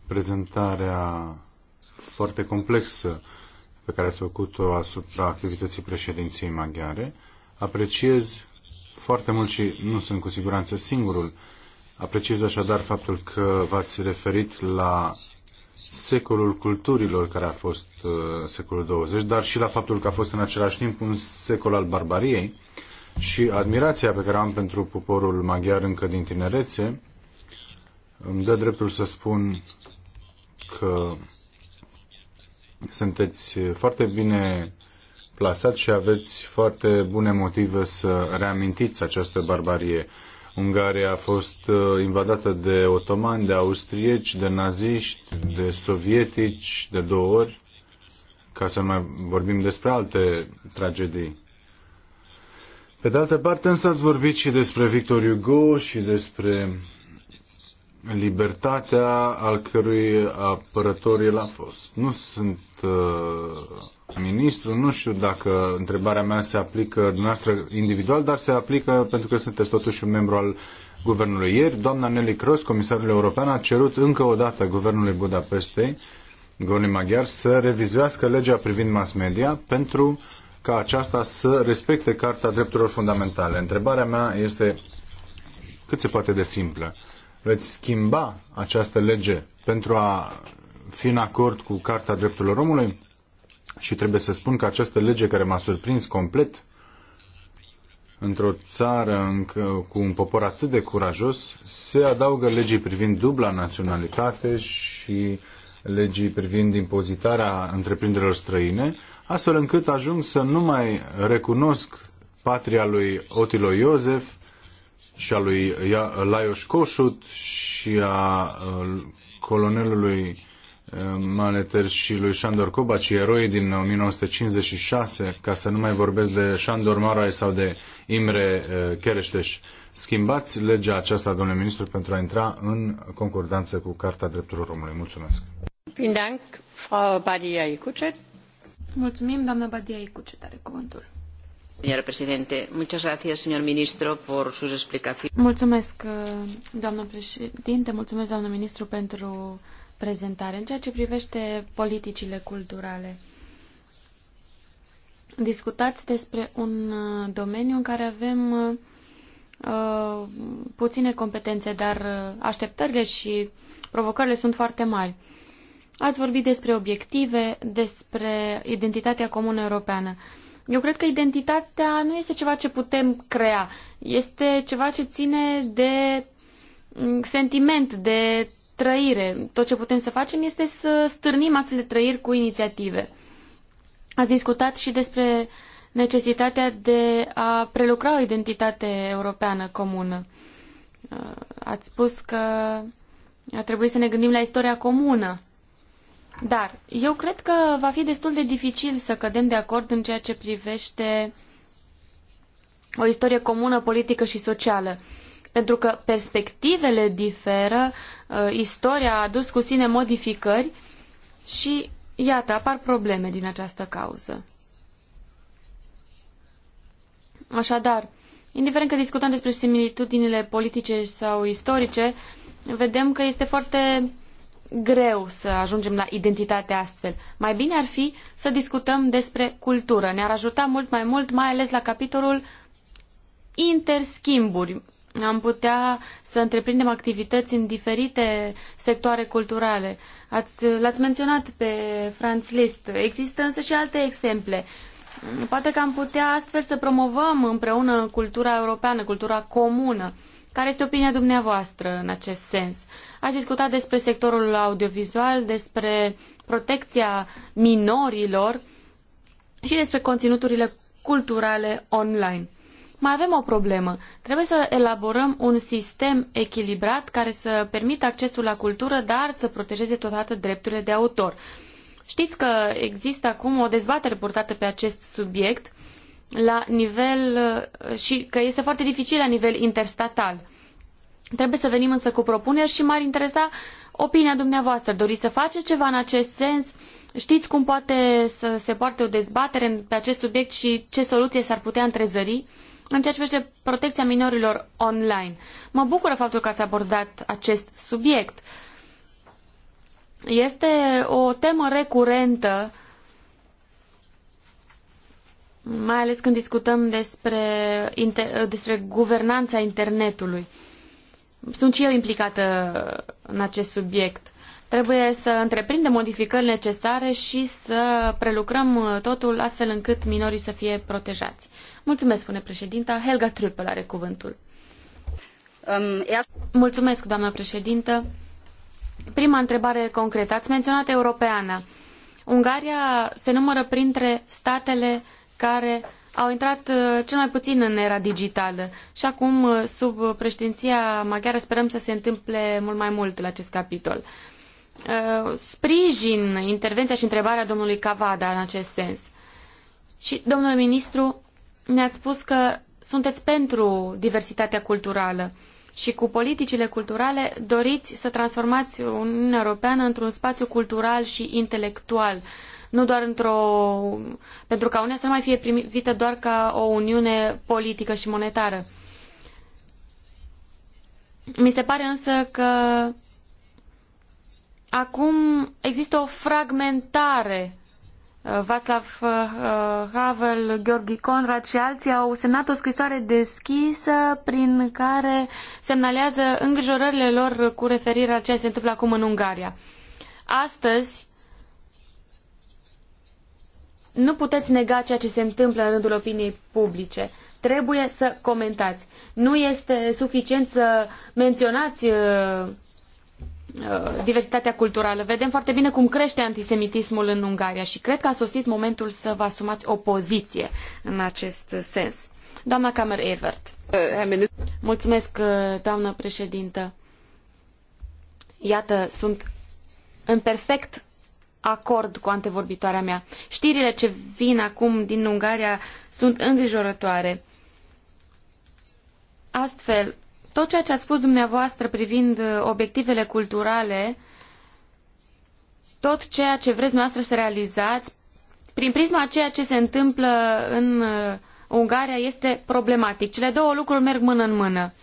prezentarea foarte complexă pe care ați făcut-o asupra activității președinției maghiare. Apreciez foarte mult și nu sunt cu siguranță singurul. Apreciez așadar faptul că v-ați referit la secolul culturilor care a fost uh, secolul 20, dar și la faptul că a fost în același timp un secol al barbariei și admirația pe care am pentru poporul maghiar încă din tinerețe îmi dă dreptul să spun că sunteți foarte bine plasat și aveți foarte bune motive să reamintiți această barbarie Ungaria a fost uh, invadată de otomani, de austrieci, de naziști, de sovietici de două ori, ca să mai vorbim despre alte tragedii. Pe de altă parte, însă ați vorbit și despre Victor Hugo și despre libertatea al cărui apărător el a fost. Nu sunt uh, ministru, nu știu dacă întrebarea mea se aplică dumneavoastră individual, dar se aplică pentru că sunteți totuși un membru al guvernului. Ieri, doamna Nelly Cross, comisarul european, a cerut încă o dată guvernului Budapestei, guvernului maghiar, să revizuiască legea privind mass media pentru ca aceasta să respecte Carta Drepturilor Fundamentale. Întrebarea mea este cât se poate de simplă. Uh, veți schimba această lege pentru a fi în acord cu Carta Drepturilor Omului? Și trebuie să spun că această lege care m-a surprins complet într-o țară încă, cu un popor atât de curajos, se adaugă legii privind dubla naționalitate și legii privind impozitarea întreprinderilor străine, astfel încât ajung să nu mai recunosc patria lui Otilo Iosef, și a lui Laios Coșut și a uh, colonelului uh, Maneter și lui Șandor Cobaci, eroi din 1956, ca să nu mai vorbesc de Șandor Marai sau de Imre Chereșteș. Uh, Schimbați legea aceasta, domnule ministru, pentru a intra în concordanță cu Carta Drepturilor Omului. Mulțumesc. Mulțumim, doamna Badia Icucet, are cuvântul. Señor presidente, muchas gracias, señor ministro, por sus explicaciones. Mulțumesc, uh, doamnă președinte, mulțumesc, doamnă ministru, pentru prezentare. În ceea ce privește politicile culturale, discutați despre un uh, domeniu în care avem uh, puține competențe, dar uh, așteptările și provocările sunt foarte mari. Ați vorbit despre obiective, despre identitatea comună europeană. Uh, eu cred că identitatea nu este ceva ce putem crea, este ceva ce ține de mm, sentiment, de trăire. Tot ce putem să facem este să stârnim astfel de trăiri cu inițiative. Ați discutat și despre necesitatea de a prelucra o identitate europeană comună. Uh, ați spus că ar trebui să ne gândim la istoria comună. Dar eu cred că va fi destul de dificil să cădem de acord în ceea ce privește o istorie comună politică și socială. Pentru că perspectivele diferă, uh, istoria a adus cu sine modificări și, iată, apar probleme din această cauză. Așadar, indiferent că discutăm despre similitudinile politice sau istorice, vedem că este foarte greu să ajungem la identitate astfel. Mai bine ar fi să discutăm despre cultură. Ne-ar ajuta mult mai mult, mai ales la capitolul interschimburi. Am putea să întreprindem activități în diferite sectoare culturale. Ați, l-ați menționat pe Franz Liszt. Există însă și alte exemple. Poate că am putea astfel să promovăm împreună cultura europeană, cultura comună. Care este opinia dumneavoastră în acest sens? Ați discutat despre sectorul audiovizual, despre protecția minorilor și despre conținuturile culturale online. Mai avem o problemă. Trebuie să elaborăm un sistem echilibrat care să permită accesul la cultură, dar să protejeze totodată drepturile de autor. Știți că există acum o dezbatere purtată pe acest subiect la nivel uh, și că este foarte dificil la nivel interstatal. Trebuie să venim însă cu propuneri și m-ar interesa opinia dumneavoastră. Doriți să faceți ceva în acest sens? Știți cum poate să se poarte o dezbatere pe acest subiect și ce soluție s-ar putea întrezări? În ceea ce privește protecția minorilor online. Mă bucură faptul că ați abordat acest subiect. Este o temă recurentă, mai ales când discutăm despre, despre guvernanța internetului sunt și eu implicată în acest subiect. Trebuie să întreprindem modificări necesare și să prelucrăm totul astfel încât minorii să fie protejați. Mulțumesc, spune președinta. Helga Trüppel are cuvântul. Um, Mulțumesc, doamna președintă. Prima întrebare concretă. Ați menționat europeana. Ungaria se numără printre statele care au intrat uh, cel mai puțin în era digitală și acum, uh, sub președinția maghiară, sperăm să se întâmple mult mai mult la acest capitol. Uh, sprijin intervenția și întrebarea domnului Cavada în acest sens. Și, domnule ministru, ne-ați spus că sunteți pentru diversitatea culturală și cu politicile culturale doriți să transformați Uniunea Europeană într-un spațiu cultural și intelectual. Uh, nu doar într-o... pentru ca Uniunea să nu mai fie privită doar ca o Uniune politică și monetară. Mi se pare însă că acum există o fragmentare uh, Václav uh, Havel, Gheorghe Conrad și alții au semnat o scrisoare deschisă prin care semnalează îngrijorările lor cu referire la ce se întâmplă acum în Ungaria. Astăzi, nu puteți nega ceea ce se întâmplă în rândul opiniei publice. Trebuie să comentați. Nu este suficient să menționați uh, uh, diversitatea culturală. Vedem foarte bine cum crește antisemitismul în Ungaria și cred că a sosit momentul să vă asumați o poziție în acest sens. Doamna Camer Evert. Mulțumesc, uh, doamnă președintă. Iată, sunt în perfect acord cu antevorbitoarea mea. Știrile ce vin acum din Ungaria sunt îngrijorătoare. Astfel, tot ceea ce ați spus dumneavoastră privind uh, obiectivele culturale, tot ceea ce vreți noastră să realizați, prin prisma a ceea ce se întâmplă în uh, Ungaria este problematic. Cele două lucruri merg mână în mână.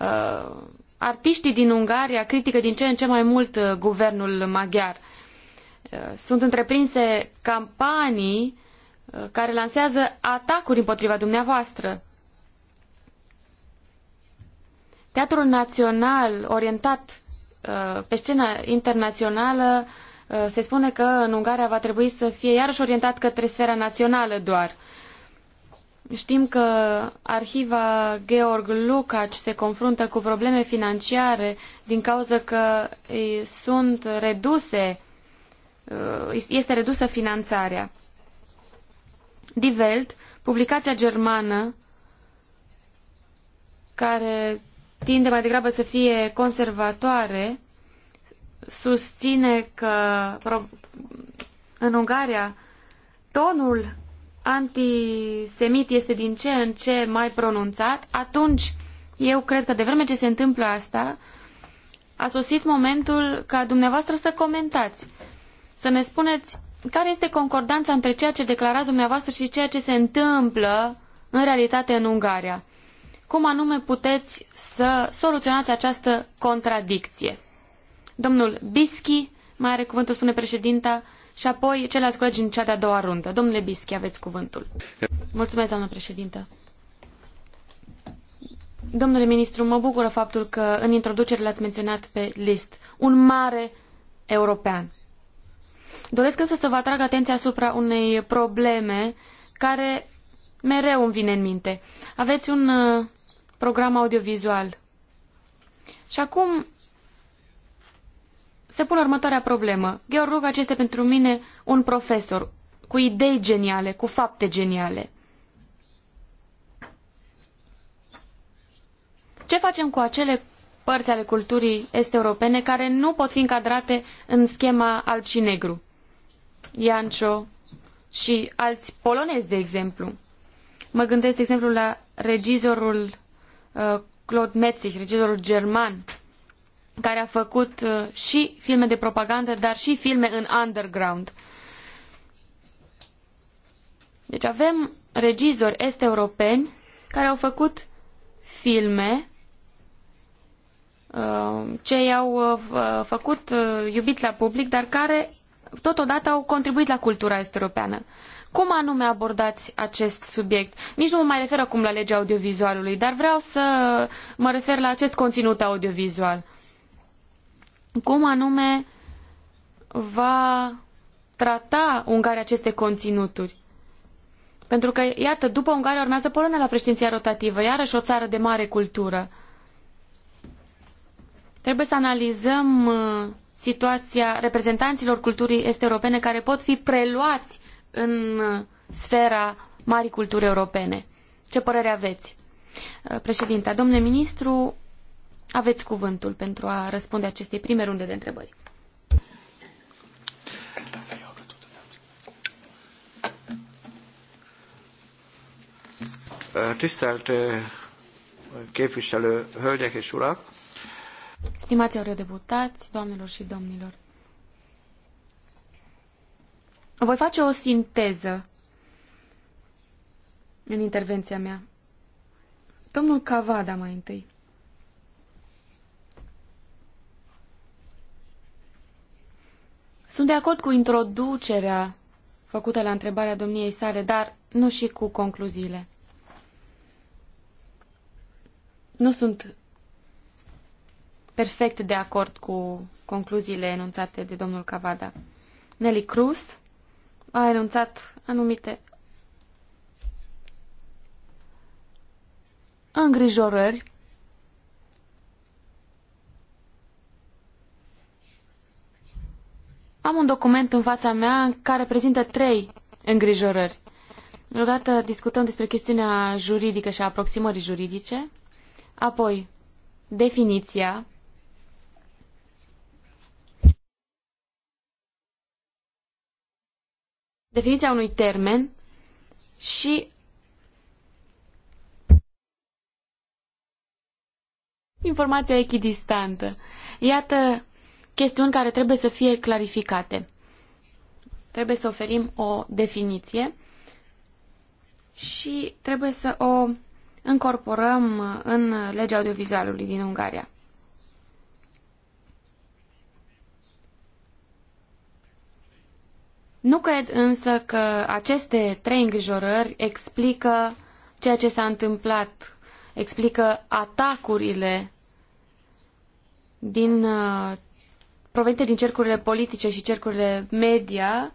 Uh, artiștii din Ungaria critică din ce în ce mai mult guvernul maghiar. Uh, sunt întreprinse campanii uh, care lansează atacuri împotriva dumneavoastră. Teatrul Național, orientat uh, pe scena internațională, se spune că în Ungaria va trebui să fie iarăși orientat către sfera națională doar. Știm că arhiva Georg Lukács se confruntă cu probleme financiare din cauza că sunt reduse Uh, este redusă finanțarea. Die Welt, publicația germană, care tinde mai degrabă să fie conservatoare, susține că în Ungaria tonul antisemit este din ce în ce mai pronunțat, atunci eu cred că de vreme ce se întâmplă asta, a sosit momentul ca dumneavoastră să comentați să ne spuneți care este concordanța între ceea ce declarați dumneavoastră și ceea ce se întâmplă în realitate în Ungaria. Cum anume puteți să soluționați această contradicție? Domnul Bischi mai are cuvântul, spune președinta, și apoi ceilalți colegi în cea de-a doua rundă. Domnule Bischi, aveți cuvântul. Mulțumesc, doamnă președintă. Domnule ministru, mă bucură faptul că în introducere l-ați menționat pe list. Un mare european. Doresc însă să vă atrag atenția asupra unei probleme care mereu îmi vine în minte. Aveți un uh, program audiovizual. Și acum se pune următoarea problemă. Georg Rugac este pentru mine un profesor cu idei geniale, cu fapte geniale. Ce facem cu acele părți ale culturii est-europene care nu pot fi încadrate în schema alb și negru? Iancio și alți polonezi, de exemplu. Mă gândesc, de exemplu, la regizorul uh, Claude Metzig, regizorul german, care a făcut uh, și filme de propagandă, dar și filme în underground. Deci avem regizori est-europeni care au făcut filme uh, ce i-au uh, făcut uh, iubit la public, dar care totodată au contribuit la cultura est-europeană. Cum anume abordați acest subiect? Nici nu mă mai refer acum la legea audiovizualului, dar vreau să mă refer la acest conținut audiovizual. Cum anume va trata Ungaria aceste conținuturi? Pentru că, iată, după Ungaria urmează Polonia la președinția rotativă, iarăși o țară de mare cultură. Trebuie să analizăm uh, situația reprezentanților culturii este europene care pot fi preluați în sfera marii culturi europene. Ce părere aveți? Uh, președinte? domnule ministru, aveți cuvântul pentru a răspunde acestei prime runde de întrebări. Tisztelt uh, képviselő, hölgyek és urak! Stimați eurodeputați, doamnelor și domnilor, voi face o sinteză în intervenția mea. Domnul Cavada mai întâi. Sunt de acord cu introducerea făcută la întrebarea domniei sale, dar nu și cu concluziile. Nu sunt perfect de acord cu concluziile enunțate de domnul Cavada. Nelly Cruz a enunțat anumite îngrijorări Am un document în fața mea care prezintă trei îngrijorări. Odată discutăm despre chestiunea juridică și a aproximării juridice, apoi definiția definiția unui termen și informația echidistantă. Iată chestiuni care trebuie să fie clarificate. Trebuie să oferim o definiție și trebuie să o încorporăm în legea audiovizualului din Ungaria. Nu cred însă că aceste trei îngrijorări explică ceea ce s-a întâmplat, explică atacurile din, uh, provenite din cercurile politice și cercurile media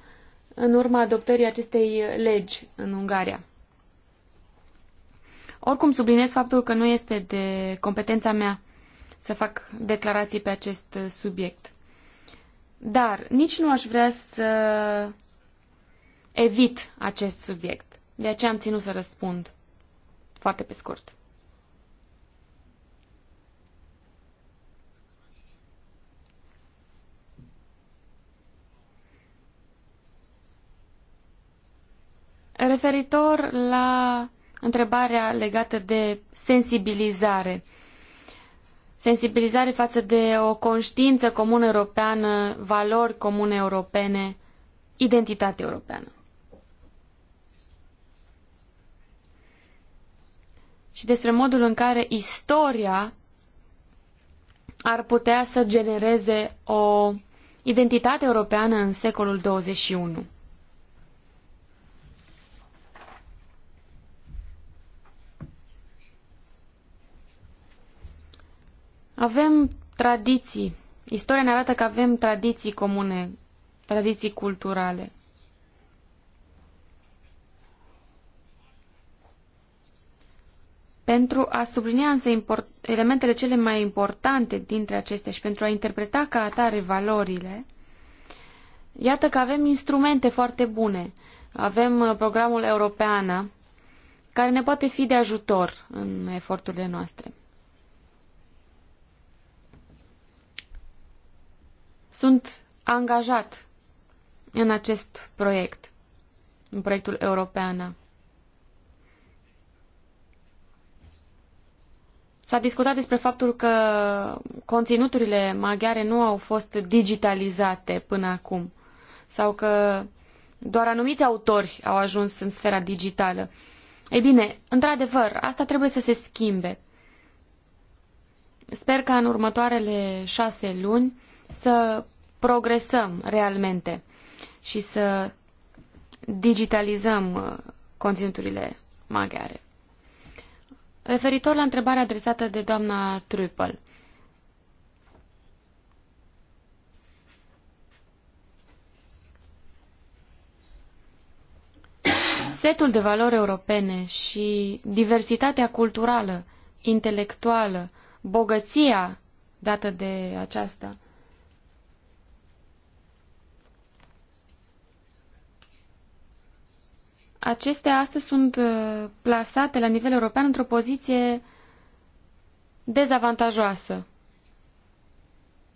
în urma adoptării acestei legi în Ungaria. Oricum subliniez faptul că nu este de competența mea să fac declarații pe acest subiect. Dar nici nu aș vrea să evit acest subiect. De aceea am ținut să răspund foarte pe scurt. Referitor la întrebarea legată de sensibilizare, sensibilizare față de o conștiință comună europeană, valori comune europene, identitate europeană. Și despre modul în care istoria ar putea să genereze o identitate europeană în secolul 21. Avem tradiții. Istoria ne arată că avem tradiții comune, tradiții culturale. Pentru a sublinia însă elementele cele mai importante dintre acestea și pentru a interpreta ca atare valorile, iată că avem instrumente foarte bune. Avem uh, programul Europeana, care ne poate fi de ajutor în eforturile noastre. sunt angajat în acest proiect, în proiectul european. S-a discutat despre faptul că conținuturile maghiare nu au fost digitalizate până acum sau că doar anumiți autori au ajuns în sfera digitală. Ei bine, într-adevăr, asta trebuie să se schimbe. Sper ca în următoarele șase luni să progresăm realmente și să digitalizăm uh, conținuturile maghiare. Referitor la întrebarea adresată de doamna Trupel, setul de valori europene și diversitatea culturală, intelectuală, bogăția dată de aceasta, acestea astăzi sunt uh, plasate la nivel european într-o poziție dezavantajoasă.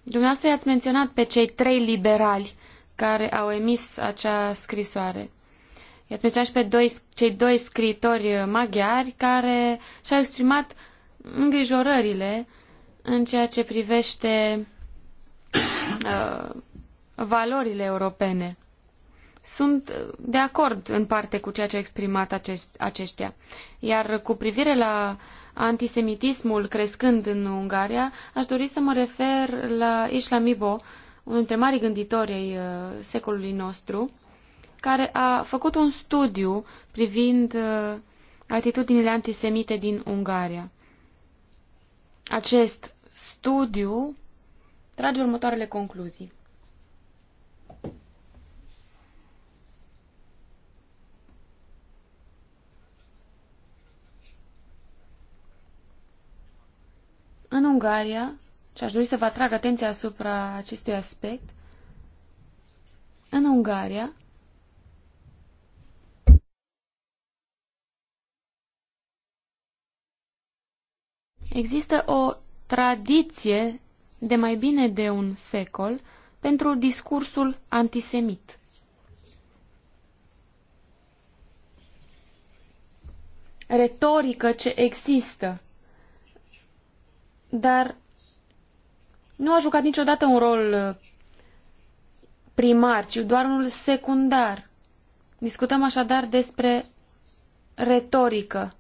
Dumneavoastră i-ați menționat pe cei trei liberali care au emis acea scrisoare. I-ați menționat și pe doi, cei doi scritori maghiari care și-au exprimat îngrijorările în ceea ce privește uh, valorile europene. Sunt uh, de acord în parte cu ceea ce a exprimat aceștia. Iar cu privire la antisemitismul crescând în Ungaria, aș dori să mă refer la Islam unul dintre marii gânditori ai uh, secolului nostru, care a făcut un studiu privind uh, atitudinile antisemite din Ungaria. Acest studiu trage următoarele concluzii. În Ungaria, și aș dori să vă atrag atenția asupra acestui aspect, în Ungaria, există o tradiție de mai bine de un secol pentru discursul antisemit. Retorică ce există dar nu a jucat niciodată un rol uh, primar, ci doar unul secundar. Discutăm așadar despre retorică.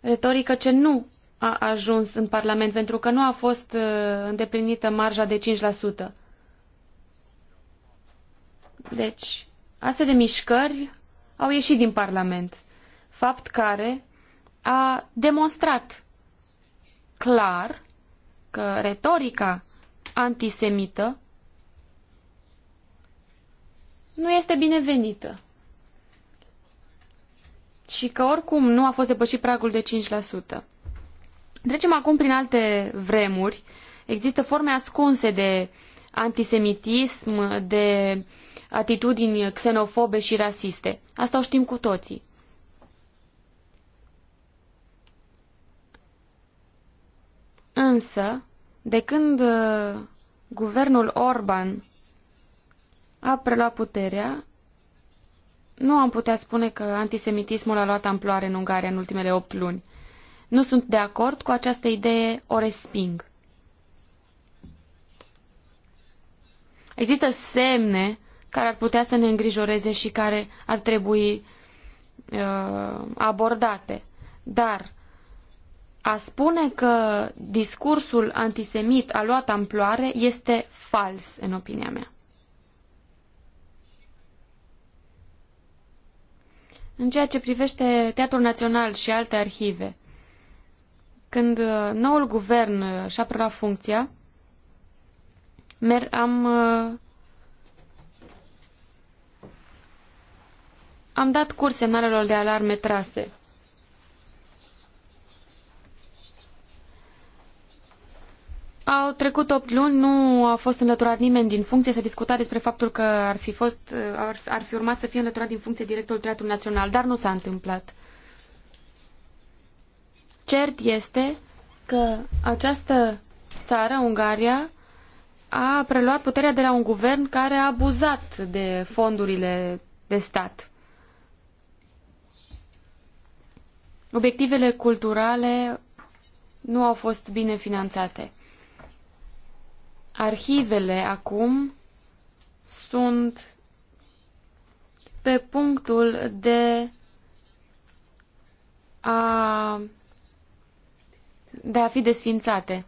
Retorică ce nu a ajuns în Parlament, pentru că nu a fost uh, îndeplinită marja de 5%. Deci, astfel de mișcări au ieșit din Parlament, fapt care a demonstrat clar că retorica antisemită nu este binevenită și că oricum nu a fost depășit pragul de 5%. Trecem acum prin alte vremuri. Există forme ascunse de antisemitism, de atitudini xenofobe și rasiste. Asta o știm cu toții. Însă, de când uh, guvernul Orban a preluat puterea, nu am putea spune că antisemitismul a luat amploare în Ungaria în ultimele opt luni. Nu sunt de acord cu această idee, o resping. Există semne care ar putea să ne îngrijoreze și care ar trebui uh, abordate. Dar a spune că discursul antisemit a luat amploare este fals, în opinia mea. În ceea ce privește Teatrul Național și alte arhive, când uh, noul guvern uh, și-a preluat funcția, am, uh, am dat curs semnalelor de alarme trase. Au trecut opt luni, nu a fost înlăturat nimeni din funcție, S-a discutat despre faptul că ar fi, fost, uh, ar, ar fi urmat să fie înlăturat din funcție directorul Teatrului Național, dar nu s-a întâmplat. Cert este că această țară, Ungaria, a preluat puterea de la un guvern care a abuzat de fondurile de stat. Obiectivele culturale nu au fost bine finanțate. Arhivele acum sunt pe punctul de a, de a fi desfințate.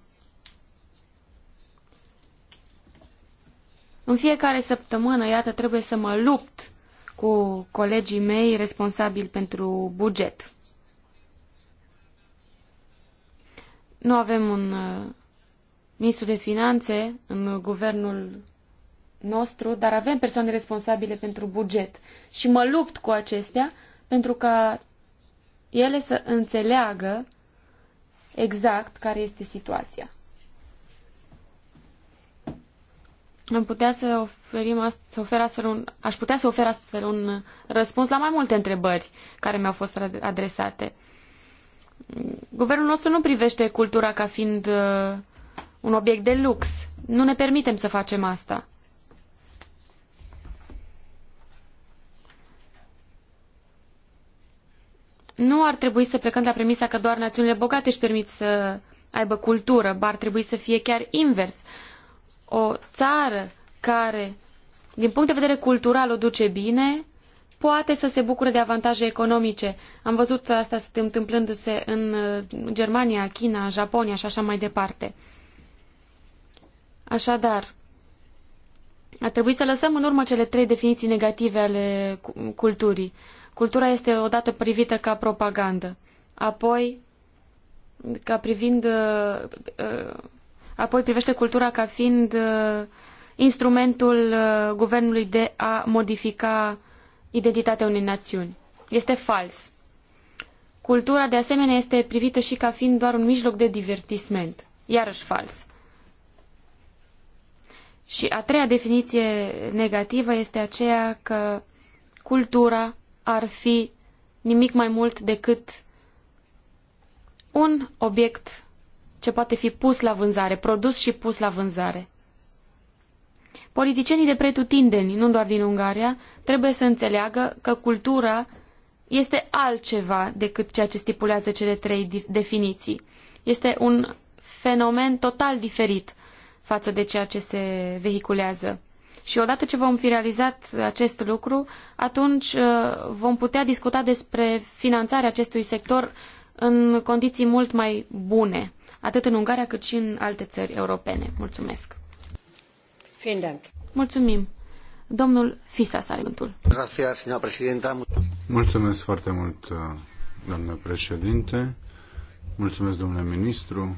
În fiecare săptămână, iată, trebuie să mă lupt cu colegii mei responsabili pentru buget. Nu avem un ministru de finanțe în guvernul nostru, dar avem persoane responsabile pentru buget și mă lupt cu acestea pentru ca ele să înțeleagă exact care este situația. Am putea să oferim ast- să ofer astfel un, aș putea să ofer astfel un răspuns la mai multe întrebări care mi-au fost adresate. Guvernul nostru nu privește cultura ca fiind uh, un obiect de lux. Nu ne permitem să facem asta. Nu ar trebui să plecăm de la premisa că doar națiunile bogate își permit să aibă cultură, ba ar trebui să fie chiar invers. O țară care, din punct de vedere cultural, o duce bine, poate să se bucure de avantaje economice. Am văzut asta întâmplându-se în uh, Germania, China, Japonia și așa mai departe. Așadar, ar trebui să lăsăm în urmă cele trei definiții negative ale culturii. Cultura este odată privită ca propagandă, apoi ca privind uh, uh, apoi privește cultura ca fiind uh, instrumentul guvernului de a modifica identitatea unei națiuni. Este fals. Cultura, de asemenea, este privită și ca fiind doar un mijloc de divertisment. Iarăși fals. Și a treia definiție negativă este aceea că cultura ar fi nimic mai mult decât un obiect ce poate fi pus la vânzare, produs și pus la vânzare. Politicienii de pretutindeni, nu doar din Ungaria, trebuie să înțeleagă că cultura este altceva decât ceea ce stipulează cele trei definiții. Este un fenomen total diferit față de ceea ce se vehiculează. Și odată ce vom fi realizat acest lucru, atunci uh, vom putea discuta despre finanțarea acestui sector în condiții mult mai bune, atât în Ungaria cât și în alte țări europene. Mulțumesc! Finland. Mulțumim! Domnul Fisa Sarântul. Mulțumesc foarte mult, uh, doamnă președinte. Mulțumesc, domnule ministru.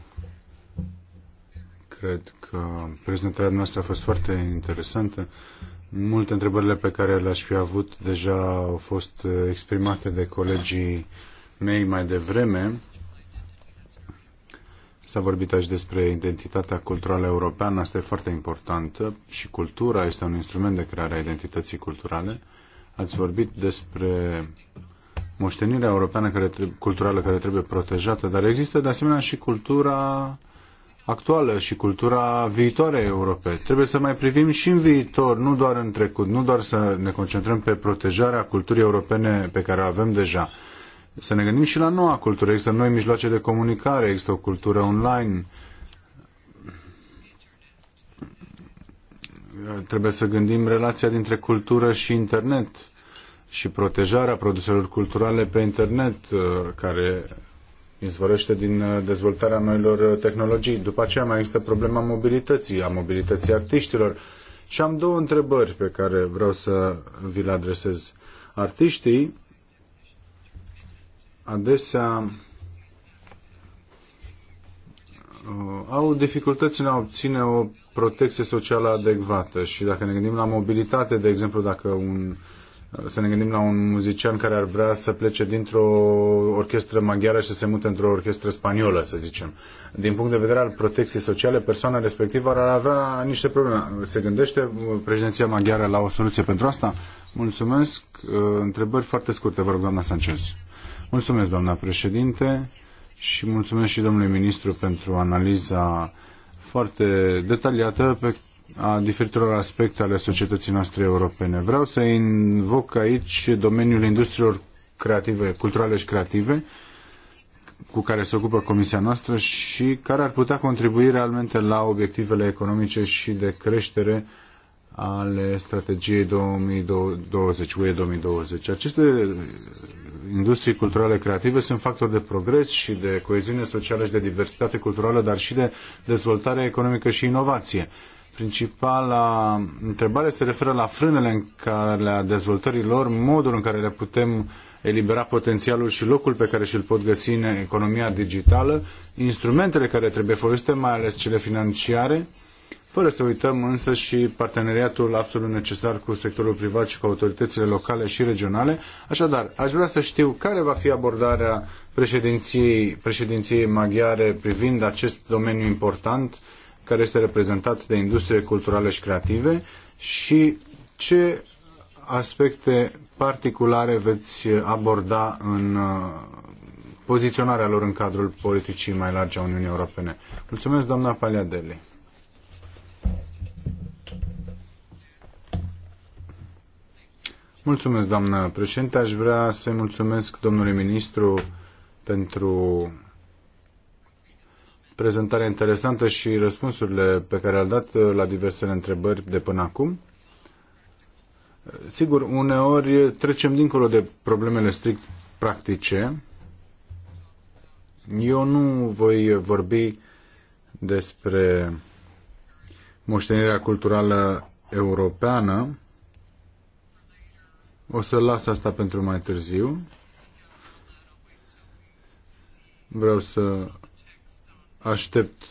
Cred că prezentarea noastră a fost foarte interesantă. Multe întrebările pe care le-aș fi avut deja au fost uh, exprimate de colegii mei mai devreme. S-a vorbit aici despre identitatea culturală europeană, asta e foarte importantă și cultura este un instrument de creare a identității culturale. Ați vorbit despre moștenirea europeană care, culturală care trebuie protejată, dar există de asemenea și cultura actuală și cultura viitoare Europei. Trebuie să mai privim și în viitor, nu doar în trecut, nu doar să ne concentrăm pe protejarea culturii europene pe care o avem deja. Să ne gândim și la noua cultură. Există noi mijloace de comunicare, există o cultură online. Trebuie să gândim relația dintre cultură și internet și protejarea produselor culturale pe internet, uh, care izvorăște din uh, dezvoltarea noilor uh, tehnologii. După aceea mai există problema mobilității, a mobilității artiștilor. Și am două întrebări pe care vreau să vi le adresez. Artiștii adesea uh, au dificultăți în a obține o protecție socială adecvată și dacă ne gândim la mobilitate, de exemplu, dacă un să ne gândim la un muzician care ar vrea să plece dintr-o orchestră maghiară și să se mute într-o orchestră spaniolă, să zicem. Din punct de vedere al protecției sociale, persoana respectivă ar avea niște probleme. Se gândește uh, președinția maghiară la o soluție pentru asta? Mulțumesc. Uh, întrebări foarte scurte, vă rog, doamna Sanchez. Mulțumesc, doamna președinte, și mulțumesc și domnului ministru pentru analiza foarte detaliată pe a diferitelor aspecte ale societății noastre europene. Vreau să invoc aici domeniul industriilor creative, culturale și creative, cu care se ocupă comisia noastră și care ar putea contribui realmente la obiectivele economice și de creștere ale strategiei 2020, UE 2020. Aceste industrii culturale creative sunt factori de progres și de coeziune socială și de diversitate culturală, dar și de dezvoltare economică și inovație. Principala întrebare se referă la frânele în care a dezvoltării lor, modul în care le putem elibera potențialul și locul pe care și-l pot găsi în economia digitală, instrumentele care trebuie folosite, mai ales cele financiare, fără să uităm însă și parteneriatul absolut necesar cu sectorul privat și cu autoritățile locale și regionale. Așadar, aș vrea să știu care va fi abordarea președinției, președinției maghiare privind acest domeniu important care este reprezentat de industrie culturale și creative și ce aspecte particulare veți aborda în uh, poziționarea lor în cadrul politicii mai largi a Uniunii Europene. Mulțumesc, doamna Paliadeli. Mulțumesc, doamnă președinte. Aș vrea să-i mulțumesc domnului ministru pentru prezentarea interesantă și răspunsurile pe care le-a dat uh, la diversele întrebări de până acum. Sigur, uneori trecem dincolo de problemele strict practice. Eu nu voi vorbi despre moștenirea culturală europeană. O să las asta pentru mai târziu. Vreau să aștept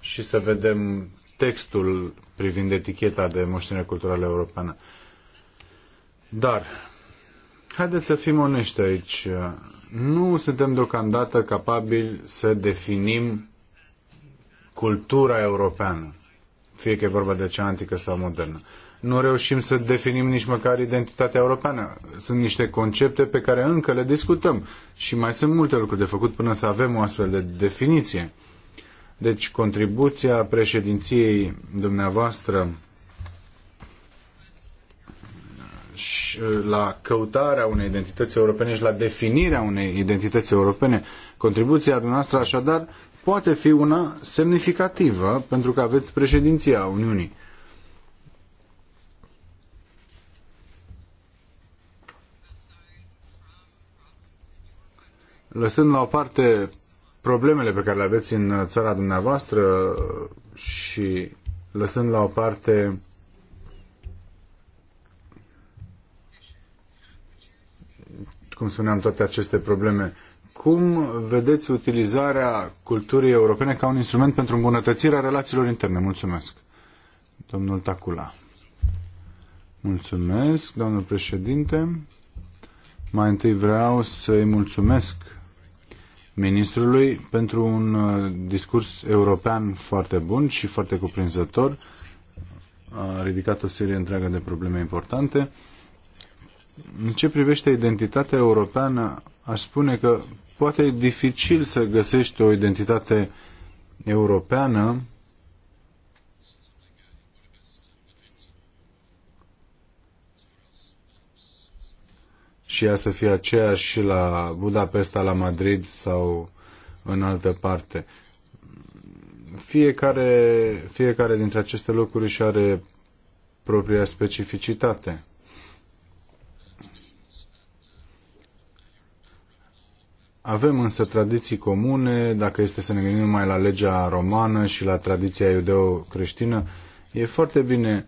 și să vedem textul privind eticheta de moștenire culturală europeană. Dar, haideți să fim onești aici. Nu suntem deocamdată capabili să definim cultura europeană, fie că e vorba de cea antică sau modernă. Nu reușim să definim nici măcar identitatea europeană. Sunt niște concepte pe care încă le discutăm și mai sunt multe lucruri de făcut până să avem o astfel de definiție. Deci contribuția președinției dumneavoastră și uh, la căutarea unei identități europene și la definirea unei identități europene, contribuția dumneavoastră așadar poate fi una semnificativă pentru că aveți președinția Uniunii. Lăsând la o parte problemele pe care le aveți în țara dumneavoastră și lăsând la o parte cum spuneam, toate aceste probleme. Cum vedeți utilizarea culturii europene ca un instrument pentru îmbunătățirea relațiilor interne? Mulțumesc. Domnul Tacula. Mulțumesc, domnul președinte. Mai întâi vreau să-i mulțumesc ministrului pentru un uh, discurs european foarte bun și foarte cuprinzător. A ridicat o serie întreagă de probleme importante. În ce privește identitatea europeană, aș spune că poate e dificil să găsești o identitate europeană și ea să fie aceeași și la Budapesta, la Madrid sau în altă parte. Fiecare, fiecare dintre aceste locuri își are propria specificitate. Avem însă tradiții comune, dacă este să ne gândim mai la legea romană și la tradiția iudeo-creștină, e foarte bine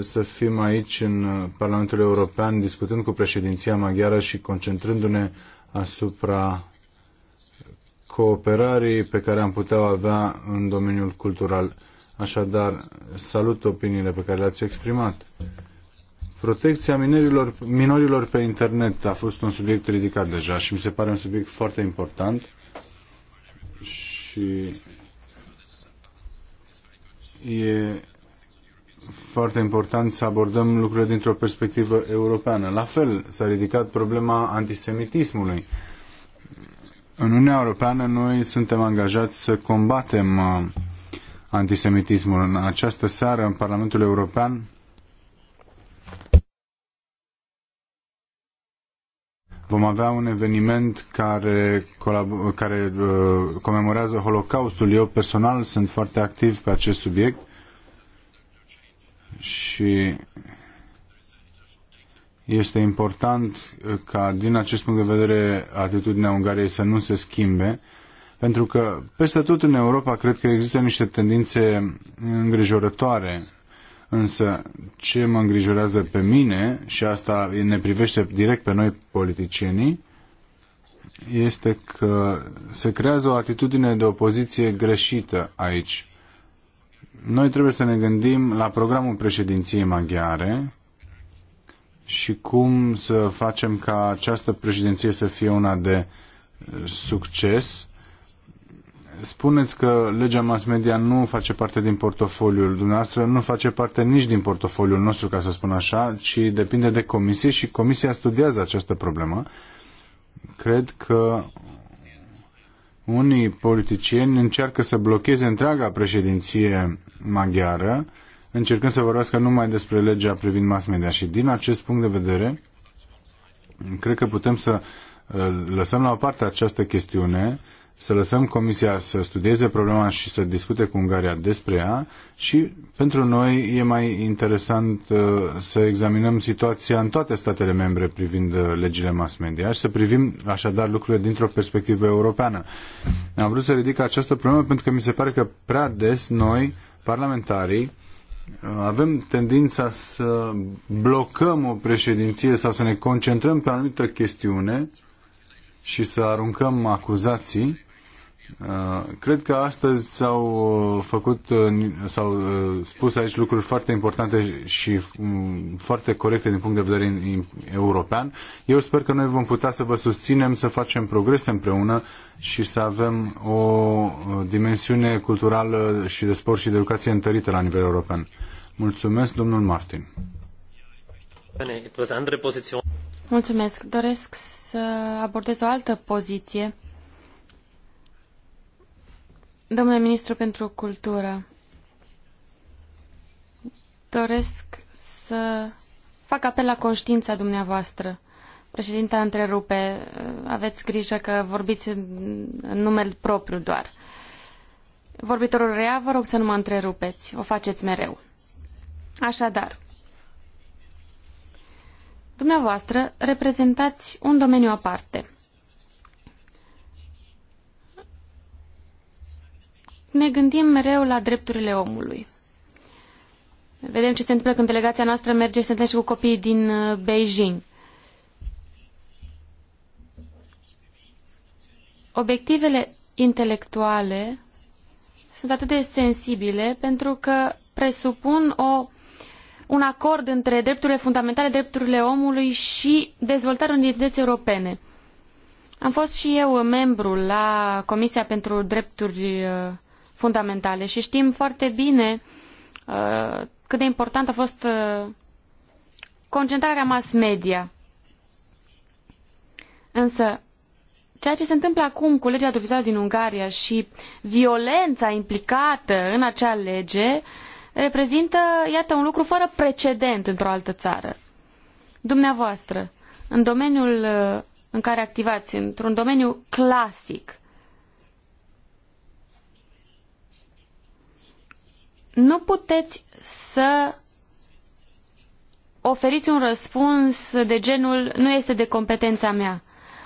să fim aici în Parlamentul European discutând cu președinția maghiară și concentrându-ne asupra cooperării pe care am putea avea în domeniul cultural. Așadar, salut opiniile pe care le-ați exprimat. Protecția minerilor, minorilor pe internet a fost un subiect ridicat deja și mi se pare un subiect foarte important și e foarte important să abordăm lucrurile dintr-o perspectivă europeană. La fel, s-a ridicat problema antisemitismului. În Uniunea Europeană noi suntem angajați să combatem uh, antisemitismul. În această seară, în Parlamentul European, vom avea un eveniment care, care uh, comemorează Holocaustul. Eu personal sunt foarte activ pe acest subiect și este important ca din acest punct de vedere atitudinea Ungariei să nu se schimbe, pentru că peste tot în Europa cred că există niște tendințe îngrijorătoare, însă ce mă îngrijorează pe mine și asta ne privește direct pe noi politicienii, este că se creează o atitudine de opoziție greșită aici. Noi trebuie să ne gândim la programul președinției maghiare și cum să facem ca această președinție să fie una de eh, succes. Spuneți că legea mass media nu face parte din portofoliul dumneavoastră, nu face parte nici din portofoliul nostru, ca să spun așa, ci depinde de comisie și comisia studiază această problemă. Cred că unii politicieni încearcă să blocheze întreaga președinție maghiară, încercând să vorbească numai despre legea privind mass media. Și din acest punct de vedere, cred că putem să uh, lăsăm la o parte această chestiune să lăsăm Comisia să studieze problema și să discute cu Ungaria despre ea și pentru noi e mai interesant uh, să examinăm situația în toate statele membre privind uh, legile mass media și să privim așadar lucrurile dintr-o perspectivă europeană. Am vrut să ridic această problemă pentru că mi se pare că prea des noi, parlamentarii, uh, avem tendința să blocăm o președinție sau să ne concentrăm pe anumită chestiune și să aruncăm acuzații Uh, cred că astăzi s-au uh, făcut, uh, s-au spus aici lucruri foarte importante și foarte corecte din punct de vedere european. Eu sper că noi vom putea să vă susținem, să facem progrese împreună și să avem o dimensiune culturală și de sport și de educație întărită la nivel european. Mulțumesc, domnul Martin. Mulțumesc. Doresc să abordez o altă poziție Domnule ministru pentru cultură, doresc să fac apel la conștiința dumneavoastră. Președinta întrerupe, aveți grijă că vorbiți în numele propriu doar. Vorbitorul rea, vă rog să nu mă întrerupeți, o faceți mereu. Așadar, dumneavoastră reprezentați un domeniu aparte – ne gândim mereu la drepturile omului. Vedem ce se întâmplă când delegația noastră merge să întâlnește cu copiii din uh, Beijing. Obiectivele intelectuale sunt atât de sensibile pentru că presupun o, un acord între drepturile fundamentale, drepturile omului și dezvoltarea unității europene. Am fost și eu membru la Comisia pentru Drepturi uh, fundamentale și știm foarte bine uh, cât de importantă a fost uh, concentrarea mass media. Însă, ceea ce se întâmplă acum cu legea autovizuală din Ungaria și violența implicată în acea lege reprezintă, iată, un lucru fără precedent într-o altă țară. Dumneavoastră, în domeniul uh, în care activați, într-un domeniu clasic, nu puteți să oferiți un răspuns de genul nu este de competența mea.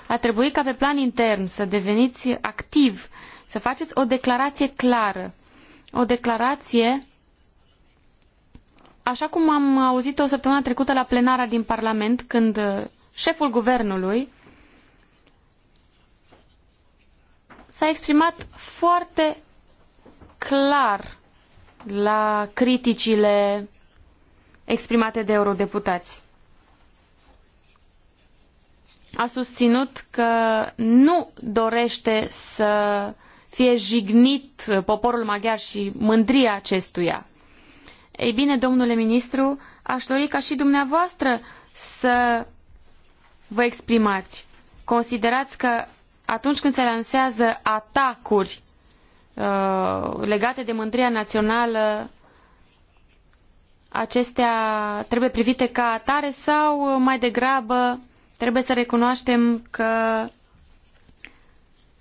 A trebuit ca pe plan intern să deveniți activ, să faceți o declarație clară. O declarație așa cum am auzit-o săptămână trecută la plenara din Parlament, când șeful guvernului s-a exprimat foarte clar la criticile exprimate de eurodeputați. A susținut că nu dorește să fie jignit poporul maghiar și mândria acestuia. Ei bine, domnule ministru, aș dori ca și dumneavoastră să vă exprimați. Considerați că atunci când se lansează atacuri Uh, legate de mândria națională, acestea trebuie privite ca atare sau mai degrabă trebuie să recunoaștem că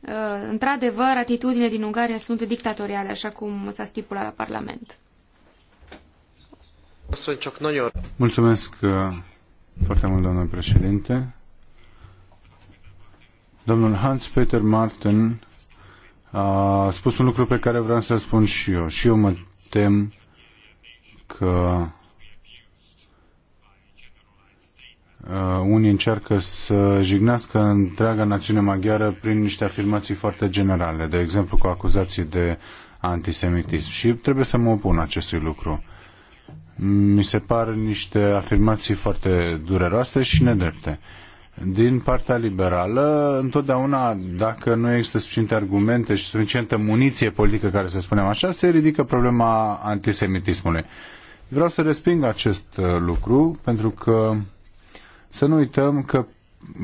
uh, într-adevăr atitudinile din Ungaria sunt dictatoriale, așa cum s-a stipulat la Parlament. Mulțumesc uh, foarte mult, domnul președinte. Domnul Hans-Peter Martin a spus un lucru pe care vreau să-l spun și eu. Și eu mă tem că uh, unii încearcă să jignească întreaga națiune maghiară prin niște afirmații foarte generale, de exemplu cu acuzații de antisemitism. Și trebuie să mă opun acestui lucru. Mi se par niște afirmații foarte dureroase și nedrepte. Uh, din partea liberală, întotdeauna, dacă nu există suficiente argumente și suficientă muniție politică, care să spunem așa, se ridică problema antisemitismului. Vreau să resping acest uh, lucru, pentru că să nu uităm că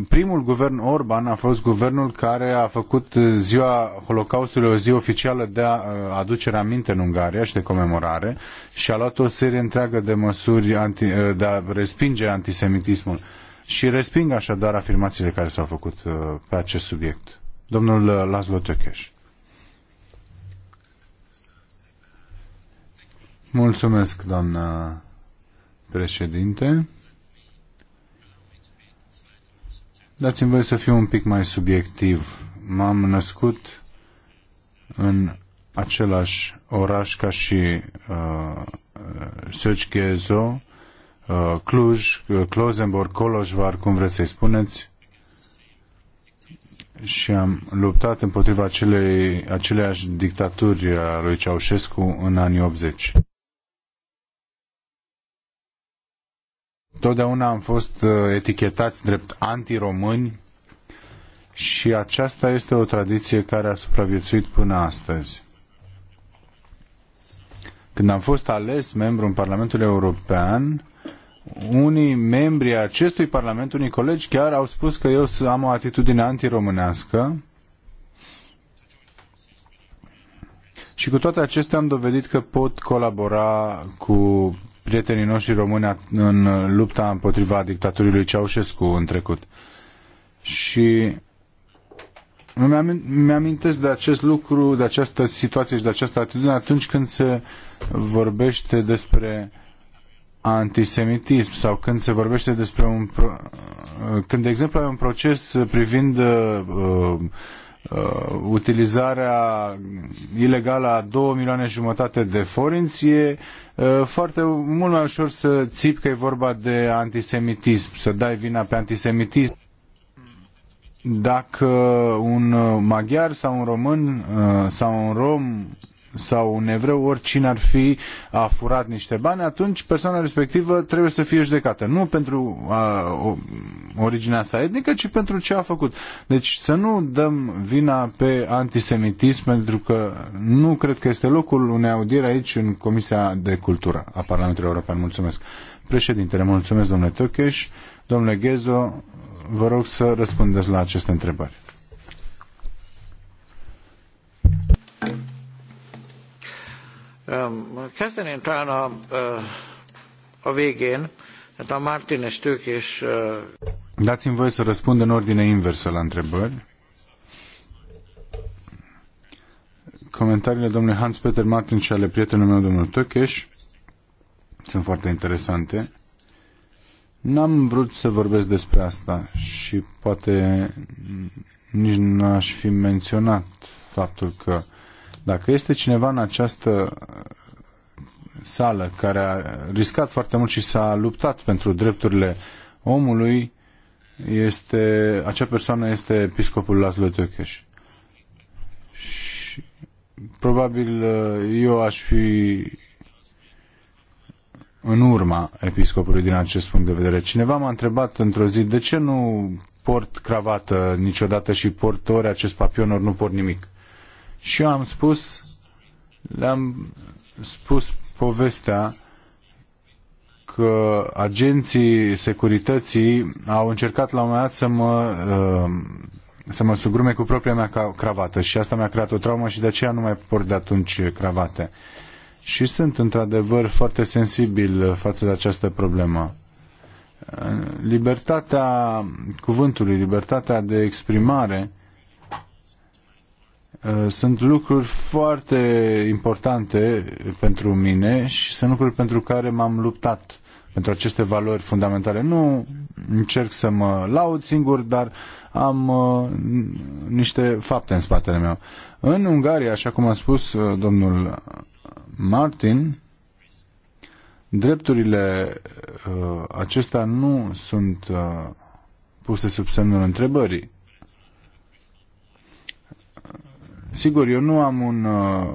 primul guvern Orban a fost guvernul care a făcut uh, ziua Holocaustului o zi oficială de uh, aducere aminte în Ungaria și de comemorare și a luat o serie întreagă de măsuri anti, de a respinge antisemitismul și resping așadar afirmațiile care s-au făcut uh, pe acest subiect. Domnul uh, Laszlo Tökeș. Mulțumesc, doamnă președinte. Dați-mi voie să fiu un pic mai subiectiv. M-am născut în același oraș ca și uh, Serge uh, Uh, Cluj, uh, Closenborg, Coloșvar, cum vreți să-i spuneți, și am luptat împotriva acelei, aceleiași dictaturi a lui Ceaușescu în anii 80. Totdeauna am fost uh, etichetați drept antiromâni și aceasta este o tradiție care a supraviețuit până astăzi. Când am fost ales membru în Parlamentul European, unii membri ai acestui Parlament, unii colegi chiar au spus că eu am o atitudine antiromânească și cu toate acestea am dovedit că pot colabora cu prietenii noștri români în lupta împotriva dictaturii lui Ceaușescu în trecut. Și mi-amintesc de acest lucru, de această situație și de această atitudine atunci când se vorbește despre uh, antisemitism sau când se vorbește despre un... Pro... Când, de exemplu, ai un proces privind uh, uh, utilizarea ilegală a 2 milioane jumătate de forinți, e uh, foarte mult mai ușor să țip că e vorba de antisemitism, să dai vina pe antisemitism. Dacă un uh, maghiar sau un român uh, sau un rom sau un evreu, oricine ar fi, a furat niște bani, atunci persoana respectivă trebuie să fie judecată. Nu pentru a, o, originea sa etnică, ci pentru ce a făcut. Deci să nu dăm vina pe antisemitism, pentru că nu cred că este locul unei audiere aici în Comisia de Cultură a Parlamentului European. Mulțumesc. Președintele, mulțumesc domnule Tocheș. Domnule Ghezo, vă rog să răspundeți la aceste întrebări. Kezdeném talán a, a végén, tehát a Martínez tőkés... Dați-mi voie să răspund în ordine inversă la întrebări. Comentariile domnului Hans-Peter Martin și ale prietenului meu, domnul Tăcheș, sunt foarte interesante. N-am vrut să vorbesc despre asta și poate nici n-aș fi menționat faptul că dacă este cineva în această sală care a riscat foarte mult și s-a luptat pentru drepturile omului, este, acea persoană este episcopul Laszlo Tökeș. Și probabil uh, eu aș fi în urma episcopului din acest punct de vedere. Cineva m-a întrebat într-o zi de ce nu port cravată niciodată și port ori acest papion, ori nu port nimic și eu am spus, le-am spus povestea că agenții securității au încercat la un moment dat să mă, uh, să mă sugrume cu propria mea cravată și asta mi-a creat o traumă și de aceea nu mai port de atunci cravate. Și sunt într-adevăr foarte sensibil față de această problemă. Libertatea cuvântului, libertatea de exprimare Uh, sunt lucruri foarte importante pentru mine și sunt lucruri pentru care m-am luptat pentru aceste valori fundamentale. Nu încerc să mă laud singur, dar am uh, niște fapte în spatele meu. În Ungaria, așa cum a spus uh, domnul Martin, drepturile uh, acestea nu sunt uh, puse sub semnul întrebării. Sigur, eu nu am un uh,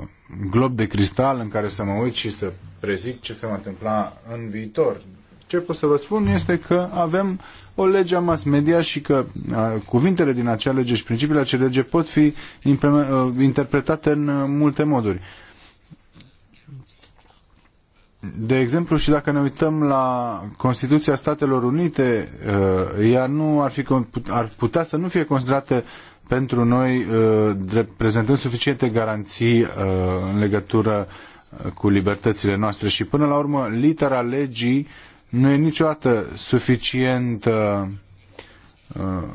glob de cristal în care să mă uit și să prezic ce se va întâmpla în viitor. Ce pot să vă spun este că avem o lege a mass media și că uh, cuvintele din acea lege și principiile acelei lege pot fi uh, interpretate în uh, multe moduri. De exemplu, și dacă ne uităm la Constituția Statelor Unite, ea nu ar, fi, ar putea să nu fie considerată pentru noi uh, reprezentând suficiente garanții uh, în legătură uh, cu libertățile noastre și până la urmă litera legii nu e niciodată suficient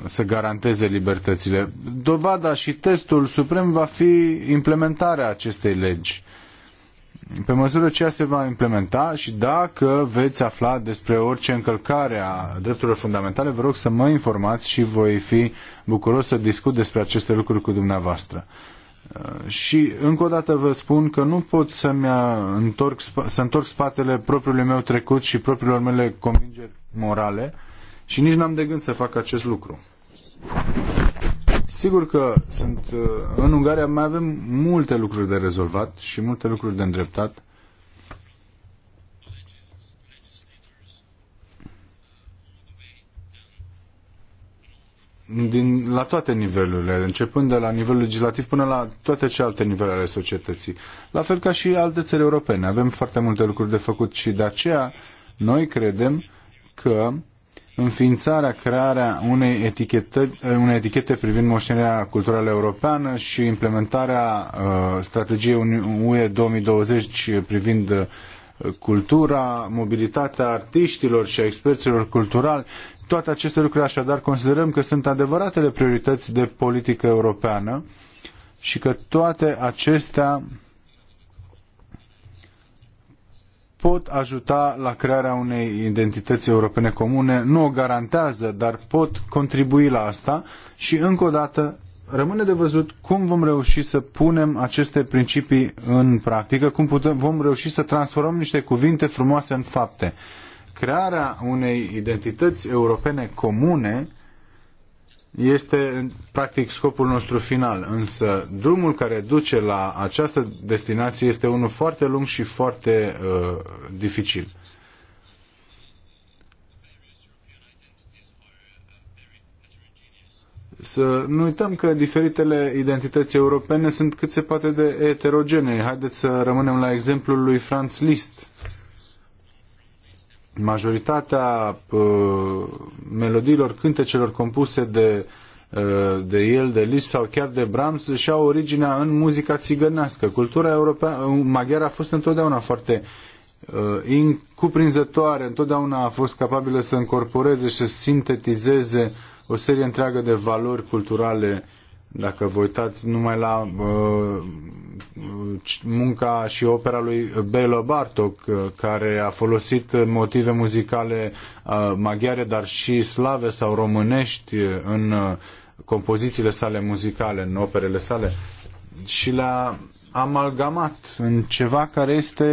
să garanteze libertățile. Dovada și testul suprem va fi implementarea acestei legi pe măsură ce ea se va implementa și dacă veți afla despre orice încălcare a drepturilor fundamentale, vă rog să mă informați și voi fi bucuros să discut despre aceste lucruri cu dumneavoastră. Uh, și încă o dată vă spun că nu pot să-mi întorc, să întorc spatele propriului meu trecut și propriilor mele convingeri morale și nici n-am de gând să fac acest lucru. Sigur că sunt, uh, în Ungaria mai avem multe lucruri de rezolvat și multe lucruri de îndreptat. Din, la toate nivelurile, începând de la nivelul legislativ până la toate celelalte nivele ale societății. La fel ca și alte țări europene. Avem foarte multe lucruri de făcut și de aceea noi credem că uh, înființarea, crearea unei etichete, unei etichete privind moștenirea culturală europeană și implementarea uh, strategiei UE 2020 privind uh, cultura, mobilitatea artiștilor și a experților culturali. Toate aceste lucruri așadar considerăm că sunt adevăratele priorități de politică europeană și că toate acestea pot ajuta la crearea unei identități europene comune, nu o garantează, dar pot contribui la asta și încă o dată rămâne de văzut cum vom reuși să punem aceste principii în practică, cum putem, vom reuși să transformăm niște cuvinte frumoase în fapte. Crearea unei identități europene comune este practic scopul nostru final, însă drumul care duce la această destinație este unul foarte lung și foarte uh, dificil. Să nu uităm că diferitele identități europene sunt cât se poate de eterogene. Haideți să rămânem la exemplul lui Franz Liszt majoritatea melodiilor cântecelor compuse de, ă, de el, de Liszt sau chiar de Brahms și au originea în muzica țigănească. Cultura europeană, maghiară a fost întotdeauna foarte ă, incuprinzătoare, întotdeauna a fost capabilă să încorporeze și să sintetizeze o serie întreagă de valori culturale uh, dacă vă uitați numai la uh, munca și opera lui Bela Bartok, uh, care a folosit motive muzicale uh, maghiare, dar și slave sau românești uh, în uh, compozițiile sale muzicale, în operele sale, și le-a amalgamat în ceva care este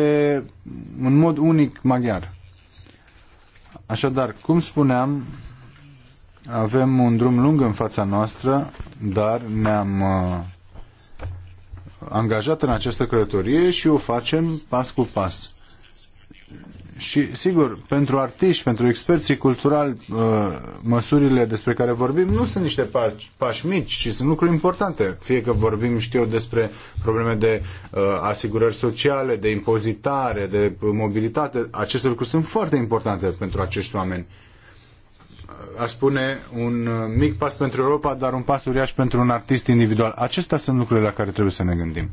în mod unic maghiar. Așadar, cum spuneam, avem un drum lung în fața noastră dar ne-am uh, angajat în această călătorie și o facem pas cu pas. Și, sigur, pentru artiști, pentru experții culturali, uh, măsurile despre care vorbim nu sunt niște pași, pași mici, ci sunt lucruri importante. Fie că vorbim, știu, despre probleme de uh, asigurări sociale, de impozitare, de mobilitate, aceste lucruri sunt foarte importante pentru acești oameni aș spune, un uh, mic pas pentru Europa, dar un pas uriaș pentru un artist individual. Acestea sunt lucrurile la care trebuie să ne gândim.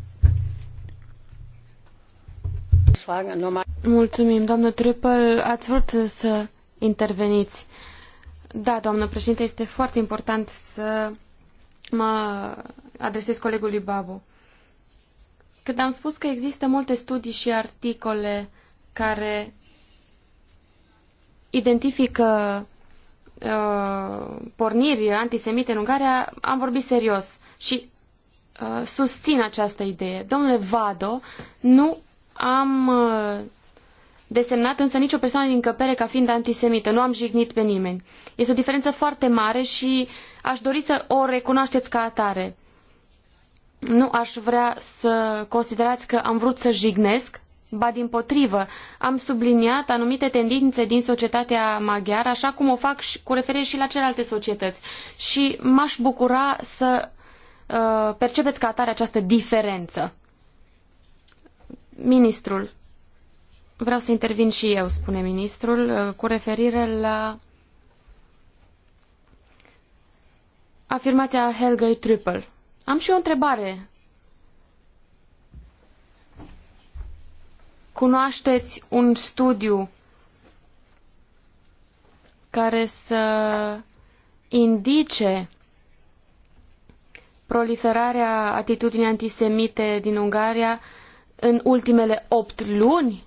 Mulțumim, doamnă Trupel. Ați vrut să interveniți. Da, doamnă președinte, este foarte important să mă adresez colegului Babu. Când am spus că există multe studii și articole care identifică Uh, porniri antisemite în Ungaria, am vorbit serios și uh, susțin această idee. Domnule Vado, nu am uh, desemnat însă nicio persoană din căpere ca fiind antisemită. Nu am jignit pe nimeni. Este o diferență foarte mare și aș dori să o recunoașteți ca atare. Nu aș vrea să considerați că am vrut să jignesc, Ba dimpotrivă, am subliniat anumite tendințe din societatea maghiară, așa cum o fac și, cu referire și la celelalte societăți. Și m-aș bucura să uh, percepeți ca atare această diferență. Ministrul, vreau să intervin și eu, spune ministrul, uh, cu referire la afirmația Helgei Triple. Am și o întrebare cunoașteți un studiu care să indice proliferarea atitudinii antisemite din Ungaria în ultimele opt luni?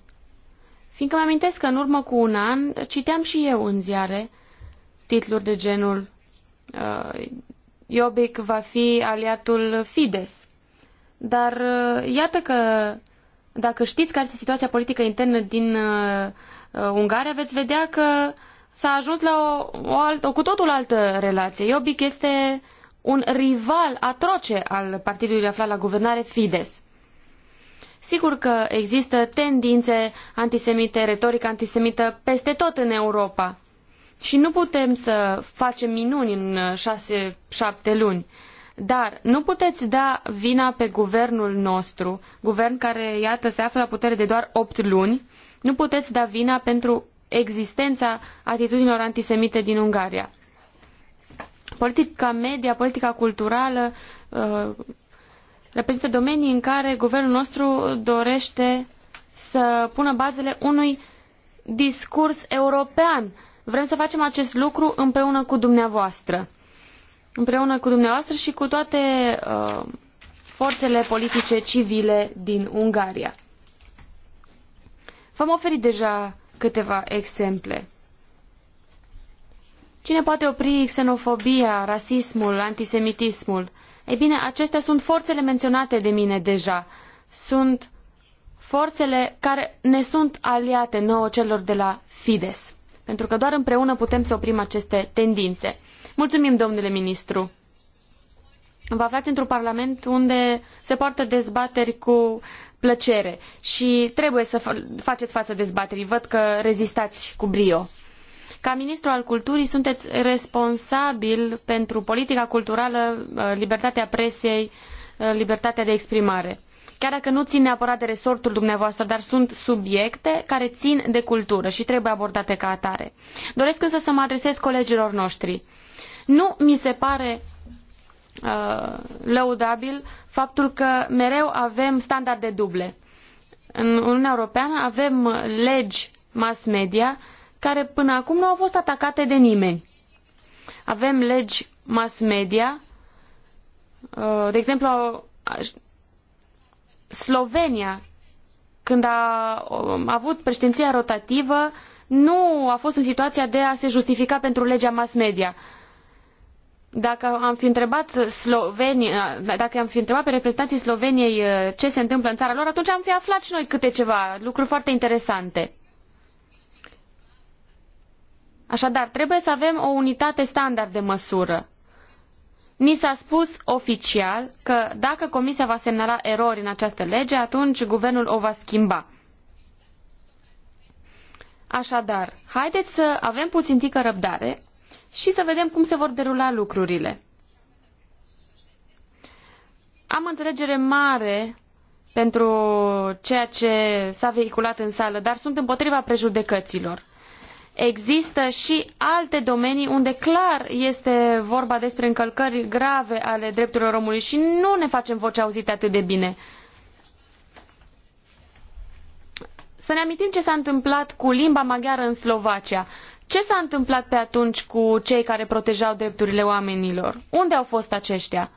Fiindcă mi amintesc că în urmă cu un an citeam și eu în ziare titluri de genul uh, Iobic va fi aliatul Fides. Dar uh, iată că dacă știți care este situația politică internă din uh, uh, Ungaria, veți vedea că s-a ajuns la o, o, alt, o cu totul altă relație. Iobic este un rival atroce al partidului aflat la guvernare Fides. Sigur că există tendințe antisemite, retorică antisemită peste tot în Europa. Și nu putem să facem minuni în uh, șase, șapte luni. Dar nu puteți da vina pe guvernul nostru, guvern care, iată, se află la putere de doar opt luni, nu puteți da vina pentru existența atitudinilor antisemite din Ungaria. Politica media, politica culturală uh, reprezintă domenii în care guvernul nostru dorește să pună bazele unui discurs european. Vrem să facem acest lucru împreună cu dumneavoastră împreună cu dumneavoastră și cu toate uh, forțele politice civile din Ungaria. V-am oferit deja câteva exemple. Cine poate opri xenofobia, rasismul, antisemitismul? Ei bine, acestea sunt forțele menționate de mine deja. Sunt forțele care ne sunt aliate nouă celor de la Fides. Pentru că doar împreună putem să oprim aceste tendințe. Mulțumim, domnule ministru. Vă aflați într-un parlament unde se poartă dezbateri cu plăcere și trebuie să faceți față dezbaterii. Văd că rezistați cu brio. Ca ministru al culturii sunteți responsabil pentru politica culturală, uh, libertatea presei, uh, libertatea de exprimare. Chiar dacă nu țin neapărat de resortul dumneavoastră, dar sunt subiecte care țin de cultură și trebuie abordate ca atare. Doresc însă să mă adresez colegilor noștri. Nu mi se pare uh, lăudabil faptul că mereu avem standarde duble. În Uniunea Europeană avem legi mass media care până acum nu au fost atacate de nimeni. Avem legi mass media, uh, de exemplu, Slovenia, când um, a, avut președinția rotativă, nu a fost în situația de a se justifica pentru legea mass media. Dacă am fi întrebat Slovenia, dacă am fi întrebat pe reprezentanții Sloveniei uh, ce se întâmplă în țara lor, atunci am fi aflat și noi câte ceva lucruri foarte interesante. Așadar, trebuie să avem o unitate standard de măsură. Ni s-a spus oficial că dacă Comisia va semnala erori în această lege, atunci guvernul o va schimba. Așadar, haideți să avem puțin tică răbdare, și să vedem cum se vor derula lucrurile. Am înțelegere mare pentru ceea ce s-a vehiculat în sală, dar sunt împotriva prejudecăților. Există și alte domenii unde clar este vorba despre încălcări grave ale drepturilor omului și nu ne facem voce auzită atât de bine. Să ne amintim ce s-a întâmplat cu limba maghiară în Slovacia. Ce s-a întâmplat pe atunci cu cei care protejau drepturile oamenilor? Unde au fost aceștia?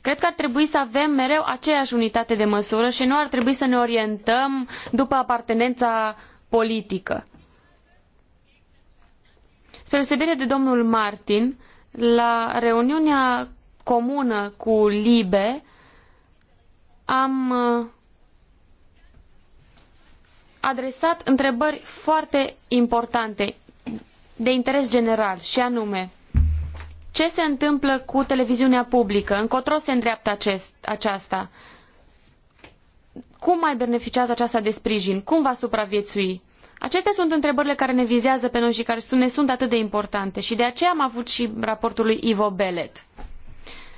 Cred că ar trebui să avem mereu aceeași unitate de măsură și nu ar trebui să ne orientăm după apartenența politică. Spre deosebire de domnul Martin, la reuniunea comună cu Libe, am uh, adresat întrebări foarte importante, de interes general și anume ce se întâmplă cu televiziunea publică, încotro se îndreaptă acest, aceasta, cum mai beneficiază aceasta de sprijin, cum va supraviețui. Acestea sunt întrebările care ne vizează pe noi și care ne sunt atât de importante și de aceea am avut și raportul lui Ivo Belet.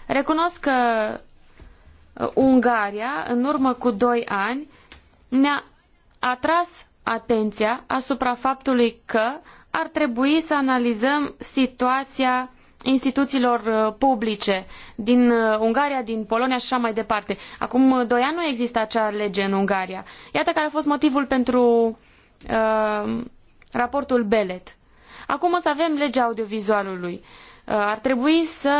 Recunosc că uh, Ungaria, în urmă cu doi ani, ne-a atras atenția asupra faptului că ar trebui să analizăm situația instituțiilor uh, publice din uh, Ungaria, din Polonia și așa mai departe. Acum uh, doi ani nu exista acea lege în Ungaria. Iată care a fost motivul pentru uh, raportul Belet. Acum o să avem legea audiovizualului. Uh, ar trebui să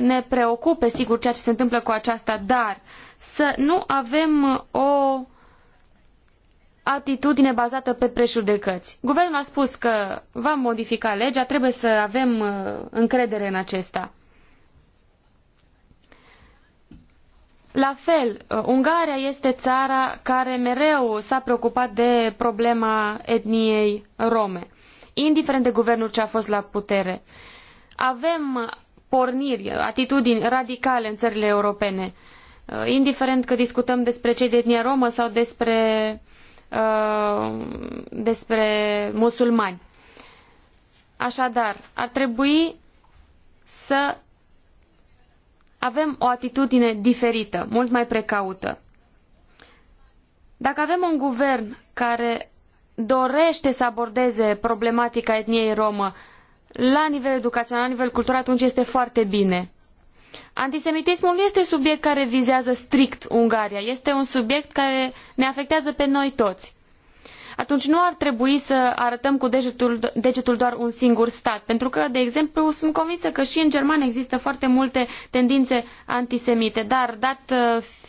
ne preocupe, sigur, ceea ce se întâmplă cu aceasta, dar să nu avem o atitudine bazată pe prejudecăți. Guvernul a spus că va modifica legea, trebuie să avem uh, încredere în acesta. La fel, uh, Ungaria este țara care mereu s-a preocupat de problema etniei rome, indiferent de guvernul ce a fost la putere. Avem porniri, atitudini radicale în țările europene, uh, indiferent că discutăm despre cei de etnie romă sau despre Uh, despre musulmani. Așadar, ar trebui să avem o atitudine diferită, mult mai precaută. Dacă avem un guvern care dorește să abordeze problematica etniei romă la nivel educațional, la nivel cultural, atunci este foarte bine. Antisemitismul nu este subiect care vizează strict Ungaria, este un subiect care ne afectează pe noi toți. Atunci nu ar trebui să arătăm cu degetul, degetul doar un singur stat, pentru că, de exemplu, sunt convinsă că și în Germania există foarte multe tendințe antisemite, dar dat,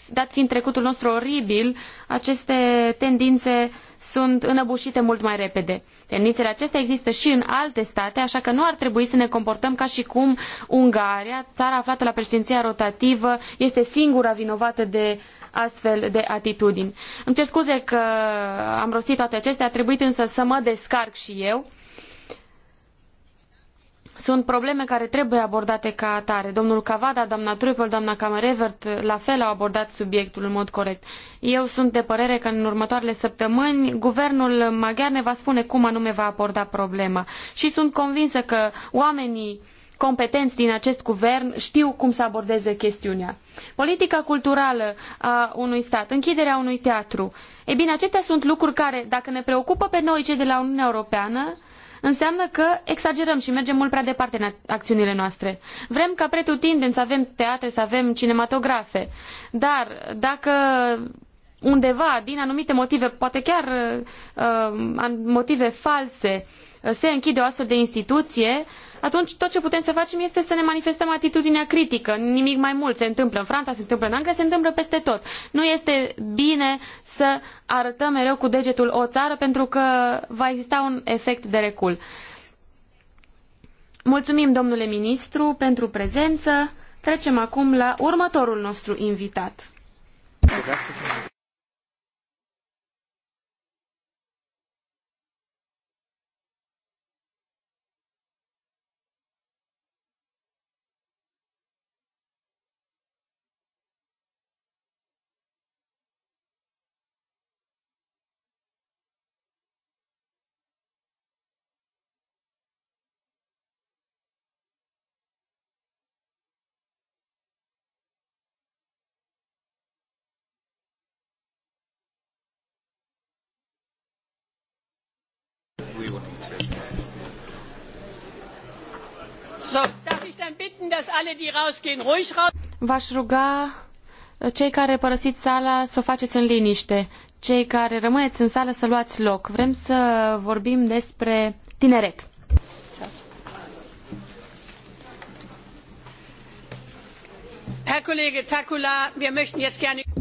dat fiind trecutul nostru oribil, aceste tendințe sunt înăbușite mult mai repede. Tendințele acestea există și în alte state, așa că nu ar trebui să ne comportăm ca și cum Ungaria, țara aflată la președinția rotativă, este singura vinovată de astfel de atitudini. Îmi cer scuze că am rostit toate acestea, a trebuit însă să mă descarc și eu. Sunt probleme care trebuie abordate ca atare. Domnul Cavada, doamna Trupel, doamna Camerevert, la fel au abordat subiectul în mod corect. Eu sunt de părere că în următoarele săptămâni guvernul maghiar ne va spune cum anume va aborda problema. Și sunt convinsă că oamenii competenți din acest guvern știu cum să abordeze chestiunea. Politica culturală a unui stat, închiderea unui teatru. Ei bine, acestea sunt lucruri care, dacă ne preocupă pe noi cei de la Uniunea Europeană, înseamnă că exagerăm și mergem mult prea departe în acțiunile noastre. Vrem ca pretutindeni să avem teatre, să avem cinematografe, dar dacă undeva, din anumite motive, poate chiar uh, motive false, uh, se închide o astfel de instituție, uh, atunci tot ce putem să facem este să ne manifestăm atitudinea critică. Nimic mai mult se întâmplă în Franța, se întâmplă în Anglia, se întâmplă peste tot. Nu este bine să arătăm mereu cu degetul o țară pentru că va exista un efect de recul. Mulțumim, domnule ministru, pentru prezență. Trecem acum la următorul nostru invitat. V-aș ruga uh, cei care părăsiți sala să o faceți în liniște. Cei care rămâneți în sală să luați loc. Vrem să vorbim despre tineret.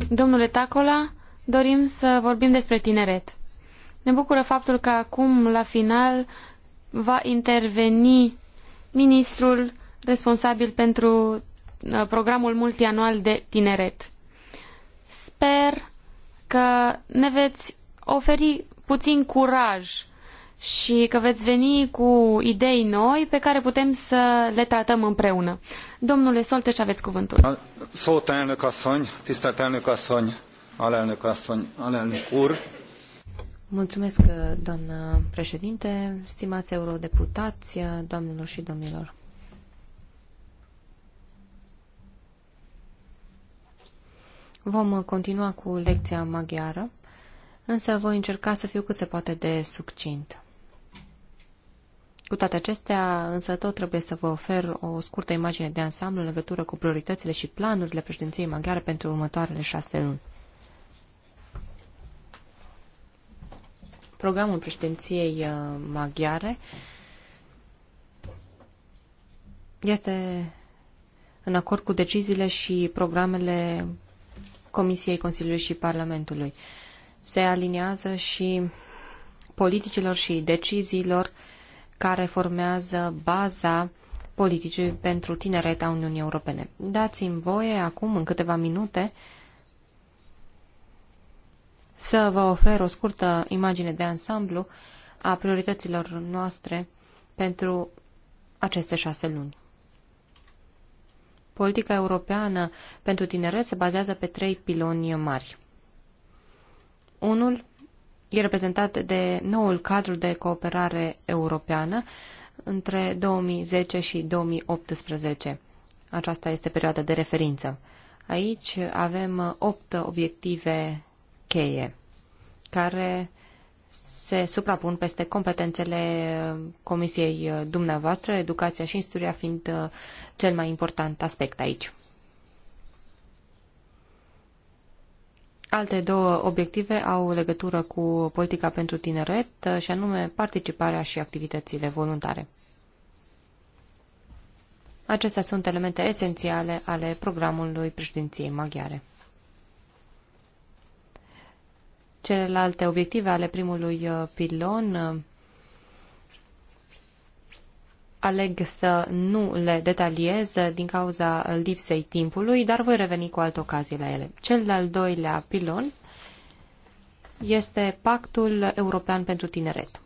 Domnule Tacola, dorim să vorbim despre tineret. Ne bucură faptul că acum, la final, va interveni ministrul responsabil pentru uh, programul multianual de tineret. Sper că ne veți oferi puțin curaj și că veți veni cu idei noi pe care putem să le tratăm împreună. Domnule Solteș, aveți cuvântul. Szót elnök asszony, tisztelt elnök asszony, alelnök asszony, alelnök úr. Mulțumesc, doamnă președinte, stimați eurodeputați, doamnelor și domnilor. Vom uh, continua cu lecția maghiară, însă voi încerca să fiu cât se poate de succint. Cu toate acestea, însă tot trebuie să vă ofer o scurtă imagine de ansamblu în legătură cu prioritățile și planurile președinției maghiare pentru următoarele șase luni. Programul președinției uh, maghiare este în acord cu deciziile și programele Comisiei, Consiliului și Parlamentului. Se aliniază și politicilor și deciziilor care formează baza politicii pentru tineret a Uniunii Europene. Dați-mi voie acum, în câteva minute, să vă ofer o scurtă imagine de ansamblu a priorităților noastre pentru aceste șase luni. Politica europeană pentru tineret se bazează pe trei piloni mari. Unul e reprezentat de noul cadru de cooperare europeană între 2010 și 2018. Aceasta este perioada de referință. Aici avem opt obiective cheie care se suprapun peste competențele comisiei uh, dumneavoastră, educația și istoria fiind uh, cel mai important aspect aici. Alte două obiective au legătură cu politica pentru tineret uh, și anume participarea și activitățile voluntare. Acestea sunt elemente esențiale ale programului președinției maghiare celelalte obiective ale primului uh, pilon uh, aleg să nu le detaliez uh, din cauza lipsei timpului, dar voi reveni cu altă ocazie la ele. Cel de-al doilea pilon este Pactul European pentru Tineret.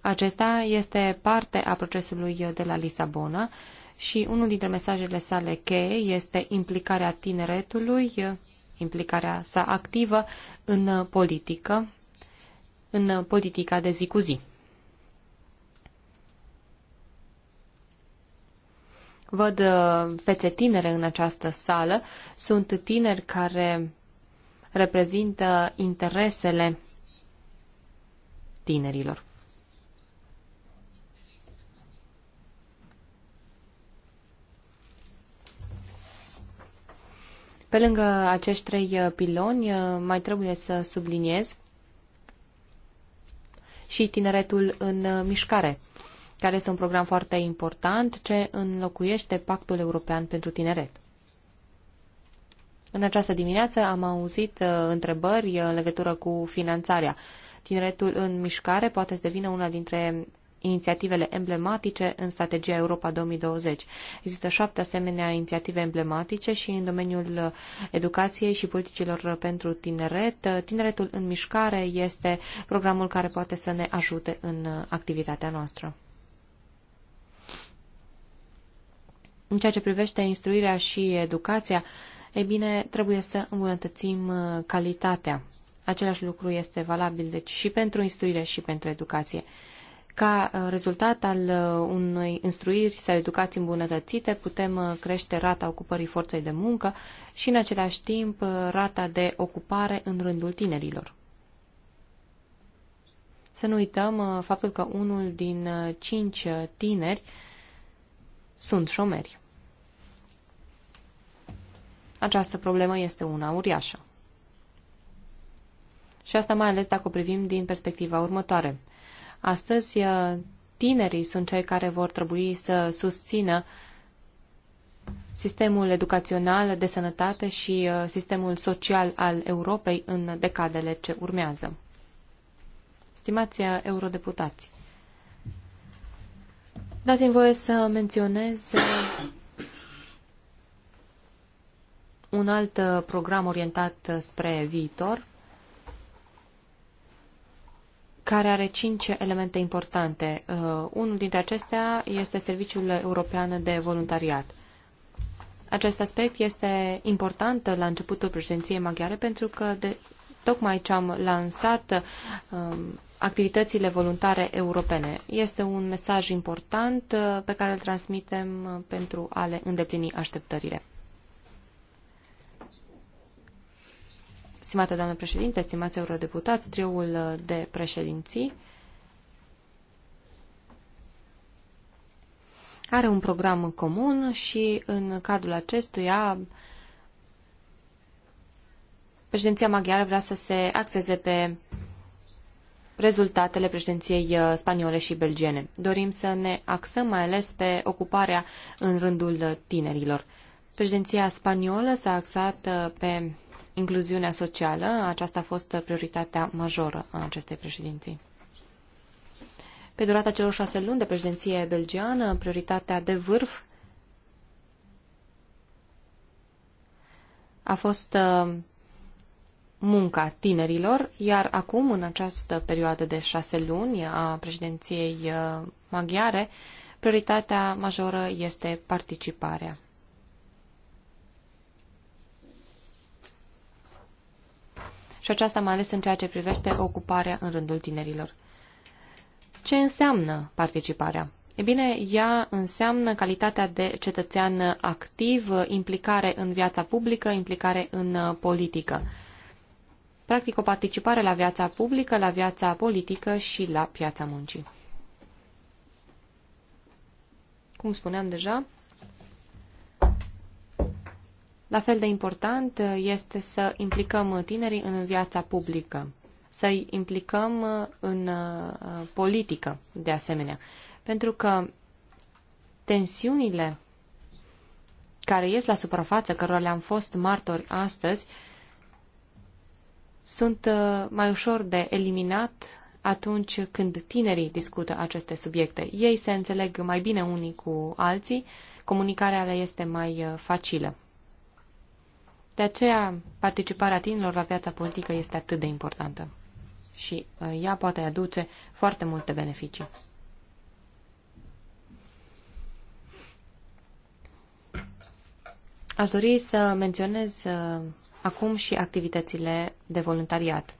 Acesta este parte a procesului de la Lisabona și unul dintre mesajele sale cheie este implicarea tineretului implicarea sa activă în politică, în politica de zi cu zi. Văd uh, fețe tinere în această sală. Sunt tineri care reprezintă interesele tinerilor. Pe lângă acești trei uh, piloni, uh, mai trebuie să subliniez și tineretul în uh, mișcare, care este un program foarte important ce înlocuiește Pactul European pentru Tineret. În această dimineață am auzit întrebări în legătură cu finanțarea. Tineretul în mișcare poate să devină una dintre inițiativele emblematice în strategia Europa 2020. Există șapte asemenea inițiative emblematice și în domeniul educației și politicilor pentru tineret. Tineretul în mișcare este programul care poate să ne ajute în activitatea noastră. În ceea ce privește instruirea și educația, e bine, trebuie să îmbunătățim uh, calitatea. Același lucru este valabil deci și pentru instruire și pentru educație. Ca uh, rezultat al uh, unei instruiri sau educații îmbunătățite, putem uh, crește rata ocupării forței de muncă și, în același timp, rata de ocupare în rândul tinerilor. Să nu uităm faptul că unul din cinci tineri sunt șomeri. Această problemă este una uriașă. Și asta mai ales dacă o privim din perspectiva următoare – Astăzi, uh, tinerii sunt cei care vor trebui să susțină sistemul educațional de sănătate și uh, sistemul social al Europei în decadele ce urmează. Stimați uh, eurodeputați, dați-mi voie să menționez un alt program orientat spre viitor, care are cinci elemente importante. Uh, unul dintre acestea este Serviciul European de Voluntariat. Acest aspect este important la începutul președinției maghiare pentru că de, tocmai ce am lansat uh, activitățile voluntare europene. Este un mesaj important uh, pe care îl transmitem uh, pentru a le îndeplini așteptările. Stimată doamnă președinte, stimați eurodeputați, trioul de președinții are un program în comun și în cadrul acestuia președinția maghiară vrea să se axeze pe rezultatele președinției uh, spaniole și belgiene. Dorim să ne axăm mai ales pe ocuparea în rândul tinerilor. Președinția spaniolă s-a axat uh, pe incluziunea socială. Aceasta a fost prioritatea majoră a acestei președinții. Pe durata celor șase luni de președinție belgiană, prioritatea de vârf a fost uh, munca tinerilor, iar acum, în această perioadă de șase luni a președinției uh, maghiare, prioritatea majoră este participarea. Și aceasta mai ales în ceea ce privește ocuparea în rândul tinerilor. Ce înseamnă participarea? E bine, ea înseamnă calitatea de cetățean activ, implicare în viața publică, implicare în uh, politică. Practic o participare la viața publică, la viața politică și la piața muncii. Cum spuneam deja, la fel de important uh, este să implicăm tinerii în viața publică, să-i implicăm uh, în uh, politică, de asemenea. Pentru că tensiunile care ies la suprafață, cărora le-am fost martori astăzi, sunt mai ușor de eliminat atunci când tinerii discută aceste subiecte. Ei se înțeleg mai bine unii cu alții, comunicarea le este mai facilă. De aceea, participarea tinerilor la viața politică este atât de importantă și uh, ea poate aduce foarte multe beneficii. Aș dori să menționez uh, acum și activitățile de voluntariat.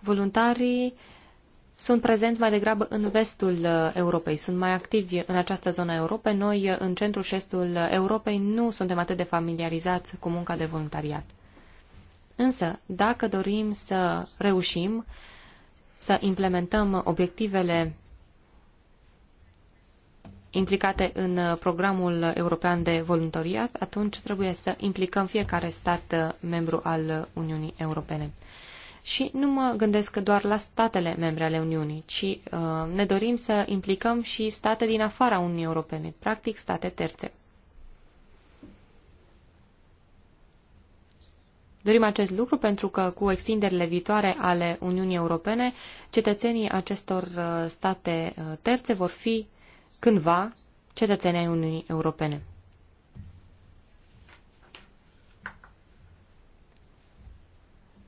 Voluntarii sunt prezenți mai degrabă în vestul uh, Europei, sunt mai activi în această zonă a Europei. Noi, uh, în centrul și estul uh, Europei, nu suntem atât de familiarizați cu munca de voluntariat. Însă, dacă dorim să reușim să implementăm obiectivele implicate în programul european de voluntariat, atunci trebuie să implicăm fiecare stat membru al Uniunii Europene. Și nu mă gândesc doar la statele membre ale Uniunii, ci uh, ne dorim să implicăm și state din afara Uniunii Europene, practic state terțe. Dorim acest lucru pentru că cu extinderile viitoare ale Uniunii Europene, cetățenii acestor uh, state uh, terțe vor fi cândva cetățenii ai Uniunii Europene.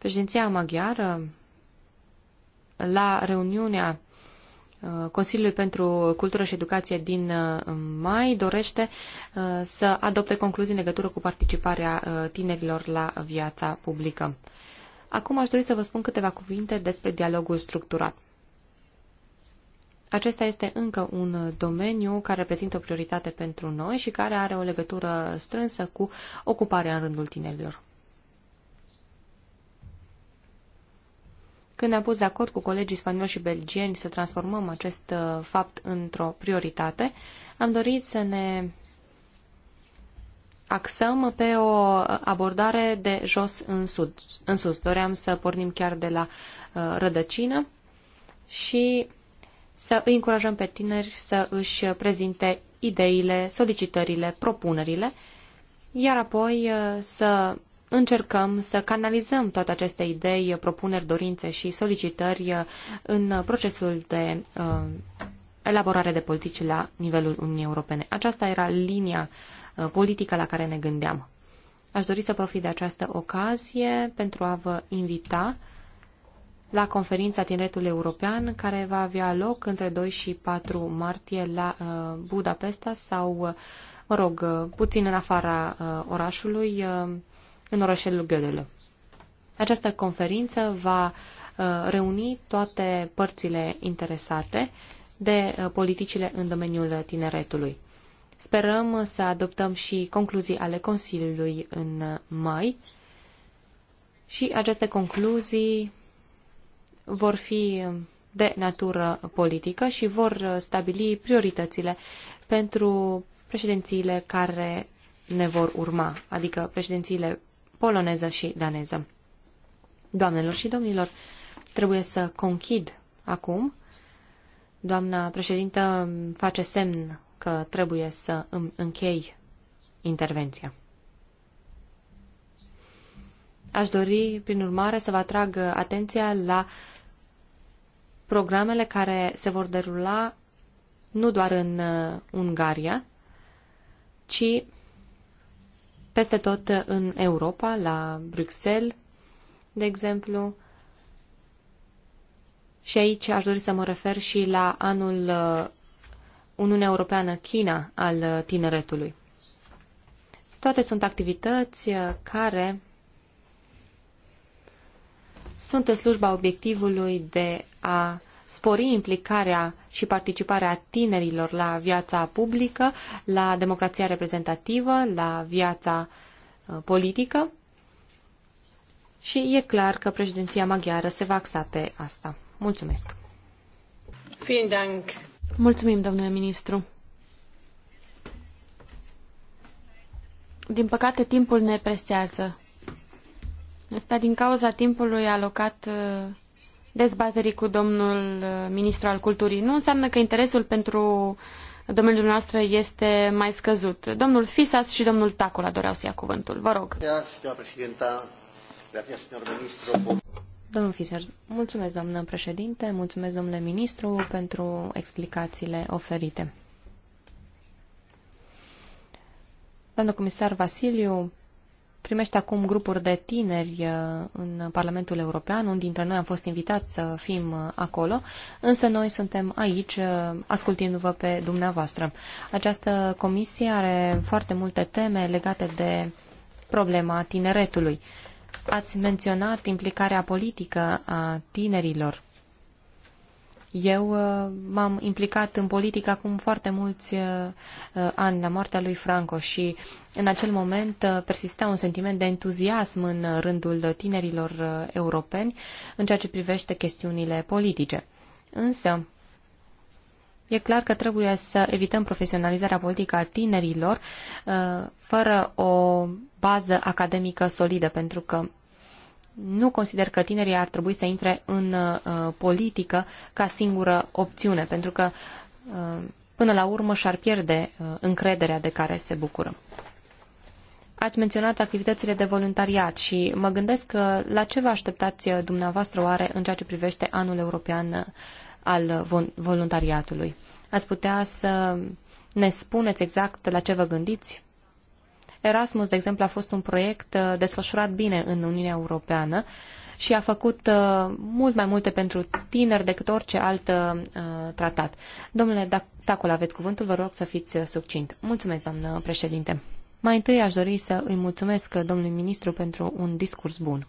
Președinția maghiară la reuniunea uh, Consiliului pentru Cultură și Educație din uh, mai dorește uh, să adopte concluzii în legătură cu participarea tinerilor la viața publică. Acum aș dori să vă spun câteva cuvinte despre dialogul structurat. Acesta este încă un domeniu care reprezintă o prioritate pentru noi și care are o legătură strânsă cu ocuparea în rândul tinerilor. când ne-am pus de acord cu colegii spanioli și belgieni să transformăm acest uh, fapt într-o prioritate, am dorit să ne axăm pe o abordare de jos în, sud, în sus. Doream să pornim chiar de la uh, rădăcină și să îi încurajăm pe tineri să își prezinte ideile, solicitările, propunerile, iar apoi uh, să încercăm să canalizăm toate aceste idei, propuneri, dorințe și solicitări uh, în procesul de uh, elaborare de politici la nivelul Uniunii Europene. Aceasta era linia uh, politică la care ne gândeam. Aș dori să profit de această ocazie pentru a vă invita la conferința Tineretului European, care va avea loc între 2 și 4 martie la Budapesta sau, mă rog, puțin în afara orașului, în orașul Gödel. Această conferință va uh, reuni toate părțile interesate de uh, politicile în domeniul tineretului. Sperăm să adoptăm și concluzii ale Consiliului în uh, mai și aceste concluzii vor fi de natură politică și vor stabili prioritățile pentru președințiile care ne vor urma, adică președințiile poloneză și daneză. Doamnelor și domnilor, trebuie să conchid acum. Doamna președintă face semn că trebuie să îmi închei intervenția. Aș dori, prin urmare, să vă atrag atenția la programele care se vor derula nu doar în uh, Ungaria, ci peste tot în Europa, la Bruxelles, de exemplu. Și aici aș dori să mă refer și la anul uh, Uniunea Europeană-China al uh, tineretului. Toate sunt activități uh, care sunt în slujba obiectivului de a spori implicarea și participarea tinerilor la viața publică, la democrația reprezentativă, la viața uh, politică. Și e clar că președinția maghiară se va axa pe asta. Mulțumesc! Mulțumim, domnule ministru! Din păcate, timpul ne presează. Asta din cauza timpului alocat uh, dezbaterii cu domnul uh, ministru al culturii. Nu înseamnă că interesul pentru domeniul noastră este mai scăzut. Domnul Fisas și domnul Tacula doreau să ia cuvântul. Vă rog. Domnul Fisar, mulțumesc, doamnă președinte, mulțumesc, domnule ministru, pentru explicațiile oferite. Doamnă comisar Vasiliu, primește acum grupuri de tineri uh, în Parlamentul European. Unul dintre noi am fost invitați să fim uh, acolo, însă noi suntem aici uh, ascultându-vă pe dumneavoastră. Această comisie are foarte multe teme legate de problema tineretului. Ați menționat implicarea politică a tinerilor eu uh, m-am implicat în politică acum foarte mulți uh, uh, ani, la moartea lui Franco, și în acel moment persista un sentiment de entuziasm în rândul tinerilor europeni în ceea ce privește chestiunile politice. Însă, E clar că trebuie să evităm profesionalizarea politică a tinerilor fără o bază academică solidă, pentru că nu consider că tinerii ar trebui să intre în uh, politică ca singură opțiune, pentru că uh, până la urmă și-ar pierde uh, încrederea de care se bucură. Ați menționat activitățile de voluntariat și mă gândesc că uh, la ce vă așteptați uh, dumneavoastră oare în ceea ce privește anul european uh, al voluntariatului? Ați putea să ne spuneți exact la ce vă gândiți? Erasmus, de exemplu, a fost un proiect uh, desfășurat bine în Uniunea Europeană și a făcut uh, mult mai multe pentru tineri decât orice alt uh, tratat. Domnule Tacul, aveți cuvântul, vă rog să fiți succint. Mulțumesc, doamnă președinte. Mai întâi aș dori să îi mulțumesc domnului ministru pentru un discurs bun.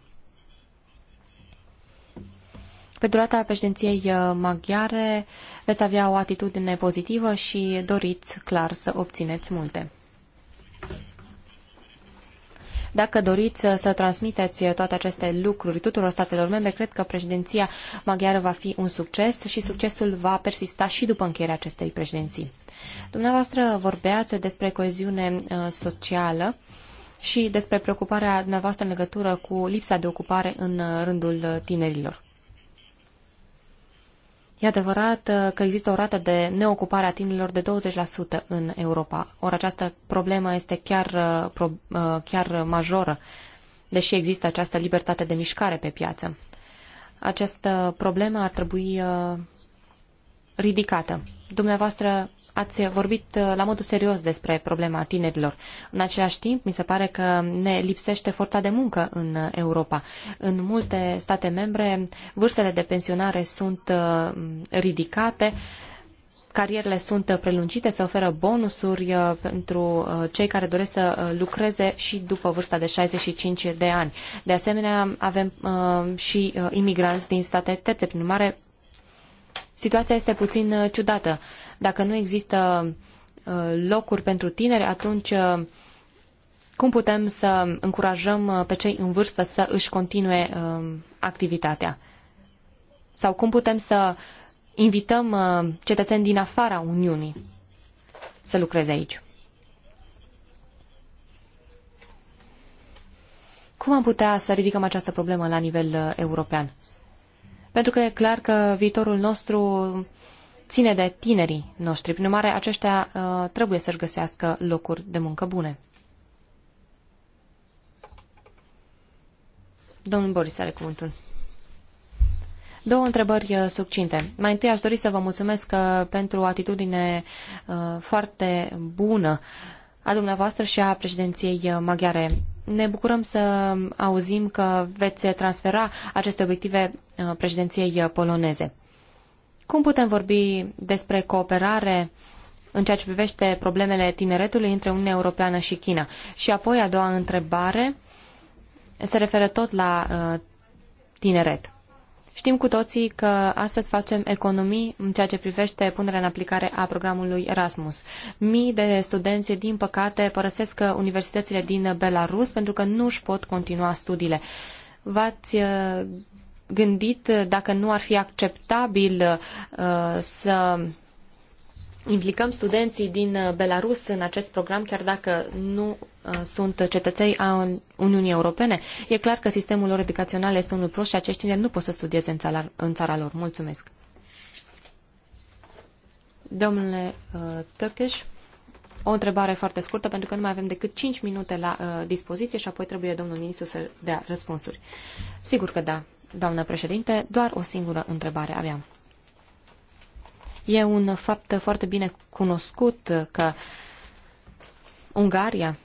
Pe durata președinției maghiare veți avea o atitudine pozitivă și doriți clar să obțineți multe. Dacă doriți să transmiteți toate aceste lucruri tuturor statelor membre, cred că președinția maghiară va fi un succes și succesul va persista și după încheierea acestei președinții. Dumneavoastră vorbeați despre coeziune uh, socială și despre preocuparea dumneavoastră în legătură cu lipsa de ocupare în uh, rândul tinerilor. E adevărat uh, că există o rată de neocupare a tinerilor de 20% în Europa. Ori această problemă este chiar, uh, uh, chiar majoră, deși există această libertate de mișcare pe piață. Această problemă ar trebui ridicată. Dumneavoastră ați vorbit uh, la modul serios despre problema tinerilor. În același timp, mi se pare că ne lipsește forța de muncă în uh, Europa. În multe state membre, vârstele de pensionare sunt uh, ridicate, carierele sunt prelungite, se oferă bonusuri pentru cei care doresc să lucreze și după vârsta de 65 de ani. De asemenea, avem și imigranți din state terțe, prin urmare, situația este puțin ciudată. Dacă nu există uh, locuri pentru tineri, atunci uh, cum putem să încurajăm uh, pe cei în vârstă să își continue activitatea? Sau cum putem să invităm cetățeni din afara Uniunii să lucreze aici? Cum am putea să ridicăm această problemă la nivel european? Pentru că e clar că viitorul nostru ține de tinerii noștri. Prin urmare, aceștia uh, trebuie să-și găsească locuri de muncă bune. Domnul Boris are cuvântul. Două întrebări uh, succinte. Mai întâi aș dori să vă mulțumesc uh, pentru o atitudine foarte bună a dumneavoastră și a președinției maghiare. Ne bucurăm să auzim că veți transfera aceste obiective președinției poloneze. Cum putem vorbi despre cooperare în ceea ce privește problemele tineretului între Uniunea Europeană și China? Și apoi a doua întrebare se referă tot la uh, tineret. Știm cu toții că astăzi facem economii în ceea ce privește punerea în aplicare a programului Erasmus. Mii de studenți, din păcate, părăsesc universitățile din Belarus pentru că nu își pot continua studiile. V-ați uh, gândit uh, dacă nu ar fi acceptabil uh, să implicăm studenții din uh, Belarus în acest program, chiar dacă nu sunt cetăței a Uniunii Europene. E clar că sistemul lor educațional este unul prost și acești tineri nu pot să studieze în țara, în țara lor. Mulțumesc. Domnule uh, o întrebare foarte scurtă, pentru că nu mai avem decât 5 minute la uh, dispoziție și apoi trebuie domnul ministru să dea răspunsuri. Sigur că da doamnă președinte, doar o singură întrebare aveam. E un fapt foarte bine cunoscut că Ungaria,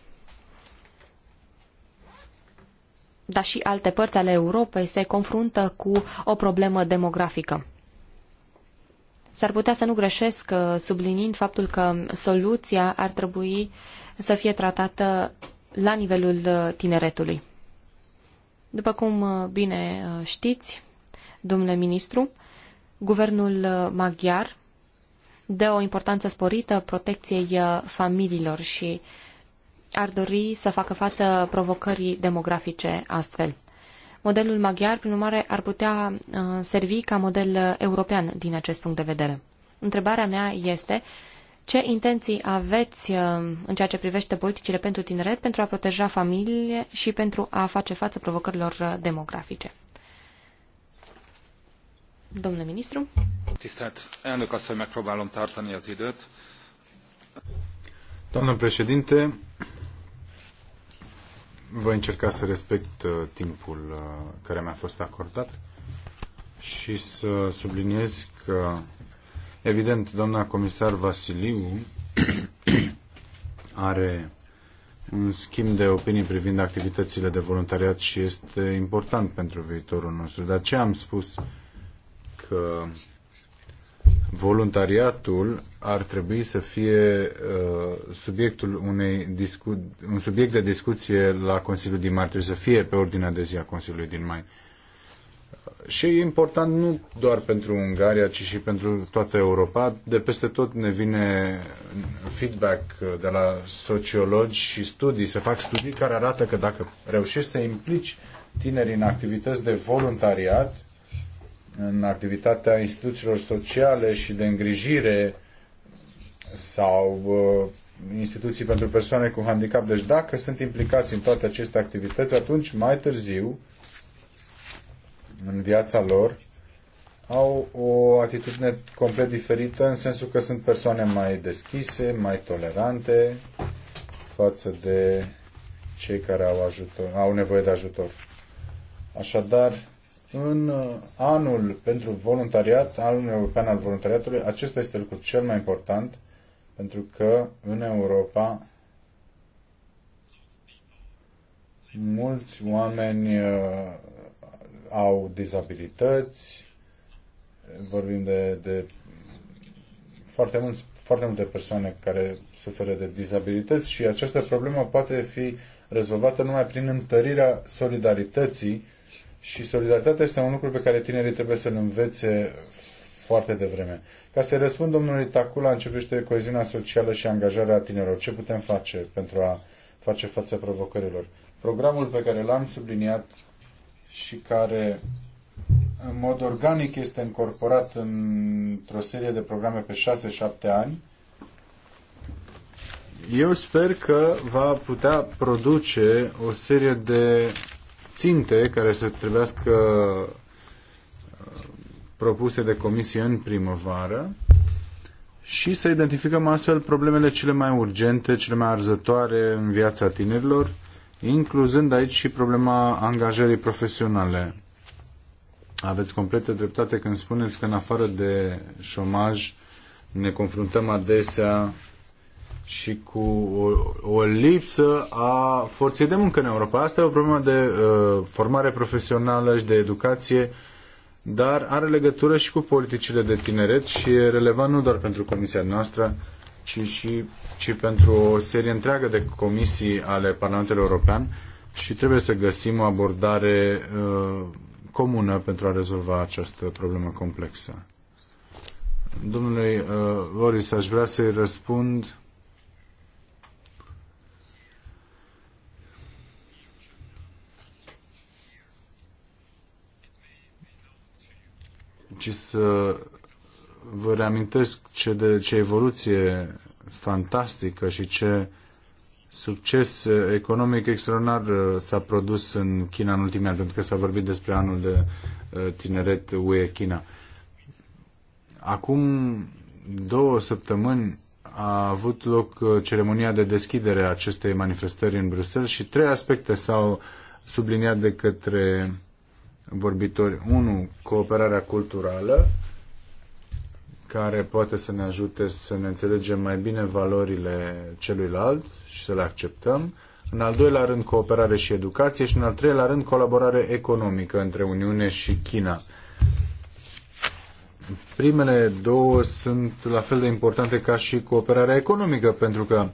dar și alte părți ale Europei se confruntă cu o problemă demografică. S-ar putea să nu greșesc uh, subliniind faptul că soluția ar trebui să fie tratată la nivelul uh, tineretului. După cum uh, bine uh, știți, domnule ministru, guvernul uh, maghiar dă o importanță sporită protecției familiilor și ar dori să facă față provocării demografice astfel. Modelul maghiar, prin urmare, ar putea servi ca model european din acest punct de vedere. Întrebarea mea este ce intenții aveți uh, în ceea ce privește politicile pentru tineret pentru a proteja familie și pentru a face față provocărilor uh, demografice? Domnule ministru. Tisztelt elnök asszony, megpróbálom tartani az időt. domnule președinte, voi încerca să respect uh, timpul care mi-a fost acordat și să subliniez că Evident, doamna comisar Vasiliu (coughs) are un schimb de opinii privind activitățile de voluntariat și este important pentru viitorul nostru. Dar ce am spus că voluntariatul ar trebui să fie uh, subiectul unei discu- un subiect de discuție la Consiliul din mai, trebuie să fie pe ordinea de zi a Consiliului din mai. Uh, și e important nu doar pentru Ungaria, ci și pentru toată Europa. De peste tot ne vine feedback de la sociologi și studii. Se fac studii care arată că dacă reușești să implici tinerii în activități de voluntariat, în activitatea instituțiilor sociale și de îngrijire sau uh, instituții pentru persoane cu handicap. Deci dacă sunt implicați în toate aceste activități, atunci mai târziu în viața lor au o atitudine complet diferită în sensul că sunt persoane mai deschise, mai tolerante față de cei care au, ajutor, au nevoie de ajutor. Așadar, în anul pentru voluntariat, anul european al voluntariatului, acesta este lucrul cel mai important, pentru că în Europa mulți oameni uh, au dizabilități, vorbim de, de foarte, mulți, foarte multe persoane care suferă de dizabilități și această problemă poate fi rezolvată numai prin întărirea solidarității și solidaritatea este un lucru pe care tinerii trebuie să-l învețe foarte devreme. Ca să răspund domnului Tacula, începește coeziunea socială și angajarea tinerilor. Ce putem face pentru a face față provocărilor? Programul pe care l-am subliniat și care în mod organic este încorporat într-o serie de programe pe 6-7 ani, eu sper că va putea produce o serie de ținte care să trebuiască uh, propuse de comisie în primăvară și să identificăm astfel problemele cele mai urgente, cele mai arzătoare în viața tinerilor, incluzând aici și problema angajării profesionale. Aveți completă dreptate când spuneți că în afară de șomaj ne confruntăm adesea și cu o, o lipsă a forței de muncă în Europa. Asta e o problemă de uh, formare profesională și de educație, dar are legătură și cu politicile de tineret și e relevant nu doar pentru comisia noastră, ci, și, ci pentru o serie întreagă de comisii ale Parlamentului European și trebuie să găsim o abordare uh, comună pentru a rezolva această problemă complexă. Domnului uh, Boris, aș vrea să-i răspund. ci să vă reamintesc ce, de, ce evoluție fantastică și ce succes economic extraordinar uh, s-a produs în China în ultimii ani, pentru că s-a vorbit despre anul de uh, tineret UE-China. Acum două săptămâni a avut loc uh, ceremonia de deschidere a acestei manifestări în Bruxelles și trei aspecte s-au subliniat de către vorbitori. Unu, cooperarea culturală, care poate să ne ajute să ne înțelegem mai bine valorile celuilalt și să le acceptăm. În al doilea rând, cooperare și educație și în al treilea rând, colaborare economică între Uniune și China. Primele două sunt la fel de importante ca și cooperarea economică, pentru că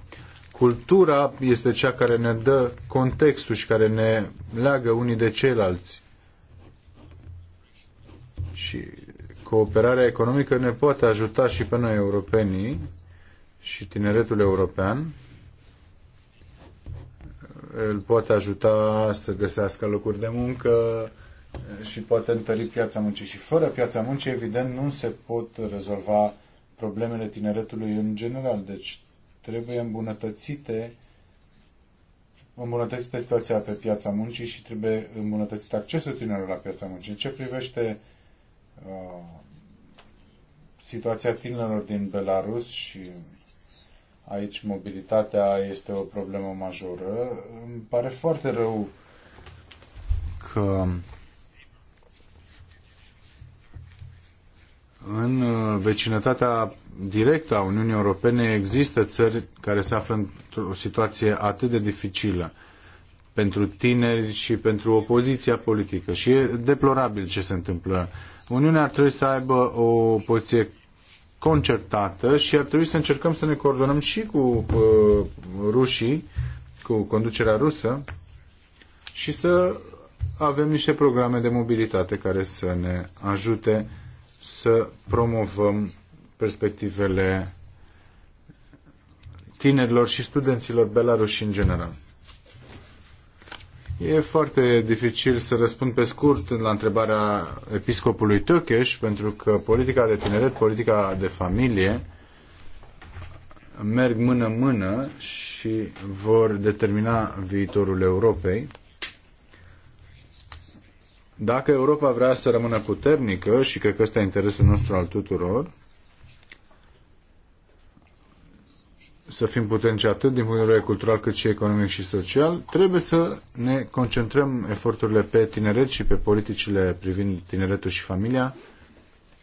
cultura este cea care ne dă contextul și care ne leagă unii de ceilalți. Și Cooperarea economică ne poate ajuta și pe noi europenii și tineretul european îl poate ajuta să găsească locuri de muncă și poate întări piața muncii. Și fără piața muncii, evident, nu se pot rezolva problemele tineretului în general. Deci trebuie îmbunătățite îmbunătățită situația pe piața muncii și trebuie îmbunătățit accesul tinerilor la piața muncii. În ce privește uh, situația tinerilor din Belarus și aici mobilitatea este o problemă majoră. Îmi pare foarte rău că în uh, vecinătatea directă a Uniunii Europene există țări care se află într-o situație atât de dificilă pentru tineri și pentru opoziția politică. Și e deplorabil ce se întâmplă uh, Uniunea ar trebui să aibă o poziție concertată și ar trebui să încercăm să ne coordonăm și cu uh, rușii, cu conducerea rusă și să avem niște programe de mobilitate care să ne ajute să promovăm perspectivele tinerilor și studenților belaruși în general. E foarte dificil să răspund pe scurt la întrebarea episcopului Tăcheș, pentru că politica de tineret, politica de familie merg mână-mână și vor determina viitorul Europei. Dacă Europa vrea să rămână puternică, și cred că ăsta e interesul nostru al tuturor, să fim puternici atât din punct de vedere cultural cât și economic și social, trebuie să ne concentrăm eforturile pe tineret și pe politicile privind tineretul și familia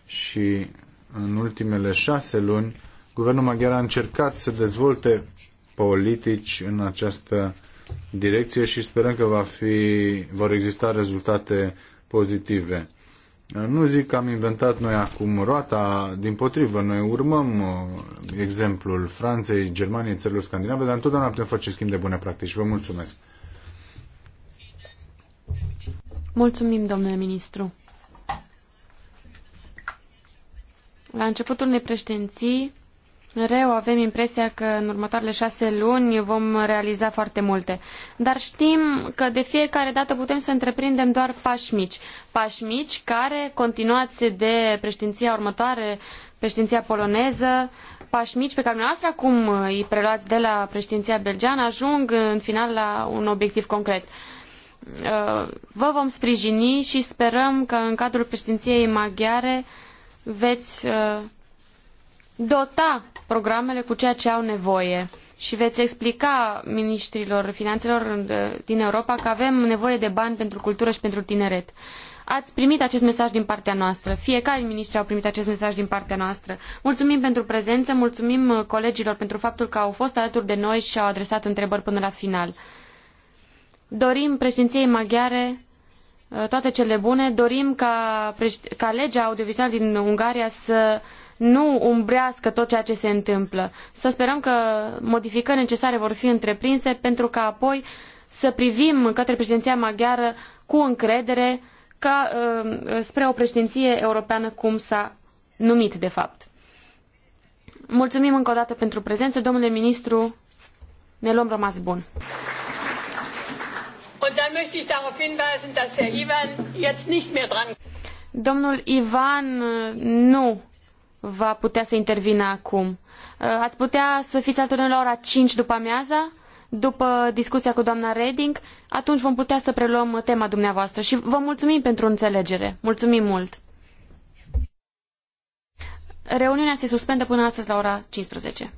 și în ultimele șase luni guvernul maghiar a încercat să dezvolte politici în această direcție și sperăm că va fi, vor exista rezultate pozitive. Nu zic că am inventat noi acum roata, din potrivă, noi urmăm uh, exemplul Franței, Germaniei, țărilor scandinave, dar întotdeauna putem face schimb de bune practici. Vă mulțumesc! Mulțumim, domnule ministru! La începutul unei președinții Mereu avem impresia că în următoarele șase luni vom realiza foarte multe. Dar știm că de fiecare dată putem să întreprindem doar pași mici. Pași mici care, continuați de președinția următoare, președinția poloneză, pași mici pe care noastră acum îi preluați de la președinția belgeană, ajung în final la un obiectiv concret. Uh, vă vom sprijini și sperăm că în cadrul președinției maghiare veți uh, dota programele cu ceea ce au nevoie și veți explica ministrilor finanțelor uh, din Europa că avem nevoie de bani pentru cultură și pentru tineret. Ați primit acest mesaj din partea noastră. Fiecare ministri au primit acest mesaj din partea noastră. Mulțumim pentru prezență, mulțumim uh, colegilor pentru faptul că au fost alături de noi și au adresat întrebări până la final. Dorim președinției maghiare uh, toate cele bune, dorim ca, ca legea audiovizuală din Ungaria să nu umbrească tot ceea ce se întâmplă. Să sperăm că modificări necesare vor fi întreprinse pentru ca apoi să privim către președinția maghiară cu încredere ca, uh, spre o președinție europeană cum s-a numit de fapt. Mulțumim încă o dată pentru prezență. Domnule ministru, ne luăm rămas bun. Domnul Ivan uh, nu va putea să intervină acum. Uh, ați putea să fiți alături la ora 5 după amiaza, după discuția cu doamna Reding, atunci vom putea să preluăm tema dumneavoastră și vă mulțumim pentru înțelegere. Mulțumim mult! Reuniunea se suspendă până astăzi la ora 15.